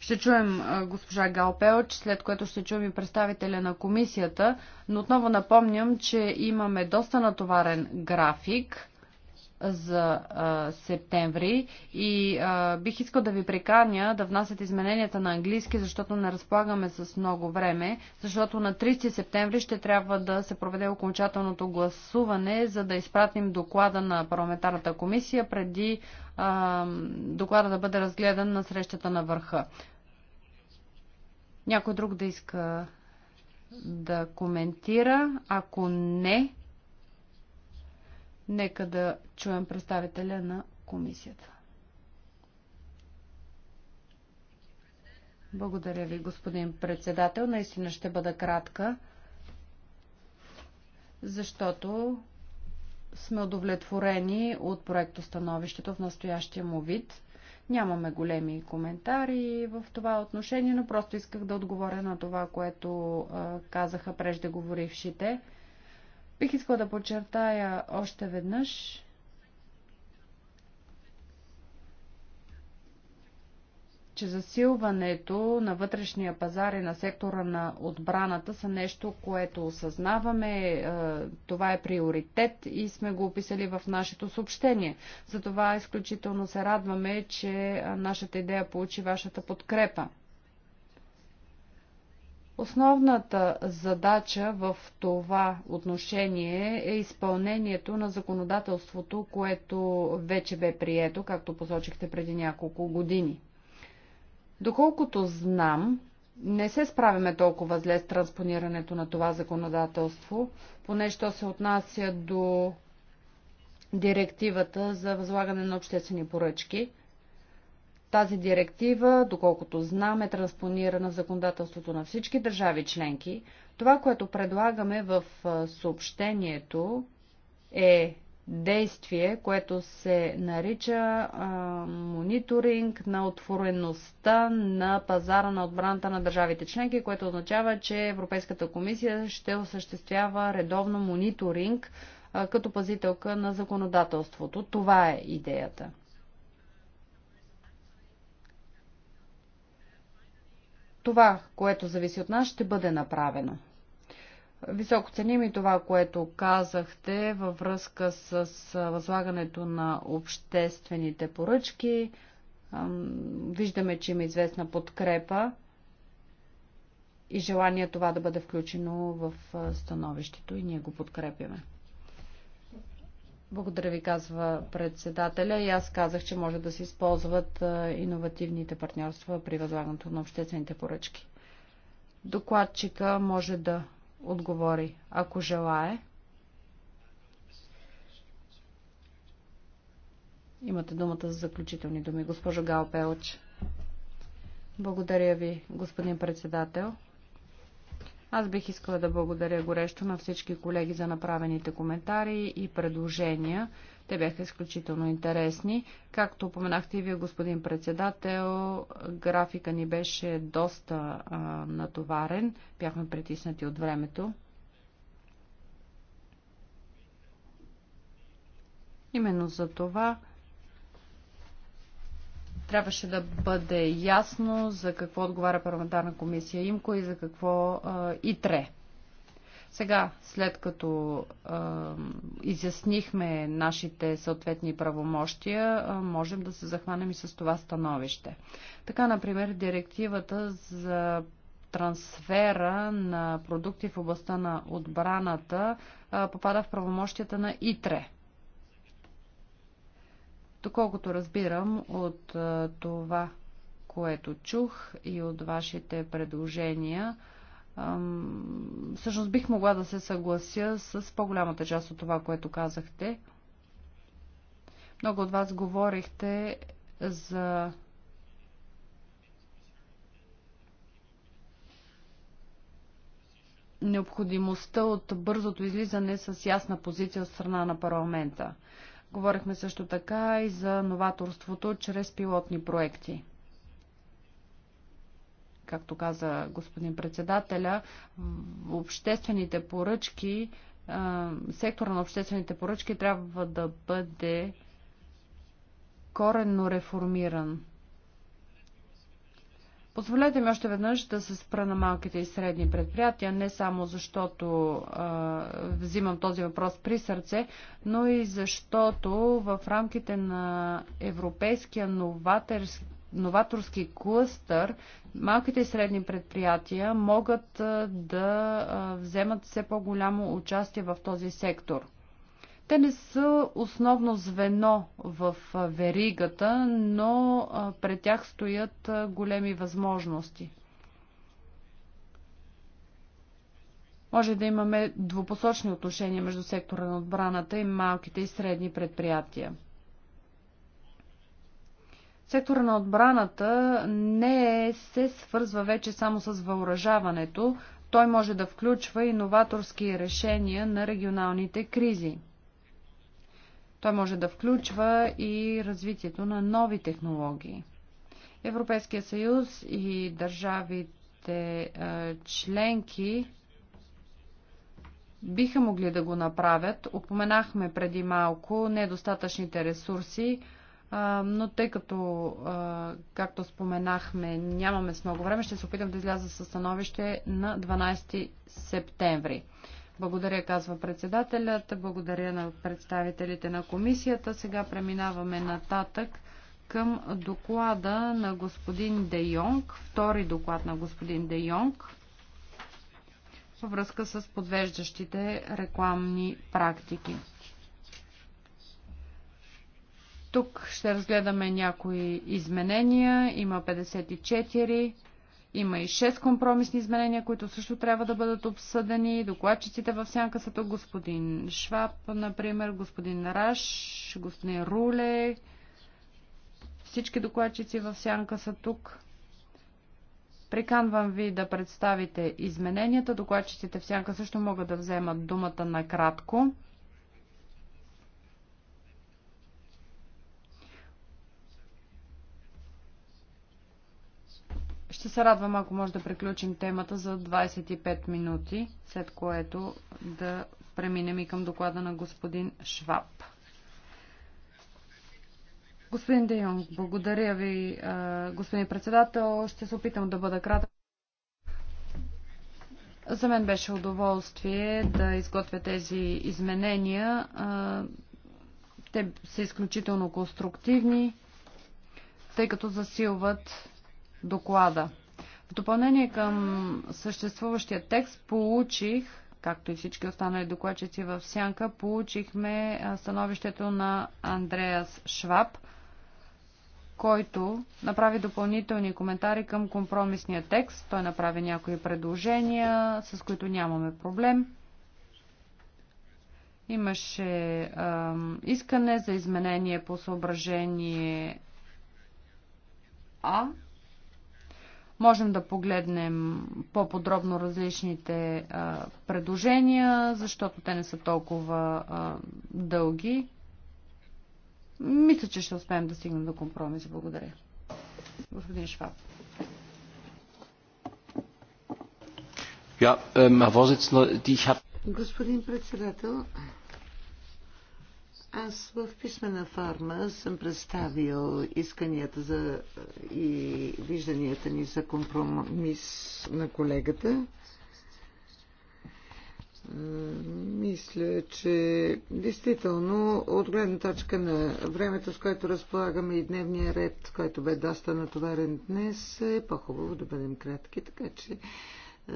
Ще чуем госпожа Галпелч, след което ще чуем и представителя на комисията, но отново напомням, че имаме доста натоварен график за а, септември и а, бих искал да ви преканя да внасят измененията на английски, защото не разполагаме с много време, защото на 30 септември ще трябва да се проведе окончателното гласуване, за да изпратим доклада на парламентарната комисия преди а, доклада да бъде разгледан на срещата на върха. Някой друг да иска да коментира? Ако не, Нека да чуем представителя на комисията. Благодаря ви, господин председател. Наистина ще бъда кратка, защото сме удовлетворени от проекто становището в настоящия му вид. Нямаме големи коментари в това отношение, но просто исках да отговоря на това, което казаха преждеговорившите. говорившите Бих искала да подчертая още веднъж, че засилването на вътрешния пазар и на сектора на отбраната са нещо, което осъзнаваме. Е, това е приоритет и сме го описали в нашето съобщение. Затова изключително се радваме, че нашата идея получи вашата подкрепа. Основната задача в това отношение е изпълнението на законодателството, което вече бе прието, както посочихте преди няколко години. Доколкото знам, не се справяме толкова зле с транспонирането на това законодателство, поне що се отнася до директивата за възлагане на обществени поръчки – тази директива, доколкото знам, е транспонирана в законодателството на всички държави членки. Това, което предлагаме в съобщението е действие, което се нарича а, мониторинг на отвореността на пазара на отбраната на държавите членки, което означава, че Европейската комисия ще осъществява редовно мониторинг а, като пазителка на законодателството. Това е идеята. Това, което зависи от нас, ще бъде направено. Високо ценим и това, което казахте във връзка с възлагането на обществените поръчки. Виждаме, че има известна подкрепа и желание това да бъде включено в становището и ние го подкрепяме. Благодаря ви, казва председателя. И аз казах, че може да се използват иновативните партньорства при възлагането на обществените поръчки. Докладчика може да отговори, ако желае. Имате думата за заключителни думи, госпожо Галпелч. Благодаря ви, господин председател. Аз бих искала да благодаря горещо на всички колеги за направените коментари и предложения. Те бяха изключително интересни. Както упоменахте и вие, господин председател, графика ни беше доста а, натоварен. Бяхме притиснати от времето. Именно за това трябваше да бъде ясно за какво отговаря парламентарна комисия ИМКО и за какво а, ИТРЕ. Сега, след като а, изяснихме нашите съответни правомощия, а, можем да се захванем и с това становище. Така, например, директивата за трансфера на продукти в областта на отбраната а, попада в правомощията на ИТРЕ. Доколкото разбирам от това, което чух и от вашите предложения, всъщност бих могла да се съглася с по-голямата част от това, което казахте. Много от вас говорихте за необходимостта от бързото излизане с ясна позиция от страна на парламента. Говорихме също така и за новаторството чрез пилотни проекти. Както каза господин председателя, обществените поръчки, сектора на обществените поръчки трябва да бъде коренно реформиран. Позволете ми още веднъж да се спра на малките и средни предприятия, не само защото а, взимам този въпрос при сърце, но и защото в рамките на европейския новаторски новаторски клъстър, малките и средни предприятия могат да вземат все по-голямо участие в този сектор. Те не са основно звено в веригата, но пред тях стоят големи възможности. Може да имаме двупосочни отношения между сектора на отбраната и малките и средни предприятия. Сектора на отбраната не е, се свързва вече само с въоръжаването, той може да включва иноваторски решения на регионалните кризи. Той може да включва и развитието на нови технологии. Европейския съюз и държавите членки биха могли да го направят. Опоменахме преди малко недостатъчните ресурси, но тъй като, както споменахме, нямаме с много време, ще се опитам да изляза със становище на 12 септември. Благодаря, казва председателят. Благодаря на представителите на комисията. Сега преминаваме нататък към доклада на господин Де Йонг, втори доклад на господин Де Йонг във връзка с подвеждащите рекламни практики. Тук ще разгледаме някои изменения. Има 54. Има и 6 компромисни изменения, които също трябва да бъдат обсъдени. Докладчиците в сянка са тук господин Шваб, например, господин Раш, господин Руле. Всички докладчици в сянка са тук. Приканвам ви да представите измененията. Докладчиците в сянка също могат да вземат думата накратко. кратко. Ще се радвам, ако може да приключим темата за 25 минути, след което да преминем и към доклада на господин Шваб. Господин Де Йонг, благодаря ви, господин председател. Ще се опитам да бъда кратък. За мен беше удоволствие да изготвя тези изменения. Те са изключително конструктивни, тъй като засилват доклада. В допълнение към съществуващия текст получих, както и всички останали докладчици в Сянка, получихме становището на Андреас Шваб, който направи допълнителни коментари към компромисния текст. Той направи някои предложения, с които нямаме проблем. Имаше е, искане за изменение по съображение А Можем да погледнем по-подробно различните а, предложения, защото те не са толкова а, дълги. Мисля, че ще успеем да стигнем до компромис. Благодаря. Господин Шваб. Ähm, Господин председател, аз в писмена форма съм представил исканията за и вижданията ни за компромис на колегата. Мисля, че действително от гледна точка на времето, с което разполагаме и дневния ред, който бе доста натоварен днес, е по-хубаво да бъдем кратки, така че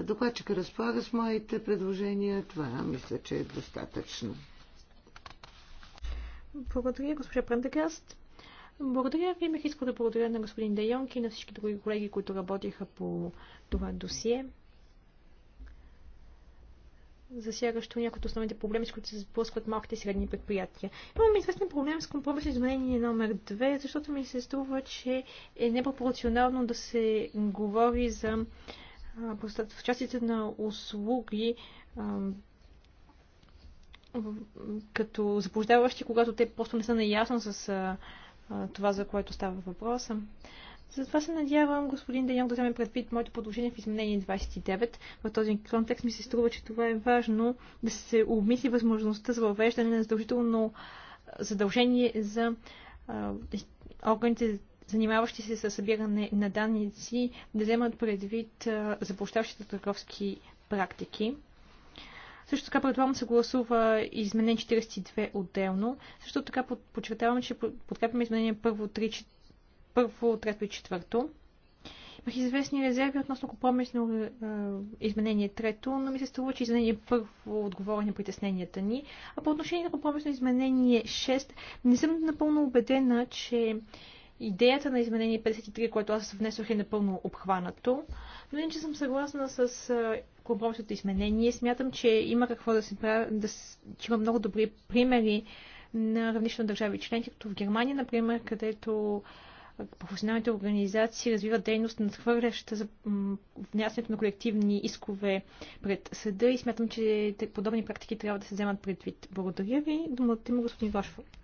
докладчика разполага с моите предложения. Това мисля, че е достатъчно. Благодаря, госпожа Прендегаст. Благодаря ви. Бих искал да благодаря на господин Дейонг и на всички други колеги, които работиха по това досие засягащо някои от основните проблеми, с които се сблъскват малките и средни предприятия. Имаме известен проблем с компромисно изменение номер 2, защото ми се струва, че е непропорционално да се говори за в частите на услуги като заблуждаващи, когато те просто не са наясно с а, а, това, за което става въпроса. Затова се надявам господин Деньок да вземе предвид моето предложение в изменение 29. В този контекст ми се струва, че това е важно да се обмисли възможността за въвеждане на задължително задължение за а, органите, занимаващи се с събиране на данници, да вземат предвид заблуждаващите търговски практики. Също така предлагам се гласува изменение 42 отделно. Също така подчертавам, че подкрепяме изменение първо, три, първо, трето и четвърто. Имах известни резерви относно компромисно е, е, изменение трето, но ми се струва, че изменение първо отговори на притесненията ни. А по отношение на компромисно изменение 6, не съм напълно убедена, че идеята на изменение 53, което аз внесох е напълно обхванато. Но че съм съгласна с е, компромисното изменение. Смятам, че има какво да се прави, да, че има много добри примери на равнището на държави членки, като в Германия, например, където професионалните организации развиват дейност надхвърляща за внасянето на колективни искове пред съда и смятам, че подобни практики трябва да се вземат предвид. Благодаря ви. Думата има господин Вашфорд.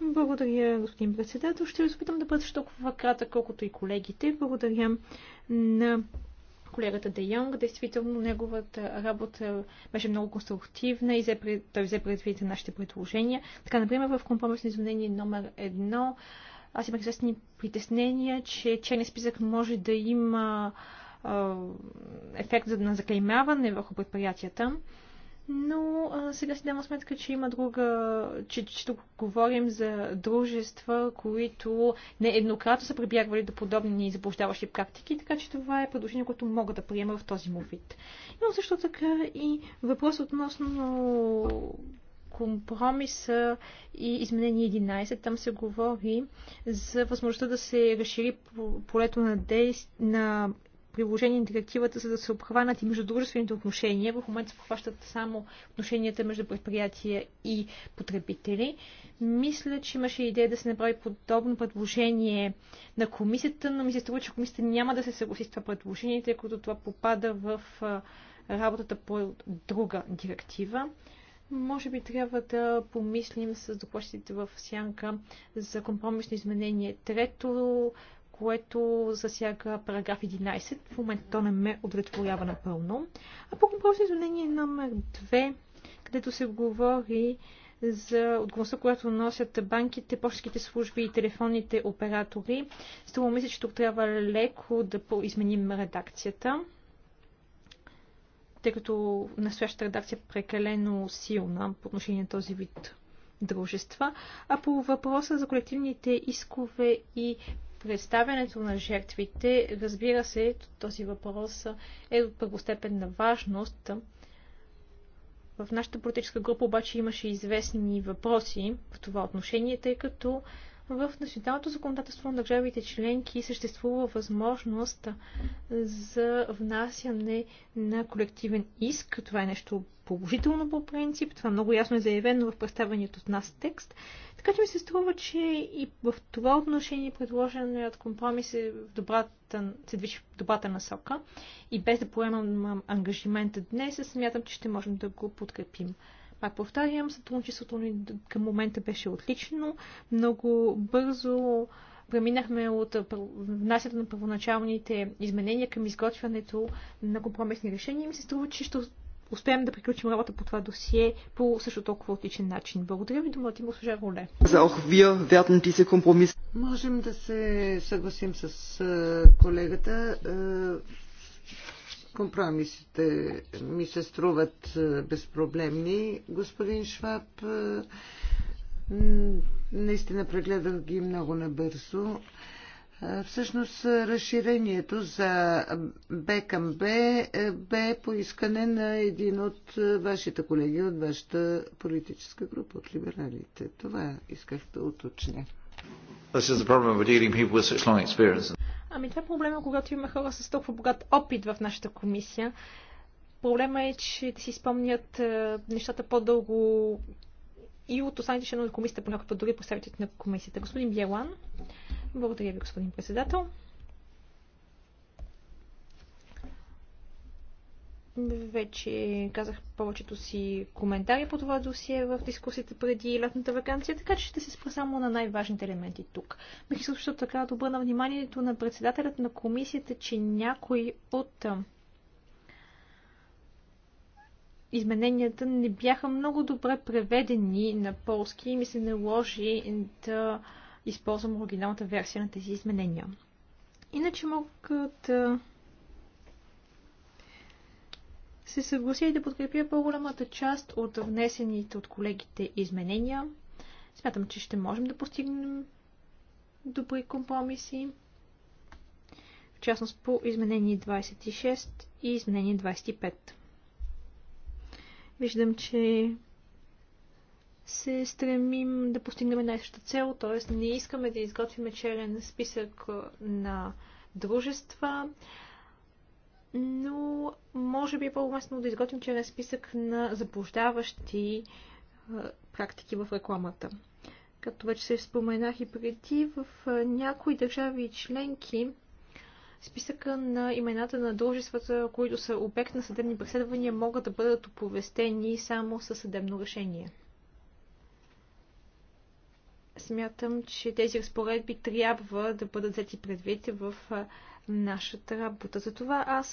Благодаря, господин председател. Ще ви опитам да бъда толкова кратък, колкото и колегите. Благодаря на колегата Де Йонг. Действително, неговата работа беше много конструктивна и той взе предвид за нашите предложения. Така, например, в компромисно изменение номер едно, аз имах известни притеснения, че черния списък може да има ефект на заклеймяване върху предприятията но а, сега си давам сметка, че има друга, че, че тук говорим за дружества, които нееднократно са прибягвали до подобни заблуждаващи практики, така че това е предложение, което мога да приема в този му вид. Но също така и въпрос относно компромиса и изменение 11. Там се говори за възможността да се разшири полето на, действ... на приложение на директивата, за да се обхванат и междудружествените отношения. В момента се обхващат само отношенията между предприятия и потребители. Мисля, че имаше идея да се направи подобно предложение на комисията, но ми се струва, че комисията няма да се съгласи с това предложение, тъй като това попада в работата по друга директива може би трябва да помислим с докладчиците в сянка за компромисно изменение. Трето, което засяга параграф 11. В момента то не ме удовлетворява напълно. А по компромисно изменение номер 2, където се говори за отговорността, която носят банките, почтските служби и телефонните оператори. Струва мисля, че тук трябва леко да изменим редакцията, тъй като настоящата редакция е прекалено силна по отношение на този вид дружества. А по въпроса за колективните искове и представянето на жертвите, разбира се, този въпрос е от първостепенна важност. В нашата политическа група обаче имаше известни въпроси в това отношение, тъй като в националното законодателство на държавите членки съществува възможност за внасяне на колективен иск. Това е нещо положително по принцип. Това много ясно е заявено в представеният от нас текст. Така че ми се струва, че и в това отношение предложеният компромис е в добрата, се движи в добрата насока. И без да поемам ангажимента днес, смятам, че ще можем да го подкрепим. Пак повтарям, сътрудничеството ни към момента беше отлично. Много бързо преминахме от внасянето на първоначалните изменения към изготвянето на компромисни решения. Ми се струва, че ще успеем да приключим работа по това досие по също толкова отличен начин. Благодаря ви, думата има госпожа Роле. Можем да се съгласим с колегата. Компромисите ми се струват безпроблемни. Господин Шваб, наистина прегледах ги много набързо. Всъщност разширението за Б към Б е, бе поискане на един от вашите колеги от вашата политическа група, от либералите. Това исках да уточня. Ами това е проблема, когато има хора с толкова богат опит в нашата комисия. Проблема е, че те си спомнят е, нещата по-дълго и от останалите членове на комисията, понякога дори представителите на комисията. Господин Бялан, благодаря ви, господин председател. Вече казах повечето си коментари по това досие в дискусията преди летната вакансия, така че ще се спра само на най-важните елементи тук. Бих също така да обърна вниманието на председателят на комисията, че някои от измененията не бяха много добре преведени на полски и ми се наложи да използвам оригиналната версия на тези изменения. Иначе могат да се съглася и да подкрепя по-голямата част от внесените от колегите изменения. Смятам, че ще можем да постигнем добри компромиси, в частност по изменение 26 и изменение 25. Виждам, че се стремим да постигнем една цел, т.е. не искаме да изготвим черен списък на дружества, но може би е по-уместно да изготвим черен списък на заблуждаващи е, практики в рекламата. Като вече се споменах и преди, в е, някои държави и членки списъка на имената на дружествата, които са обект на съдебни преследвания, могат да бъдат оповестени само със съдебно решение смятам, че тези разпоредби трябва да бъдат взети предвид в нашата работа. Затова аз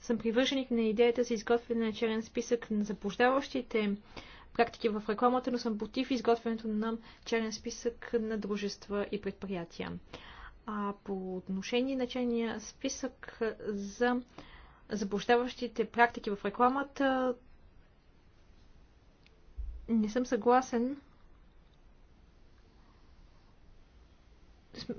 съм привърженик на идеята за изготвяне на черен списък на заблуждаващите практики в рекламата, но съм против изготвянето на черен списък на дружества и предприятия. А по отношение на черния списък за заблуждаващите практики в рекламата, не съм съгласен,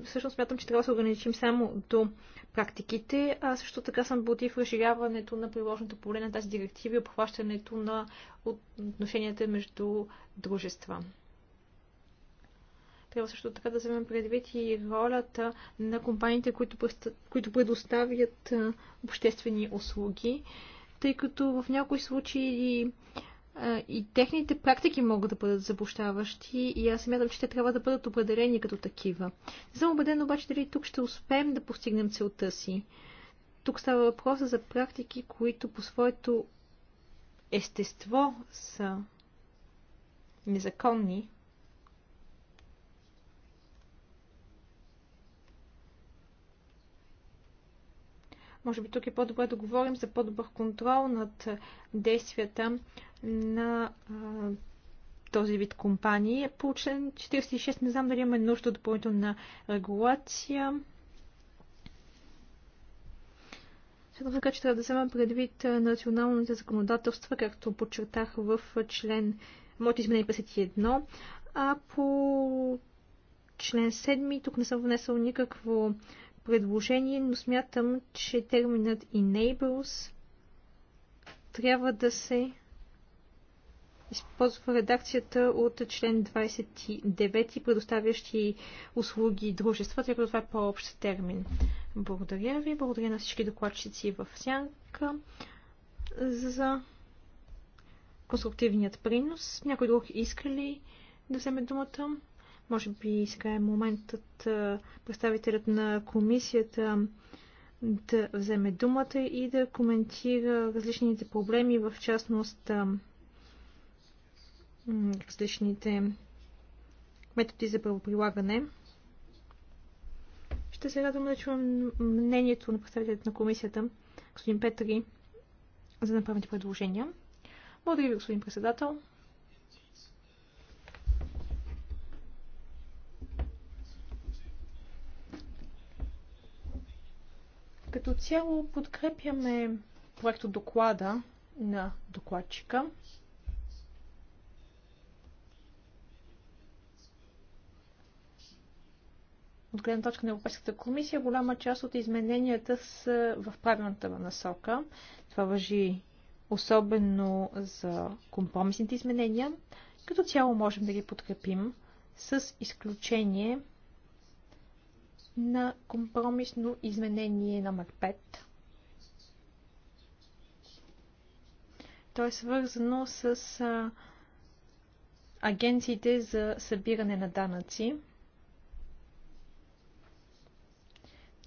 всъщност смятам, че трябва да се ограничим само до практиките, а също така съм против разширяването на приложното поле на тази директива и обхващането на отношенията между дружества. Трябва също така да вземем предвид и ролята на компаниите, които, които предоставят обществени услуги, тъй като в някои случаи и техните практики могат да бъдат заблуждаващи и аз смятам, че те трябва да бъдат определени като такива. Не съм убеден обаче дали тук ще успеем да постигнем целта си. Тук става въпрос за практики, които по своето естество са незаконни. Може би тук е по-добре да говорим за по-добър контрол над действията на а, този вид компании. По член 46 не знам дали имаме нужда допълнителна регулация. Също така, че трябва да вземем предвид националните законодателства, както подчертах в член Моти изменение 51. А по член 7 тук не съм внесъл никакво предложение, но смятам, че терминът enables трябва да се използва редакцията от член 29, предоставящи услуги и дружества, тъй като това е по-общ термин. Благодаря ви, благодаря на всички докладчици в сянка за конструктивният принос. Някой друг иска ли да вземе думата? Може би сега е моментът представителят на комисията да вземе думата и да коментира различните проблеми, в частност различните методи за правоприлагане. Ще се радвам да чувам мнението на представителите на комисията, господин Петри, за да направените предложения. Благодаря ви, господин председател. Като цяло подкрепяме проекто доклада на докладчика. от гледна точка на Европейската комисия, голяма част от измененията са в правилната насока. Това въжи особено за компромисните изменения. Като цяло можем да ги подкрепим с изключение на компромисно изменение номер 5. То е свързано с агенциите за събиране на данъци.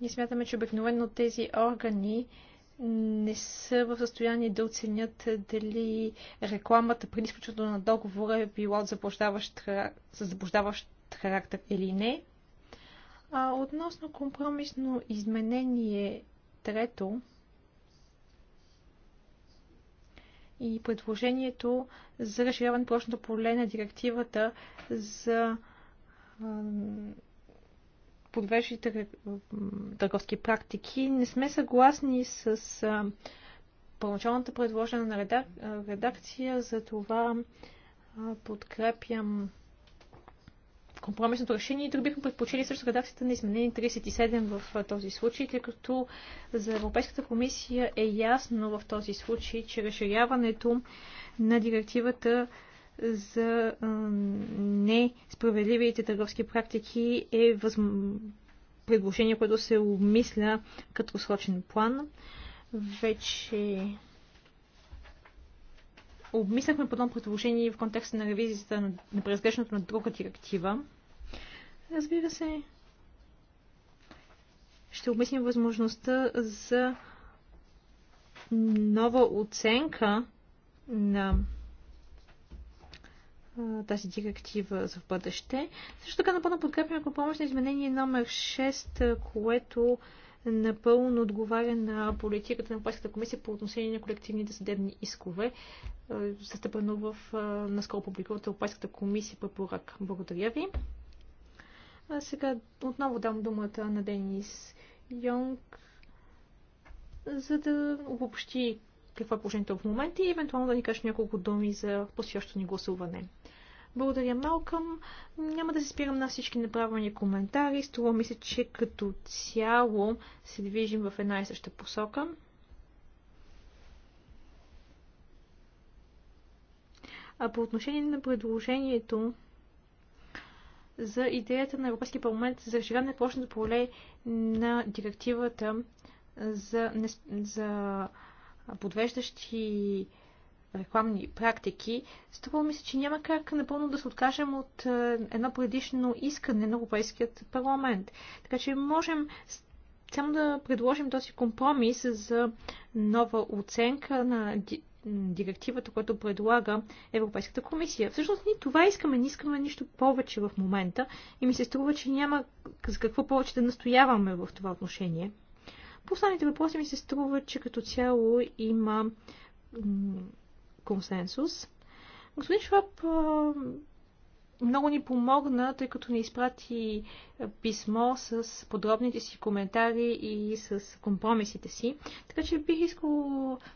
Ние смятаме, че обикновено тези органи не са в състояние да оценят дали рекламата преди сключването на договора е била от заблуждаващ, с заблуждаващ характер или не. А относно компромисно изменение трето и предложението за разширяване прочното поле на директивата за подвежи търговски практики. Не сме съгласни с първоначалната предложена на редак... редакция, за това подкрепям компромисното решение и дори бихме предпочели също редакцията на изменение 37 в този случай, тъй като за Европейската комисия е ясно в този случай, че разширяването на директивата за несправедливите търговски практики е възм... предложение, което се обмисля като срочен план. Вече обмисляхме подобно предложение в контекста на ревизията на, на преразглеждането на друга директива. Разбира се, ще обмислим възможността за нова оценка на тази директива за в бъдеще. Също така напълно подкрепяме на изменение номер 6, което напълно отговаря на политиката на Европейската комисия по отношение на колективните съдебни искове, застъпено в наскоро публикуваната Европейската комисия по порък. Благодаря ви. А сега отново дам думата на Денис Йонг, за да обобщи какво е положението в момента и евентуално да ни каже няколко думи за посещащо ни гласуване. Благодаря, Малкъм. Няма да се спирам на всички направени коментари. Струва мисля, че като цяло се движим в една и съща посока. А по отношение на предложението за идеята на Европейския парламент за разширяване на площното поле на директивата за, за подвеждащи рекламни практики, струва ми се, че няма как напълно да се откажем от е, едно предишно искане на Европейският парламент. Така че можем само да предложим този компромис за нова оценка на директивата, която предлага Европейската комисия. Всъщност ние това искаме, не искаме нищо повече в момента и ми се струва, че няма за какво повече да настояваме в това отношение. Последните въпроси ми се струва, че като цяло има консенсус. Господин Шваб много ни помогна, тъй като ни изпрати писмо с подробните си коментари и с компромисите си. Така че бих искал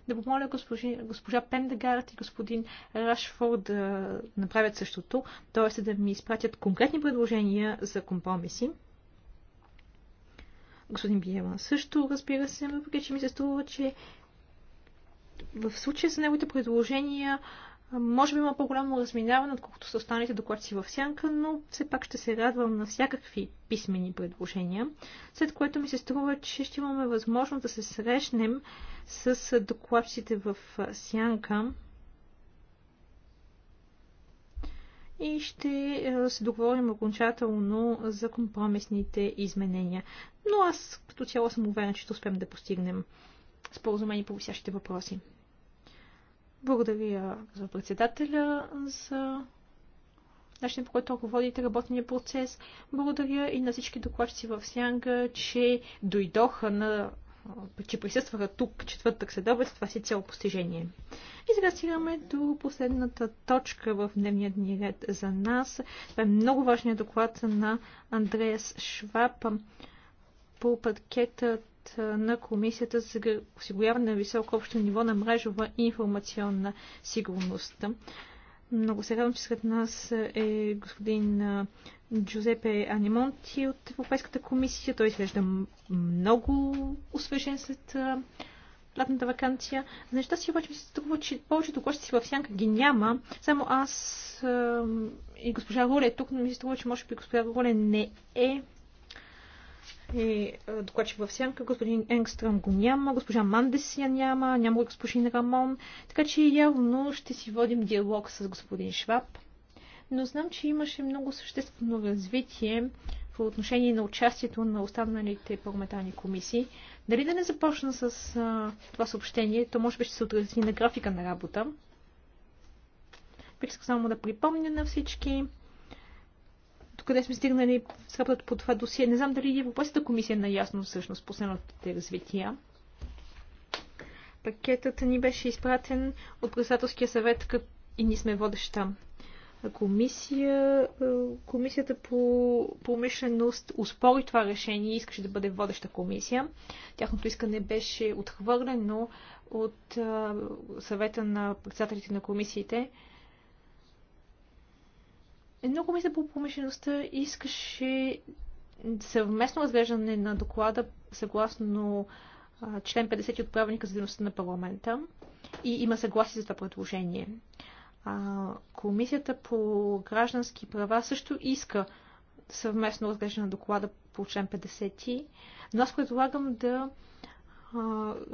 да помоля госпожи, госпожа Пендагард и господин Рашфорд да направят същото, т.е. да ми изпратят конкретни предложения за компромиси. Господин Биеман също, разбира се, въпреки че ми се струва, че в случая с неговите предложения може би има по-голямо разминаване, отколкото са останалите докладци в сянка, но все пак ще се радвам на всякакви писмени предложения, след което ми се струва, че ще имаме възможност да се срещнем с докладците в сянка и ще се договорим окончателно за компромисните изменения. Но аз като цяло съм уверен, че ще успеем да постигнем споразумение по висящите въпроси. Благодаря за председателя за начинът, по който водите работния процес. Благодаря и на всички докладчици в Сянга, че дойдоха на че присъстваха тук четвъртък след обед, това си цяло постижение. И сега стигаме до последната точка в дневния ни ред за нас. Това е много важният доклад на Андреас Шваб по пакетът проект на Комисията за осигуряване на високо общо ниво на мрежова и информационна сигурност. Много се радвам, че сред нас е господин Джузепе Анимонти от Европейската комисия. Той изглежда много освежен след платната вакансия. За неща си обаче се струва, че повечето гости си в сянка ги няма. Само аз и госпожа Роле е тук, но ми се струва, че може би госпожа Роле не е и е, докладчик в сянка, господин Енгстрън го няма, госпожа Мандес я няма, няма господин Рамон, така че явно ще си водим диалог с господин Шваб. Но знам, че имаше много съществено развитие в отношение на участието на останалите парламентарни комисии. Дали да не започна с а, това съобщение, то може би ще се отрази на графика на работа. Бих искал само да припомня на всички, къде сме стигнали сръбът по това досие. Не знам дали Европейската комисия е наясно всъщност последните развития. Пакетът ни беше изпратен от председателския съвет и ние сме водеща комисия. Е, комисията по промишленост успори това решение и искаше да бъде водеща комисия. Тяхното искане беше отхвърлено от е, съвета на председателите на комисиите. Едно комисия по промишлеността искаше съвместно разглеждане на доклада съгласно член 50 от правилника за дейността на парламента и има съгласие за това предложение. А, комисията по граждански права също иска съвместно разглеждане на доклада по член 50, но аз предлагам да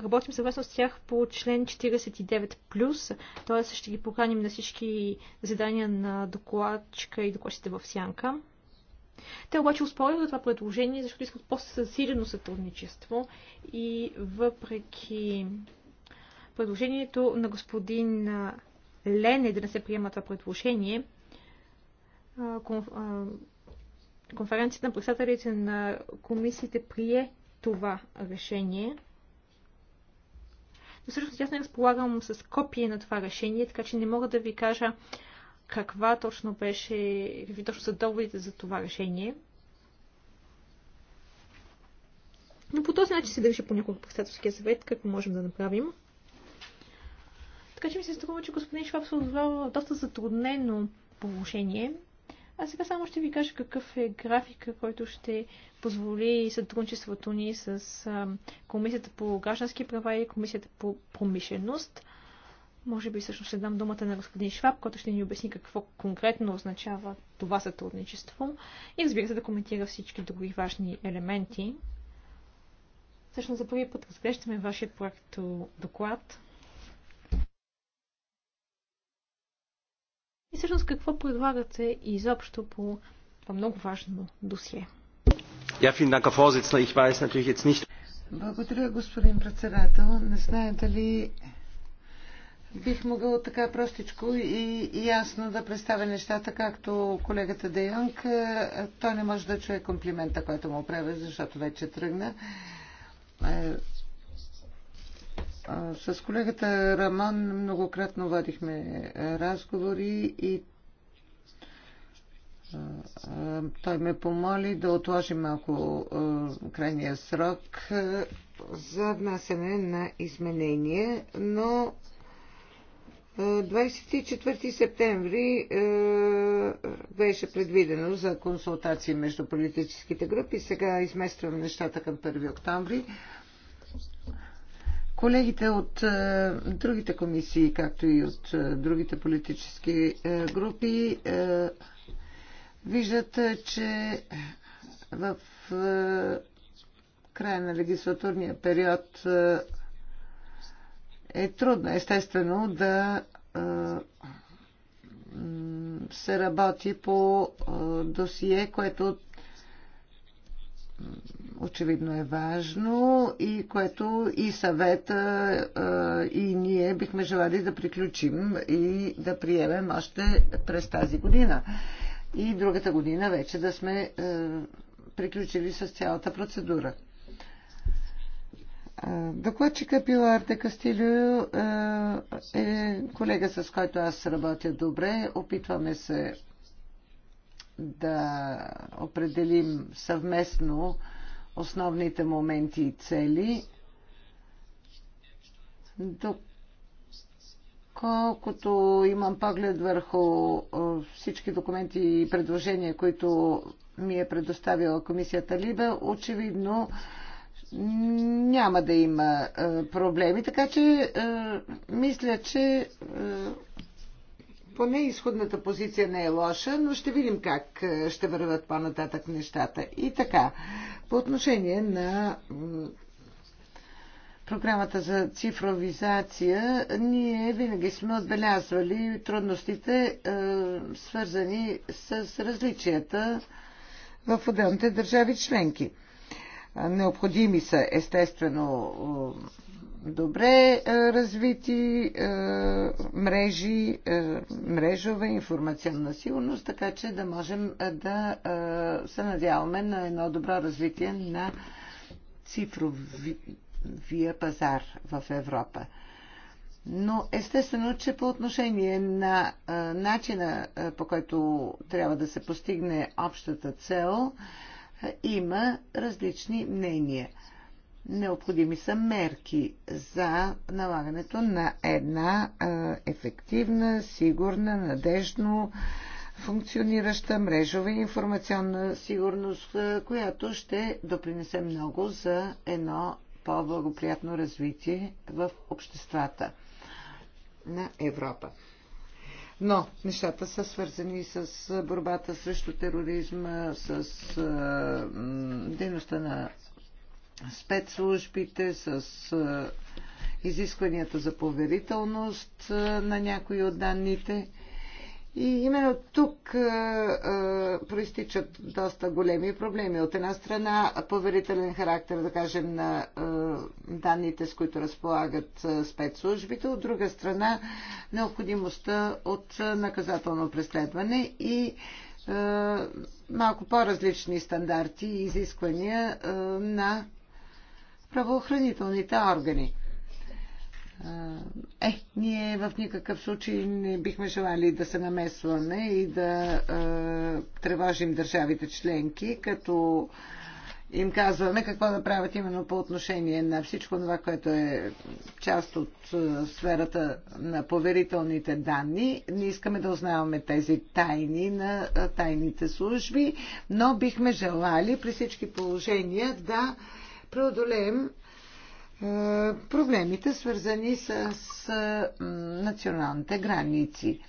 работим съвместно с тях по член 49+, т.е. ще ги поканим на всички задания на докладчика и докладчите в сянка. Те обаче успориха това предложение, защото искат по-съсилено сътрудничество и въпреки предложението на господин Лене да не се приема това предложение, конференцията на председателите на комисиите прие това решение – но всъщност аз не разполагам с копие на това решение, така че не мога да ви кажа каква точно беше, какви точно са доводите за това решение. Но по този начин се държи понякога председателския съвет, какво можем да направим. Така че ми се струва, че господин Шваб се отзовава доста затруднено положение. А сега само ще ви кажа какъв е графика, който ще позволи сътрудничеството ни с Комисията по граждански права и Комисията по промишленост. Може би всъщност ще дам думата на господин Шваб, който ще ни обясни какво конкретно означава това сътрудничество и разбира се да коментира всички други важни елементи. Всъщност за първи път разглеждаме вашия проект доклад. всъщност какво предлагате изобщо по това много важно досие. Благодаря, господин председател. Не знае дали бих могъл така простичко и ясно да представя нещата, както колегата Де Йонг. Той не може да чуе комплимента, който му правя, защото вече тръгна. Е, с колегата Раман многократно водихме разговори и той ме помоли да отложим малко крайния срок за внасяне на изменение, но 24 септември е, беше предвидено за консултации между политическите групи. Сега измествам нещата към 1 октомври. Колегите от е, другите комисии, както и от е, другите политически е, групи, е, виждат, е, че в е, края на легислатурния период е, е трудно, естествено, да е, се работи по е, досие, което очевидно е важно и което и съвета и ние бихме желали да приключим и да приемем още през тази година. И другата година вече да сме приключили с цялата процедура. Докладчика Пилар де Кастилио е колега, с който аз работя добре. Опитваме се да определим съвместно основните моменти и цели, доколкото имам поглед върху всички документи и предложения, които ми е предоставила комисията Либе, очевидно няма да има проблеми. Така че мисля, че поне изходната позиция не е лоша, но ще видим как е, ще върват по-нататък нещата. И така, по отношение на програмата за цифровизация, ние винаги сме отбелязвали трудностите, е, свързани с различията в отделните държави членки. Необходими са, естествено, е, добре е, развити е, мрежи, е, мрежова информационна сигурност, така че да можем да се надяваме на едно добро развитие на цифровия пазар в Европа. Но естествено, че по отношение на а, начина а, по който трябва да се постигне общата цел, а, има различни мнения. Необходими са мерки за налагането на една ефективна, сигурна, надежно функционираща мрежова информационна сигурност, която ще допринесе много за едно по-благоприятно развитие в обществата на Европа. Но нещата са свързани с борбата срещу тероризма, с дейността на спецслужбите, с е, изискванията за поверителност е, на някои от данните. И именно тук а, е, а, проистичат доста големи проблеми. От една страна, поверителен характер, да кажем, на а, данните, с които разполагат а, спецслужбите. От друга страна, необходимостта от а, наказателно преследване и а, малко по-различни стандарти и изисквания а, на правоохранителните органи. Е, ние в никакъв случай не бихме желали да се намесваме и да е, тревожим държавите членки, като им казваме какво да правят именно по отношение на всичко това, което е част от сферата на поверителните данни. Не искаме да узнаваме тези тайни на тайните служби, но бихме желали при всички положения да е, преодолеем е, проблемите, свързани с националните граници.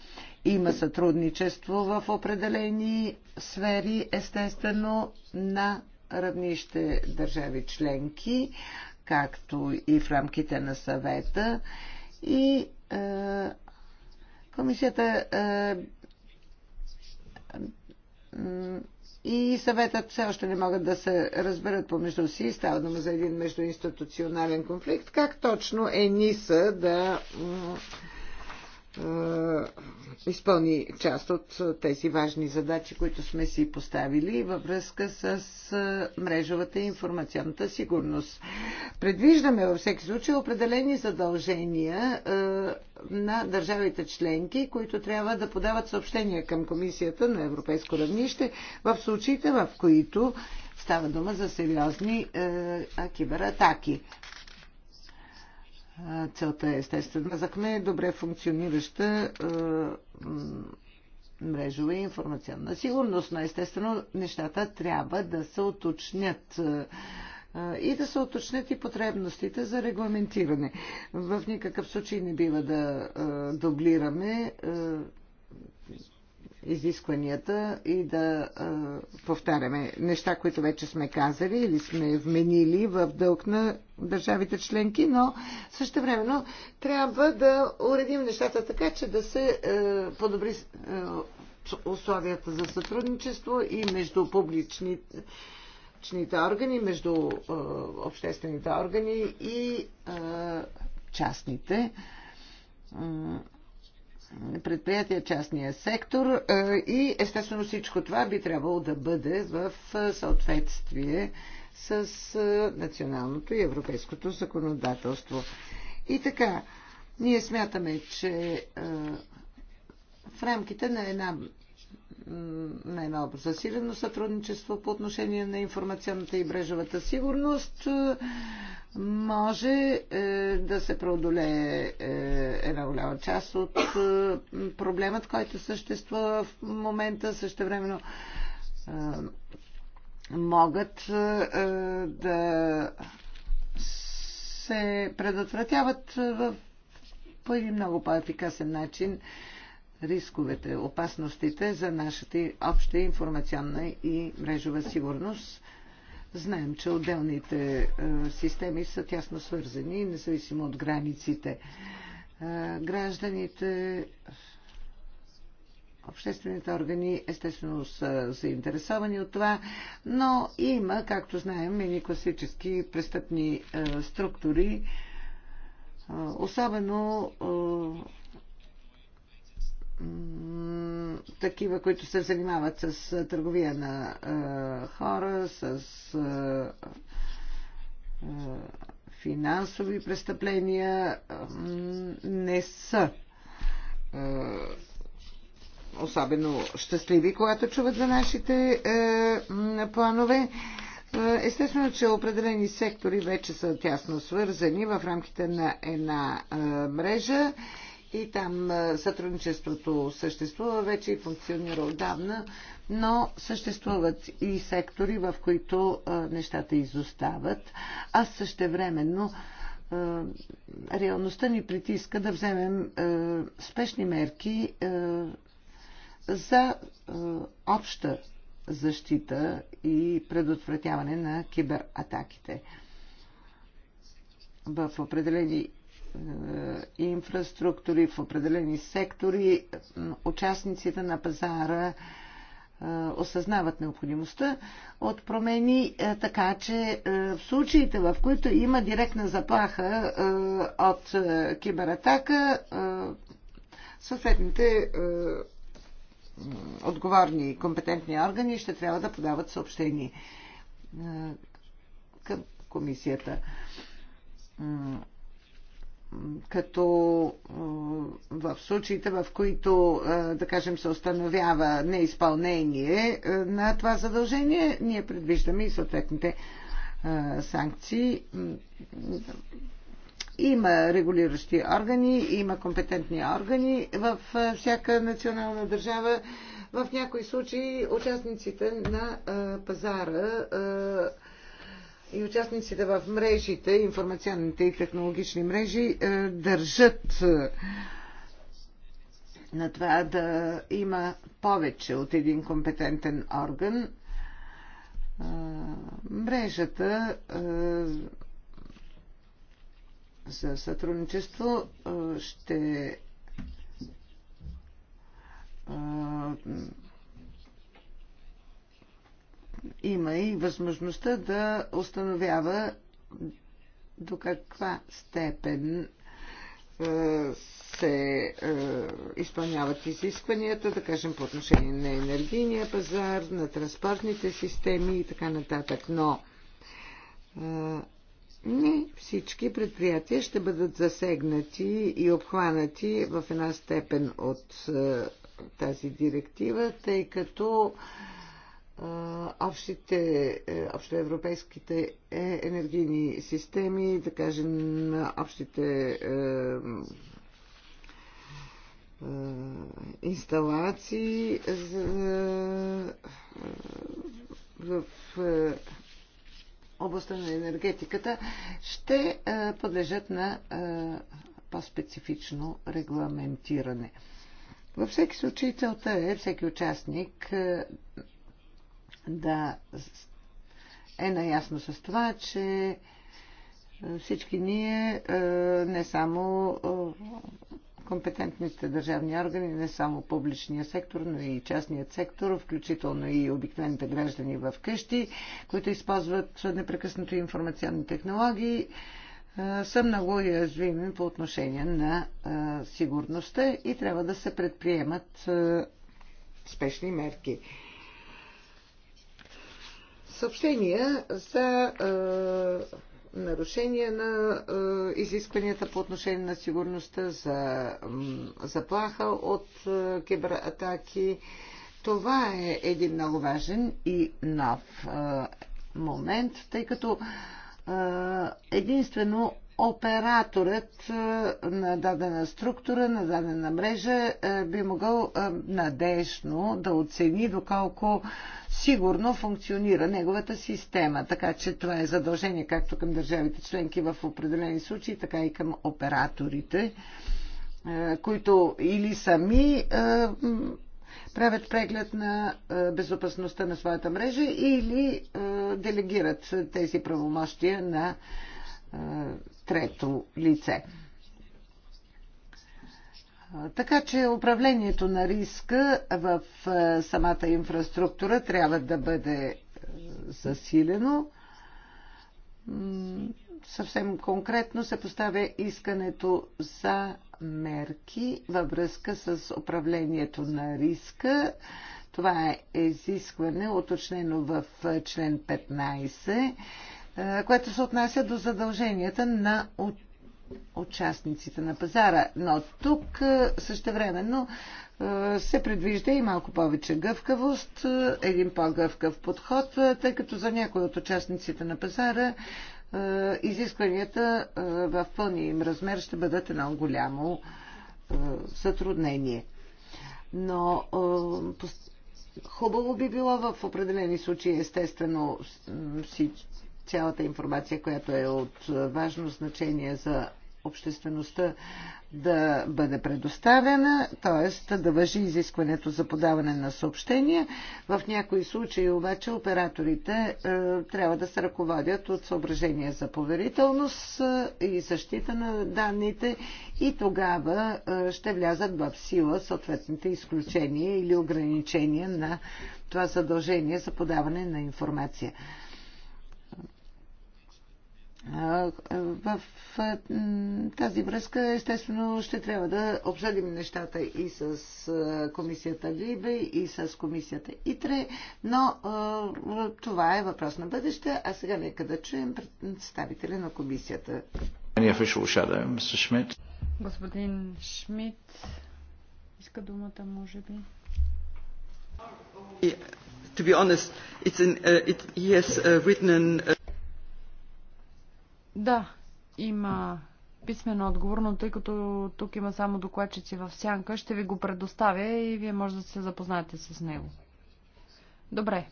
Има сътрудничество в определени сфери, естествено, на равнище държави членки, както и в рамките на съвета. И е, комисията е, и съветът все още не могат да се разберат помежду си. Става дума за един междуинституционален конфликт. Как точно е НИСА да изпълни част от тези важни задачи, които сме си поставили във връзка с мрежовата и информационната сигурност. Предвиждаме във всеки случай определени задължения на държавите членки, които трябва да подават съобщения към комисията на европейско равнище в случаите, в които става дума за сериозни кибератаки. Целта е естествено. Казахме добре функционираща мрежова и информационна сигурност, но естествено нещата трябва да се уточнят и да се уточнят и потребностите за регламентиране. В никакъв случай не бива да дублираме изискванията и да повтаряме неща, които вече сме казали или сме вменили в дълг на държавите членки, но също времено трябва да уредим нещата така, че да се подобри условията за сътрудничество и между публични органи, между обществените органи и частните предприятия, частния сектор е, и естествено всичко това би трябвало да бъде в съответствие с е, националното и европейското законодателство. И така, ние смятаме, че е, в рамките на една на едно засилено сътрудничество по отношение на информационната и брежовата сигурност е, може е, да се преодолее е, една голяма част от проблемът, който съществува в момента. Също времено могат да се предотвратяват в по един много по-ефикасен начин рисковете, опасностите за нашата обща информационна и мрежова сигурност. Знаем, че отделните е, системи са тясно свързани, независимо от границите. Е, гражданите, обществените органи, естествено са заинтересовани от това, но има, както знаем, и класически престъпни е, структури, особено такива, които се занимават с търговия на е, хора, с е, е, финансови престъпления, е, не са е, особено щастливи, когато чуват за нашите е, планове. Естествено, че определени сектори вече са тясно свързани в рамките на една е, мрежа. И там сътрудничеството съществува вече и функционира отдавна, но съществуват и сектори, в които нещата изостават. А същевременно реалността ни притиска да вземем спешни мерки за обща защита и предотвратяване на кибератаките. В определени е, инфраструктури, в определени сектори, участниците на пазара е, осъзнават необходимостта от промени, е, така че в случаите, в които има директна заплаха от кибератака, съответните отговорни и компетентни органи ще трябва да подават съобщение към комисията като в случаите, в които, да кажем, се установява неизпълнение на това задължение, ние предвиждаме и съответните санкции. Има регулиращи органи, има компетентни органи в всяка национална държава. В някои случаи участниците на пазара и участниците в мрежите, информационните и технологични мрежи, е, държат е, на това да има повече от един компетентен орган. Е, мрежата за сътрудничество ще има и възможността да установява до каква степен е, се е, изпълняват изискванията, да кажем по отношение на енергийния пазар, на транспортните системи и така нататък. Но е, не всички предприятия ще бъдат засегнати и обхванати в една степен от тази директива, тъй като а, общите, е, общоевропейските е, енергийни системи, да кажем на общите е, инсталации за, в областта на енергетиката, ще подлежат на по-специфично регламентиране. Във всеки случай целта е всеки участник да е наясно с това, че всички ние, е, не само е, компетентните държавни органи, не само публичния сектор, но и частният сектор, включително и обикновените граждани в къщи, които използват непрекъснато информационни технологии, е, са много уязвими по отношение на сигурността и трябва да се предприемат спешни мерки съобщения за е, нарушения на е, изискванията по отношение на сигурността, за заплаха от е, кибератаки. Това е един много важен и нов е, момент, тъй като е, единствено операторът на дадена структура, на дадена мрежа би могъл надежно да оцени доколко сигурно функционира неговата система. Така че това е задължение както към държавите членки в определени случаи, така и към операторите, които или сами правят преглед на безопасността на своята мрежа или делегират тези правомощия на трето лице. Така че управлението на риска в самата инфраструктура трябва да бъде засилено. Съвсем конкретно се поставя искането за мерки във връзка с управлението на риска. Това е изискване, уточнено в член 15 е, което се отнася до задълженията на участниците на пазара. Но тук е, същевременно е, се предвижда и малко повече гъвкавост, един по-гъвкав подход, тъй като за някои от участниците на пазара изискванията в пълния им размер ще бъдат едно голямо затруднение. Но хубаво би било в определени случаи, естествено, цялата информация, която е от важно значение за обществеността да бъде предоставена, т.е. да въжи изискването за подаване на съобщения. В някои случаи обаче операторите е, трябва да се ръководят от съображения за поверителност е, и защита на данните и тогава е, ще влязат в сила съответните изключения или ограничения на това задължение за подаване на информация. В тази връзка, естествено, ще трябва да обсъдим нещата и с комисията Либе, и с комисията ИТРЕ, но това е въпрос на бъдеще, а сега нека да чуем представители на комисията. Господин Шмидт иска думата, може би. To be honest, it's an, uh, it, he has uh, written an, uh... Да, има писмен отговор, но тъй като тук има само докладчици в сянка, ще ви го предоставя и вие може да се запознаете с него. Добре,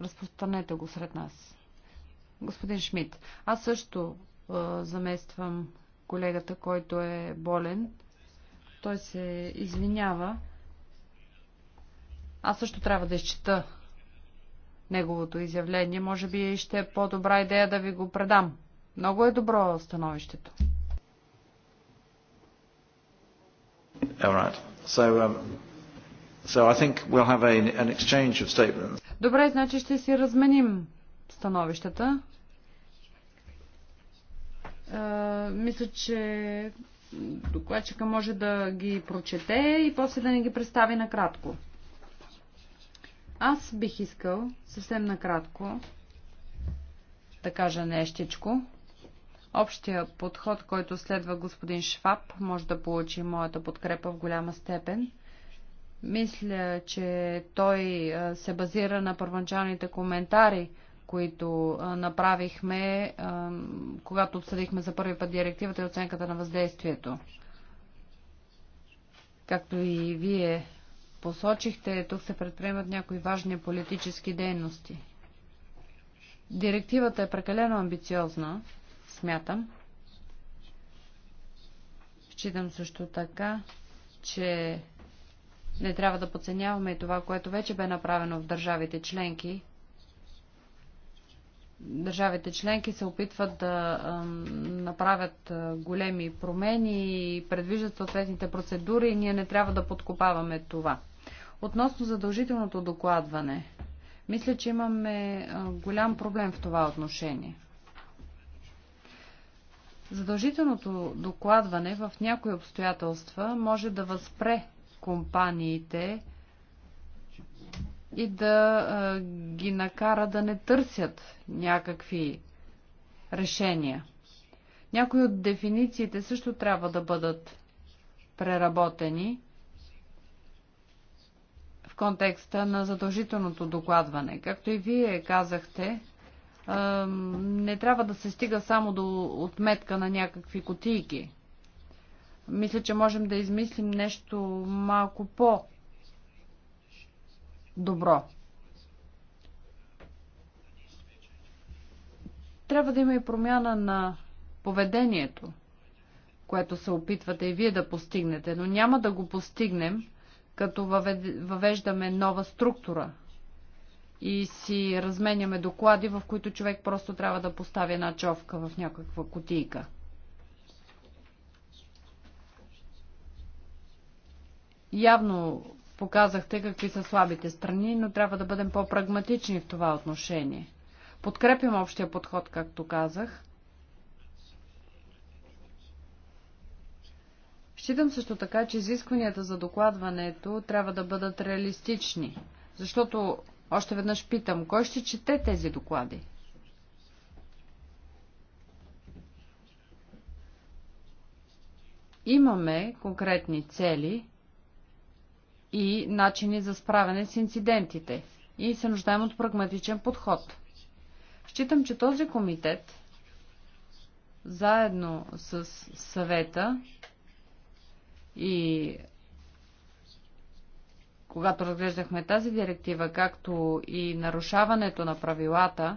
разпространете го сред нас. Господин Шмидт, аз също е, замествам колегата, който е болен. Той се извинява. Аз също трябва да изчита неговото изявление. Може би ще е по-добра идея да ви го предам. Много е добро становището. Um, Добре, значи ще си разменим становищата. Е, мисля, че докладчика може да ги прочете и после да ни ги представи накратко. Аз бих искал съвсем накратко да кажа нещичко. Общия подход, който следва господин Шваб, може да получи моята подкрепа в голяма степен. Мисля, че той се базира на първоначалните коментари, които направихме, когато обсъдихме за първи път директивата и оценката на въздействието. Както и вие посочихте, тук се предприемат някои важни политически дейности. Директивата е прекалено амбициозна смятам. Считам също така, че не трябва да подценяваме и това, което вече бе направено в държавите членки. Държавите членки се опитват да направят големи промени и предвиждат съответните процедури и ние не трябва да подкопаваме това. Относно задължителното докладване, мисля, че имаме голям проблем в това отношение. Задължителното докладване в някои обстоятелства може да възпре компаниите и да а, ги накара да не търсят някакви решения. Някои от дефинициите също трябва да бъдат преработени в контекста на задължителното докладване. Както и вие казахте, не трябва да се стига само до отметка на някакви котийки. Мисля, че можем да измислим нещо малко по-добро. Трябва да има и промяна на поведението, което се опитвате и вие да постигнете, но няма да го постигнем, като въвеждаме нова структура – и си разменяме доклади, в които човек просто трябва да постави една човка в някаква кутийка. Явно показахте какви са слабите страни, но трябва да бъдем по-прагматични в това отношение. Подкрепим общия подход, както казах. Считам също така, че изискванията за докладването трябва да бъдат реалистични, защото още веднъж питам, кой ще чете тези доклади? Имаме конкретни цели и начини за справяне с инцидентите и се нуждаем от прагматичен подход. Считам, че този комитет заедно с съвета и когато разглеждахме тази директива, както и нарушаването на правилата,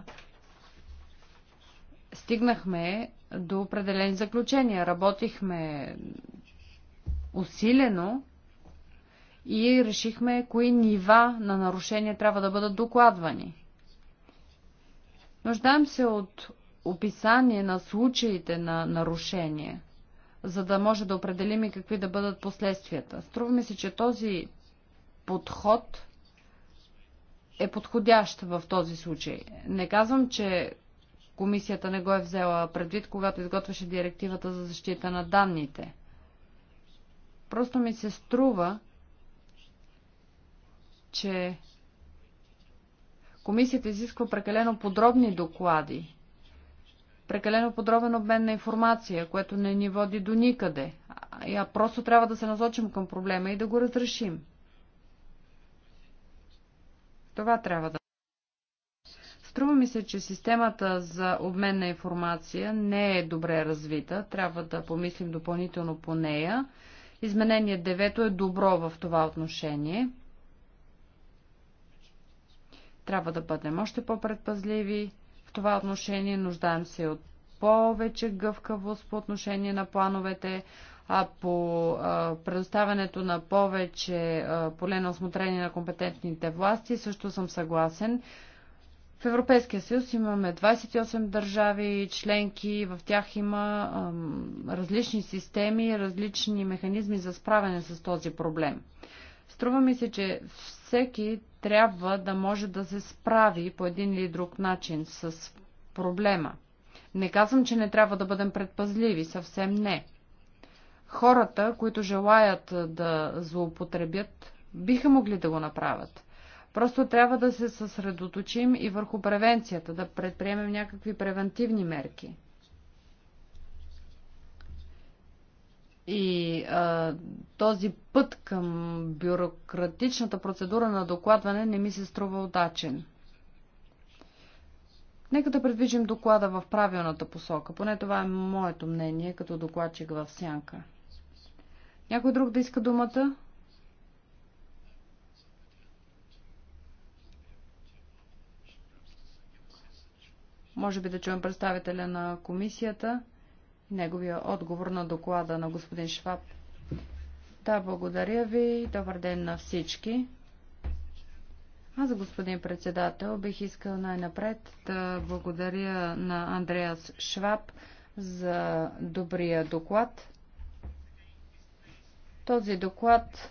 стигнахме до определени заключения. Работихме усилено и решихме кои нива на нарушения трябва да бъдат докладвани. Нуждаем се от описание на случаите на нарушение, за да може да определим и какви да бъдат последствията. Струва ми се, че този подход е подходящ в този случай. Не казвам, че комисията не го е взела предвид, когато изготвяше директивата за защита на данните. Просто ми се струва, че комисията изисква прекалено подробни доклади, прекалено подробен обмен на информация, което не ни води до никъде. А просто трябва да се насочим към проблема и да го разрешим. Това трябва да. Струва ми се, че системата за обмен на информация не е добре развита. Трябва да помислим допълнително по нея. Изменение 9 е добро в това отношение. Трябва да бъдем още по-предпазливи. В това отношение нуждаем се от повече гъвкавост по отношение на плановете, а по предоставянето на повече поле на осмотрение на компетентните власти също съм съгласен. В Европейския съюз имаме 28 държави, членки, в тях има а, различни системи, различни механизми за справяне с този проблем. Струва ми се, че всеки трябва да може да се справи по един или друг начин с проблема. Не казвам, че не трябва да бъдем предпазливи, съвсем не хората, които желаят да злоупотребят, биха могли да го направят. Просто трябва да се съсредоточим и върху превенцията, да предприемем някакви превентивни мерки. И а, този път към бюрократичната процедура на докладване не ми се струва удачен. Нека да предвижим доклада в правилната посока. Поне това е моето мнение като докладчик в сянка. Някой друг да иска думата? Може би да чуем представителя на комисията и неговия отговор на доклада на господин Шваб. Да, благодаря ви. Добър ден на всички. Аз, господин председател, бих искал най-напред да благодаря на Андреас Шваб за добрия доклад. Този доклад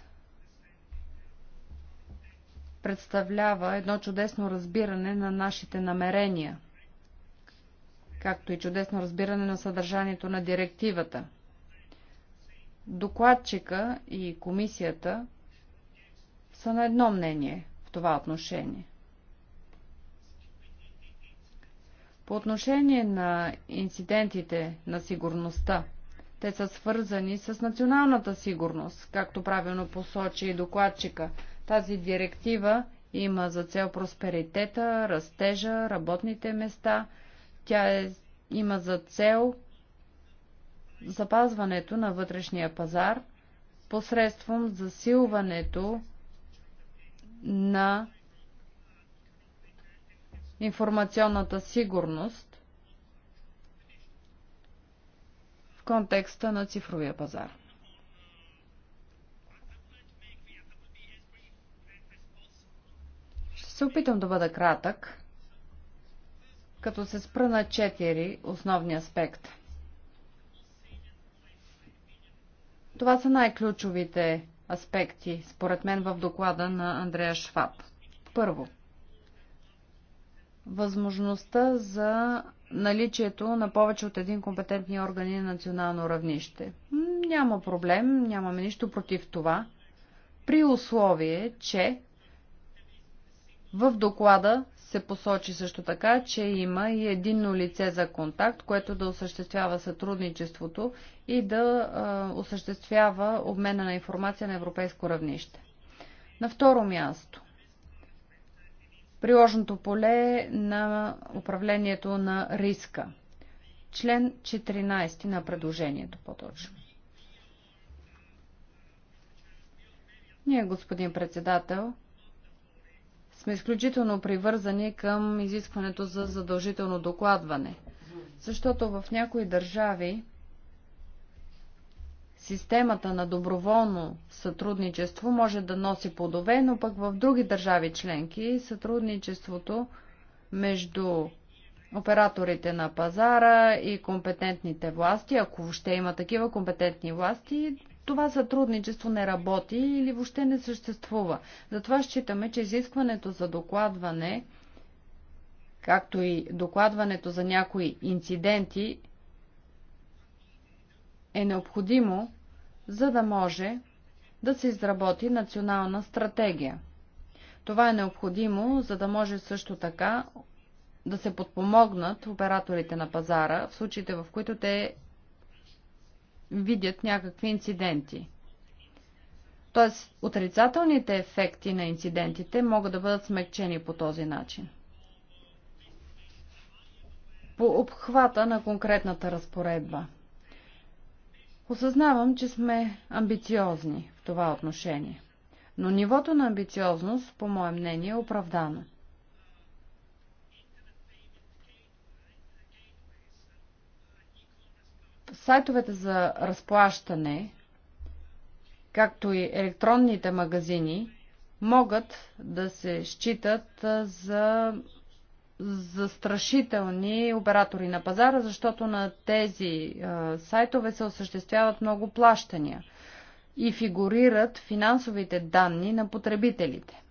представлява едно чудесно разбиране на нашите намерения, както и чудесно разбиране на съдържанието на директивата. Докладчика и комисията са на едно мнение в това отношение. По отношение на инцидентите на сигурността, те са свързани с националната сигурност, както правилно посочи и докладчика. Тази директива има за цел просперитета, растежа, работните места. Тя е, има за цел запазването на вътрешния пазар посредством засилването на информационната сигурност контекста на цифровия пазар. Ще се опитам да бъда кратък, като се спра на четири основни аспекта. Това са най-ключовите аспекти, според мен, в доклада на Андрея Шваб. Първо, възможността за наличието на повече от един компетентни органи на национално равнище. Няма проблем, нямаме нищо против това, при условие, че в доклада се посочи също така, че има и единно лице за контакт, което да осъществява сътрудничеството и да осъществява обмена на информация на европейско равнище. На второ място, приложното поле на управлението на риска. Член 14 на предложението по-точно. Ние, господин председател, сме изключително привързани към изискването за задължително докладване, защото в някои държави Системата на доброволно сътрудничество може да носи плодове, но пък в други държави членки сътрудничеството между операторите на пазара и компетентните власти, ако въобще има такива компетентни власти, това сътрудничество не работи или въобще не съществува. Затова считаме, че изискването за докладване, както и докладването за някои инциденти, е необходимо, за да може да се изработи национална стратегия. Това е необходимо, за да може също така да се подпомогнат операторите на пазара в случаите, в които те видят някакви инциденти. Тоест, отрицателните ефекти на инцидентите могат да бъдат смекчени по този начин. По обхвата на конкретната разпоредба – Осъзнавам, че сме амбициозни в това отношение, но нивото на амбициозност, по мое мнение, е оправдано. Сайтовете за разплащане, както и електронните магазини, могат да се считат за застрашителни оператори на пазара, защото на тези а, сайтове се осъществяват много плащания и фигурират финансовите данни на потребителите.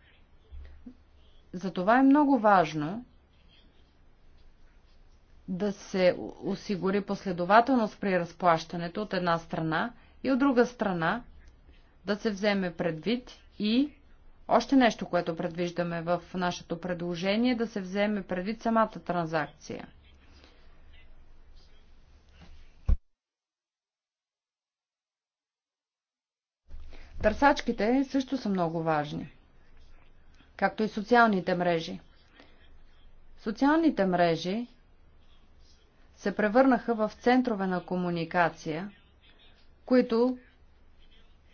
Затова е много важно да се осигури последователност при разплащането от една страна и от друга страна да се вземе предвид и още нещо, което предвиждаме в нашето предложение, да се вземе предвид самата транзакция. Търсачките също са много важни, както и социалните мрежи. Социалните мрежи се превърнаха в центрове на комуникация, които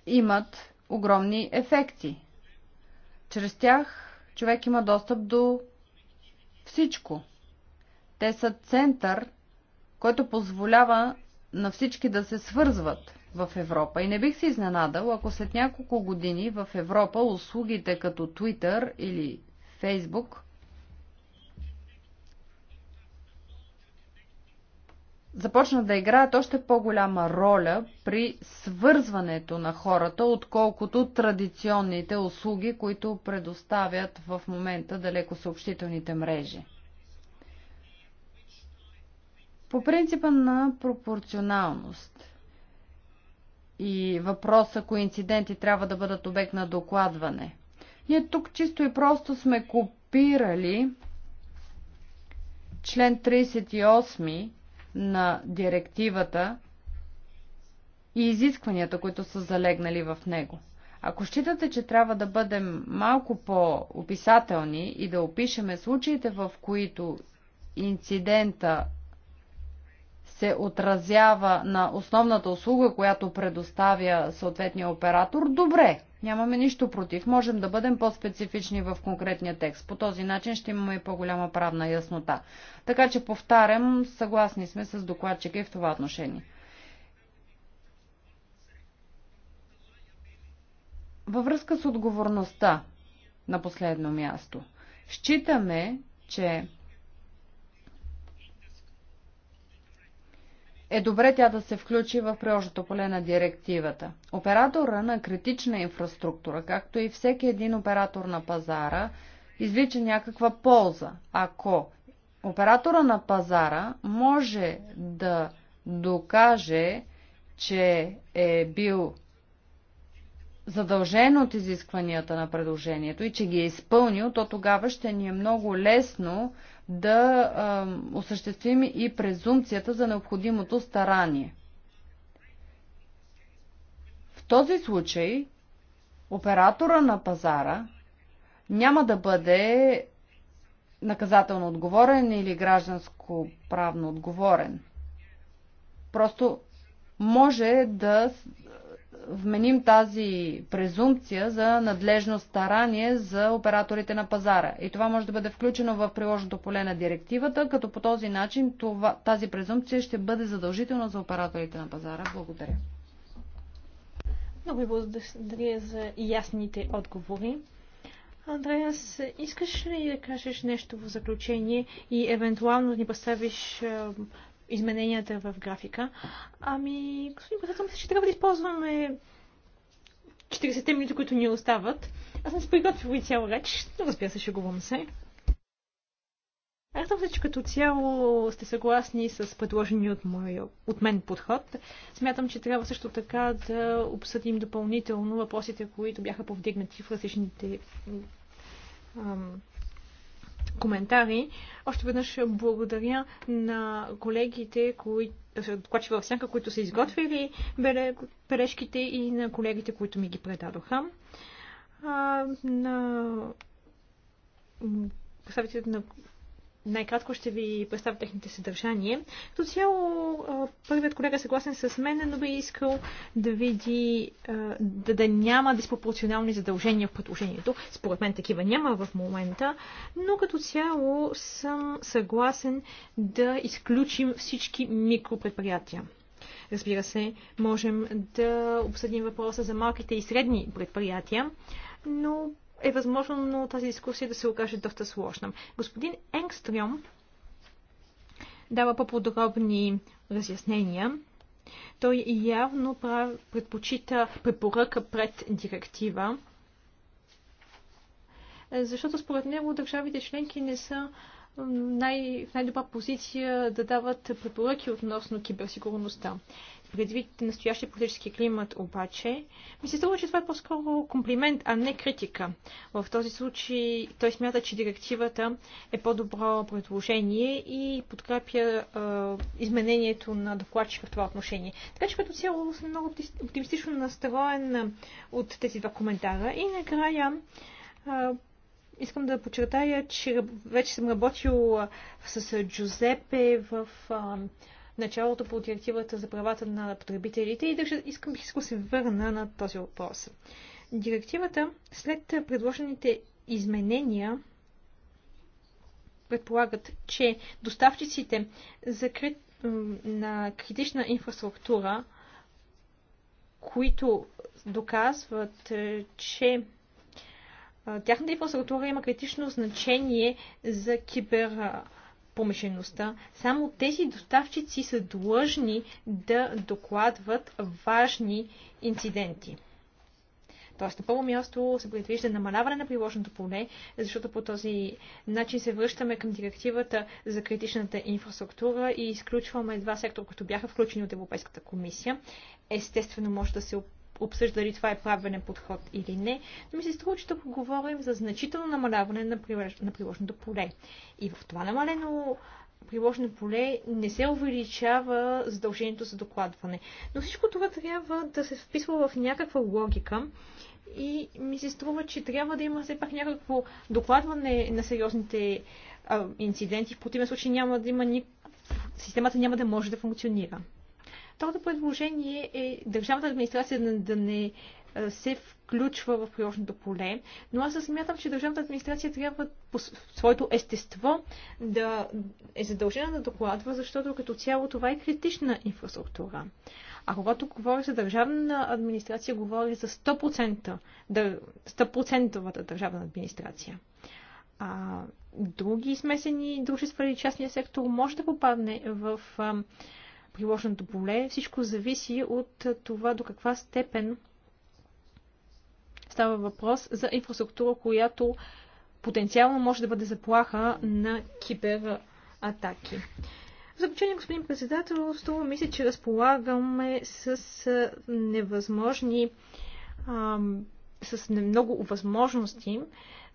имат огромни ефекти чрез тях човек има достъп до всичко. Те са център, който позволява на всички да се свързват в Европа. И не бих се изненадал, ако след няколко години в Европа услугите като Twitter или Facebook започна да играят още по-голяма роля при свързването на хората, отколкото традиционните услуги, които предоставят в момента далеко съобщителните мрежи. По принципа на пропорционалност и въпроса, кои инциденти трябва да бъдат обект на докладване, ние тук чисто и просто сме копирали член 38 на директивата и изискванията, които са залегнали в него. Ако считате, че трябва да бъдем малко по-описателни и да опишеме случаите, в които инцидента се отразява на основната услуга, която предоставя съответния оператор, добре. Нямаме нищо против. Можем да бъдем по-специфични в конкретния текст. По този начин ще имаме и по-голяма правна яснота. Така че, повтарям, съгласни сме с докладчика и в това отношение. Във връзка с отговорността на последно място, считаме, че е добре тя да се включи в приложното поле на директивата. Оператора на критична инфраструктура, както и всеки един оператор на пазара, извлича някаква полза, ако оператора на пазара може да докаже, че е бил задължен от изискванията на предложението и че ги е изпълнил, то тогава ще ни е много лесно да а, осъществим и презумцията за необходимото старание. В този случай оператора на пазара няма да бъде наказателно отговорен или гражданско правно отговорен. Просто може да вменим тази презумпция за надлежно старание за операторите на пазара. И това може да бъде включено в приложното поле на директивата, като по този начин това, тази презумпция ще бъде задължителна за операторите на пазара. Благодаря. Много ви благодаря за ясните отговори. Андреас, искаш ли да кажеш нещо в заключение и евентуално да ни поставиш измененията в графика. Ами, господин председател, мисля, че трябва да използваме 40-те минути, които ни остават. Аз съм се приготвила и цяло реч, но разбира се, шегувам се. Радвам се, че като цяло сте съгласни с предложения от, мой, от мен подход. Смятам, че трябва също така да обсъдим допълнително въпросите, които бяха повдигнати в различните ам, коментари. Още веднъж благодаря на колегите, които в сянка, които са изготвили бележките и на колегите, които ми ги предадоха. А, на представителите на най-кратко ще ви представя техните съдържание. Като цяло, първият колега е съгласен с мен, но би искал да види да, да няма диспропорционални задължения в предложението. Според мен такива няма в момента, но като цяло съм съгласен да изключим всички микропредприятия. Разбира се, можем да обсъдим въпроса за малките и средни предприятия, но е възможно но тази дискусия да се окаже доста сложна. Господин Енгстрюм дава по-подробни разяснения. Той явно предпочита препоръка пред директива, защото според него държавите членки не са най- в най-добра позиция да дават препоръки относно киберсигурността предвид настоящия политически климат обаче, ми се струва, че това е по-скоро комплимент, а не критика. В този случай той смята, че директивата е по-добро предложение и подкрепя е, изменението на докладчика в това отношение. Така че като цяло съм много оптимистично настроен от тези два коментара. И накрая е, искам да подчертая, че вече съм работил с Джузепе в е, началото по директивата за правата на потребителите и държа, искам да се върна на този въпрос. Директивата след предложените изменения предполагат, че доставчиците за на критична инфраструктура, които доказват, е, че е, тяхната инфраструктура има критично значение за кибер е, помешеността, само тези доставчици са длъжни да докладват важни инциденти. Тоест, на първо място се предвижда намаляване на приложното поле, защото по този начин се връщаме към директивата за критичната инфраструктура и изключваме два сектора, които бяха включени от Европейската комисия. Естествено, може да се обсъжда дали това е правилен подход или не, но ми се струва, че тук говорим за значително намаляване на, прилож... на приложното поле. И в това намалено приложено поле не се увеличава задължението за докладване. Но всичко това трябва да се вписва в някаква логика и ми се струва, че трябва да има все пак някакво докладване на сериозните а, инциденти. В противен случай няма да има ни... системата няма да може да функционира. Второто предложение е държавната администрация да не се включва в приложното поле, но аз смятам, че държавната администрация трябва по своето естество да е задължена да докладва, защото като цяло това е критична инфраструктура. А когато говоря за държавна администрация, говоря за 100%, 100 държавна администрация. А други смесени дружества или частния сектор може да попадне в приложеното поле. Всичко зависи от това до каква степен става въпрос за инфраструктура, която потенциално може да бъде заплаха на кибератаки. В заключение, господин председател, струва мисля, че разполагаме с невъзможни, ам, с много възможности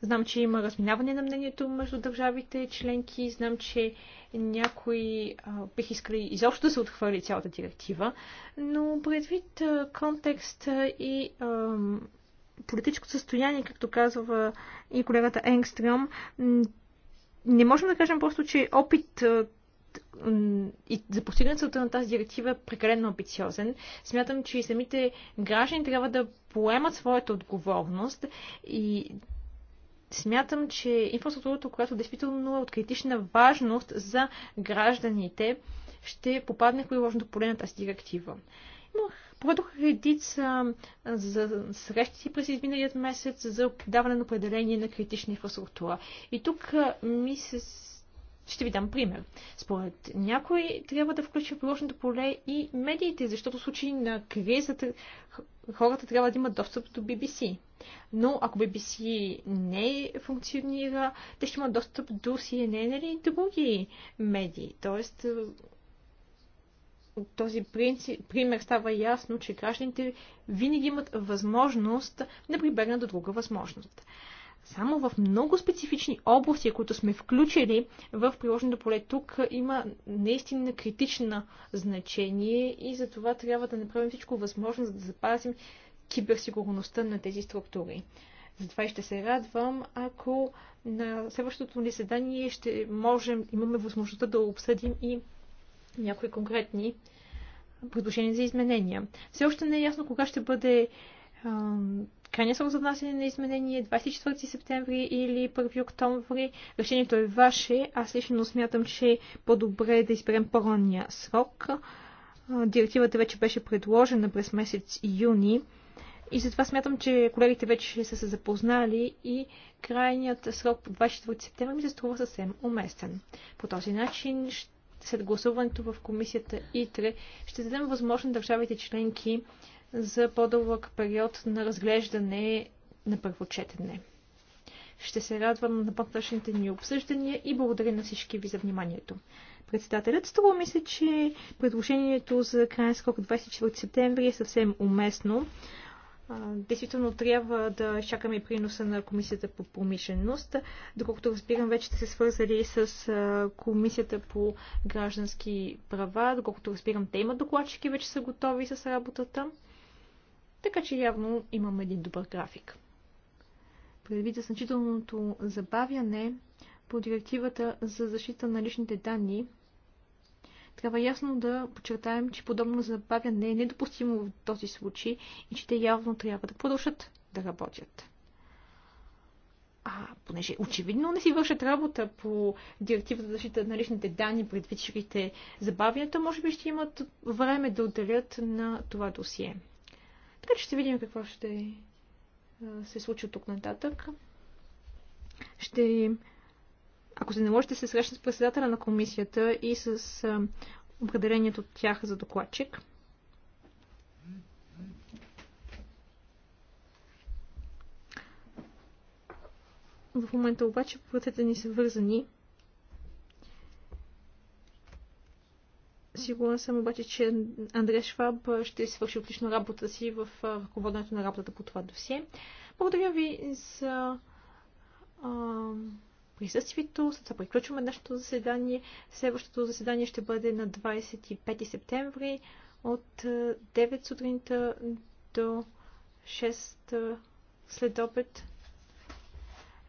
Знам, че има разминаване на мнението между държавите членки. Знам, че някои а, бих искали изобщо да се отхвърли цялата директива. Но предвид а, контекст и а, политическо състояние, както казва и колегата Енгстрем, не можем да кажем просто, че опит и за постигнатата на тази директива е прекалено амбициозен. Смятам, че и самите граждани трябва да поемат своята отговорност и смятам, че инфраструктурата, която действително е от критична важност за гражданите, ще попадне в приложното поле на тази директива. Имах, проведох редица за срещи през изминалият месец за даване на определение на критична инфраструктура. И тук ми се ще ви дам пример. Според някой трябва да включи в приложното поле и медиите, защото в случай на кризата хората трябва да имат достъп до BBC. Но ако BBC не функционира, те ще имат достъп до CNN или други медии. Тоест, от този принцип, пример става ясно, че гражданите винаги имат възможност да прибегнат до друга възможност. Само в много специфични области, които сме включили в приложното поле тук, има наистина критична значение и за това трябва да направим всичко възможно, за да запазим киберсигурността на тези структури. Затова и ще се радвам, ако на следващото ни седание ще можем, имаме възможността да обсъдим и някои конкретни предложения за изменения. Все още не е ясно кога ще бъде Крайния срок за внасяне на изменение 24 е септември или 1 октомври. Решението е ваше. Аз лично смятам, че е по-добре да изберем по-ранния срок. Директивата вече беше предложена през месец юни. И затова смятам, че колегите вече са се запознали и крайният срок по 24 септември ми се струва съвсем уместен. По този начин, след гласуването в комисията ИТРЕ, ще дадем възможност държавите членки за по-дълъг период на разглеждане на първо четене. Ще се радвам на по-тъчните ни обсъждания и благодаря на всички ви за вниманието. Председателят струва мисля, че предложението за крайен срок 24 септември е съвсем уместно. Действително трябва да чакаме и приноса на Комисията по промишленост. Доколкото разбирам, вече сте се свързали с Комисията по граждански права. Доколкото разбирам, те имат докладчики, вече са готови с работата така че явно имам един добър график. Предвид за значителното забавяне по директивата за защита на личните данни, трябва ясно да подчертаем, че подобно забавяне е недопустимо в този случай и че те явно трябва да продължат да работят. А, понеже очевидно не си вършат работа по директивата за защита на личните данни, предвид ширите забавянето, може би ще имат време да отделят на това досие. Така че ще видим какво ще се случи от тук нататък. Ще, ако се не можете, се срещна с председателя на комисията и с а, определението от тях за докладчик. В момента обаче пътите ни са вързани Сигурна съм обаче, че Андрея Шваб ще свърши отлично работа си в ръководенето на работата по това досие. Благодаря ви за присъствието. След това приключваме нашето заседание. Следващото заседание ще бъде на 25 септември от 9 сутринта до 6 след обед.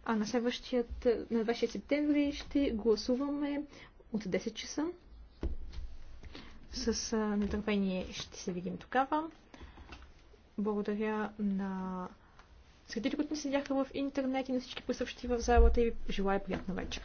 А на следващият, на 26 септември ще гласуваме от 10 часа. С нетърпение ще се видим тогава. Благодаря на среди които ни седяха в интернет и на всички присъщи в залата и ви желая приятна вечер.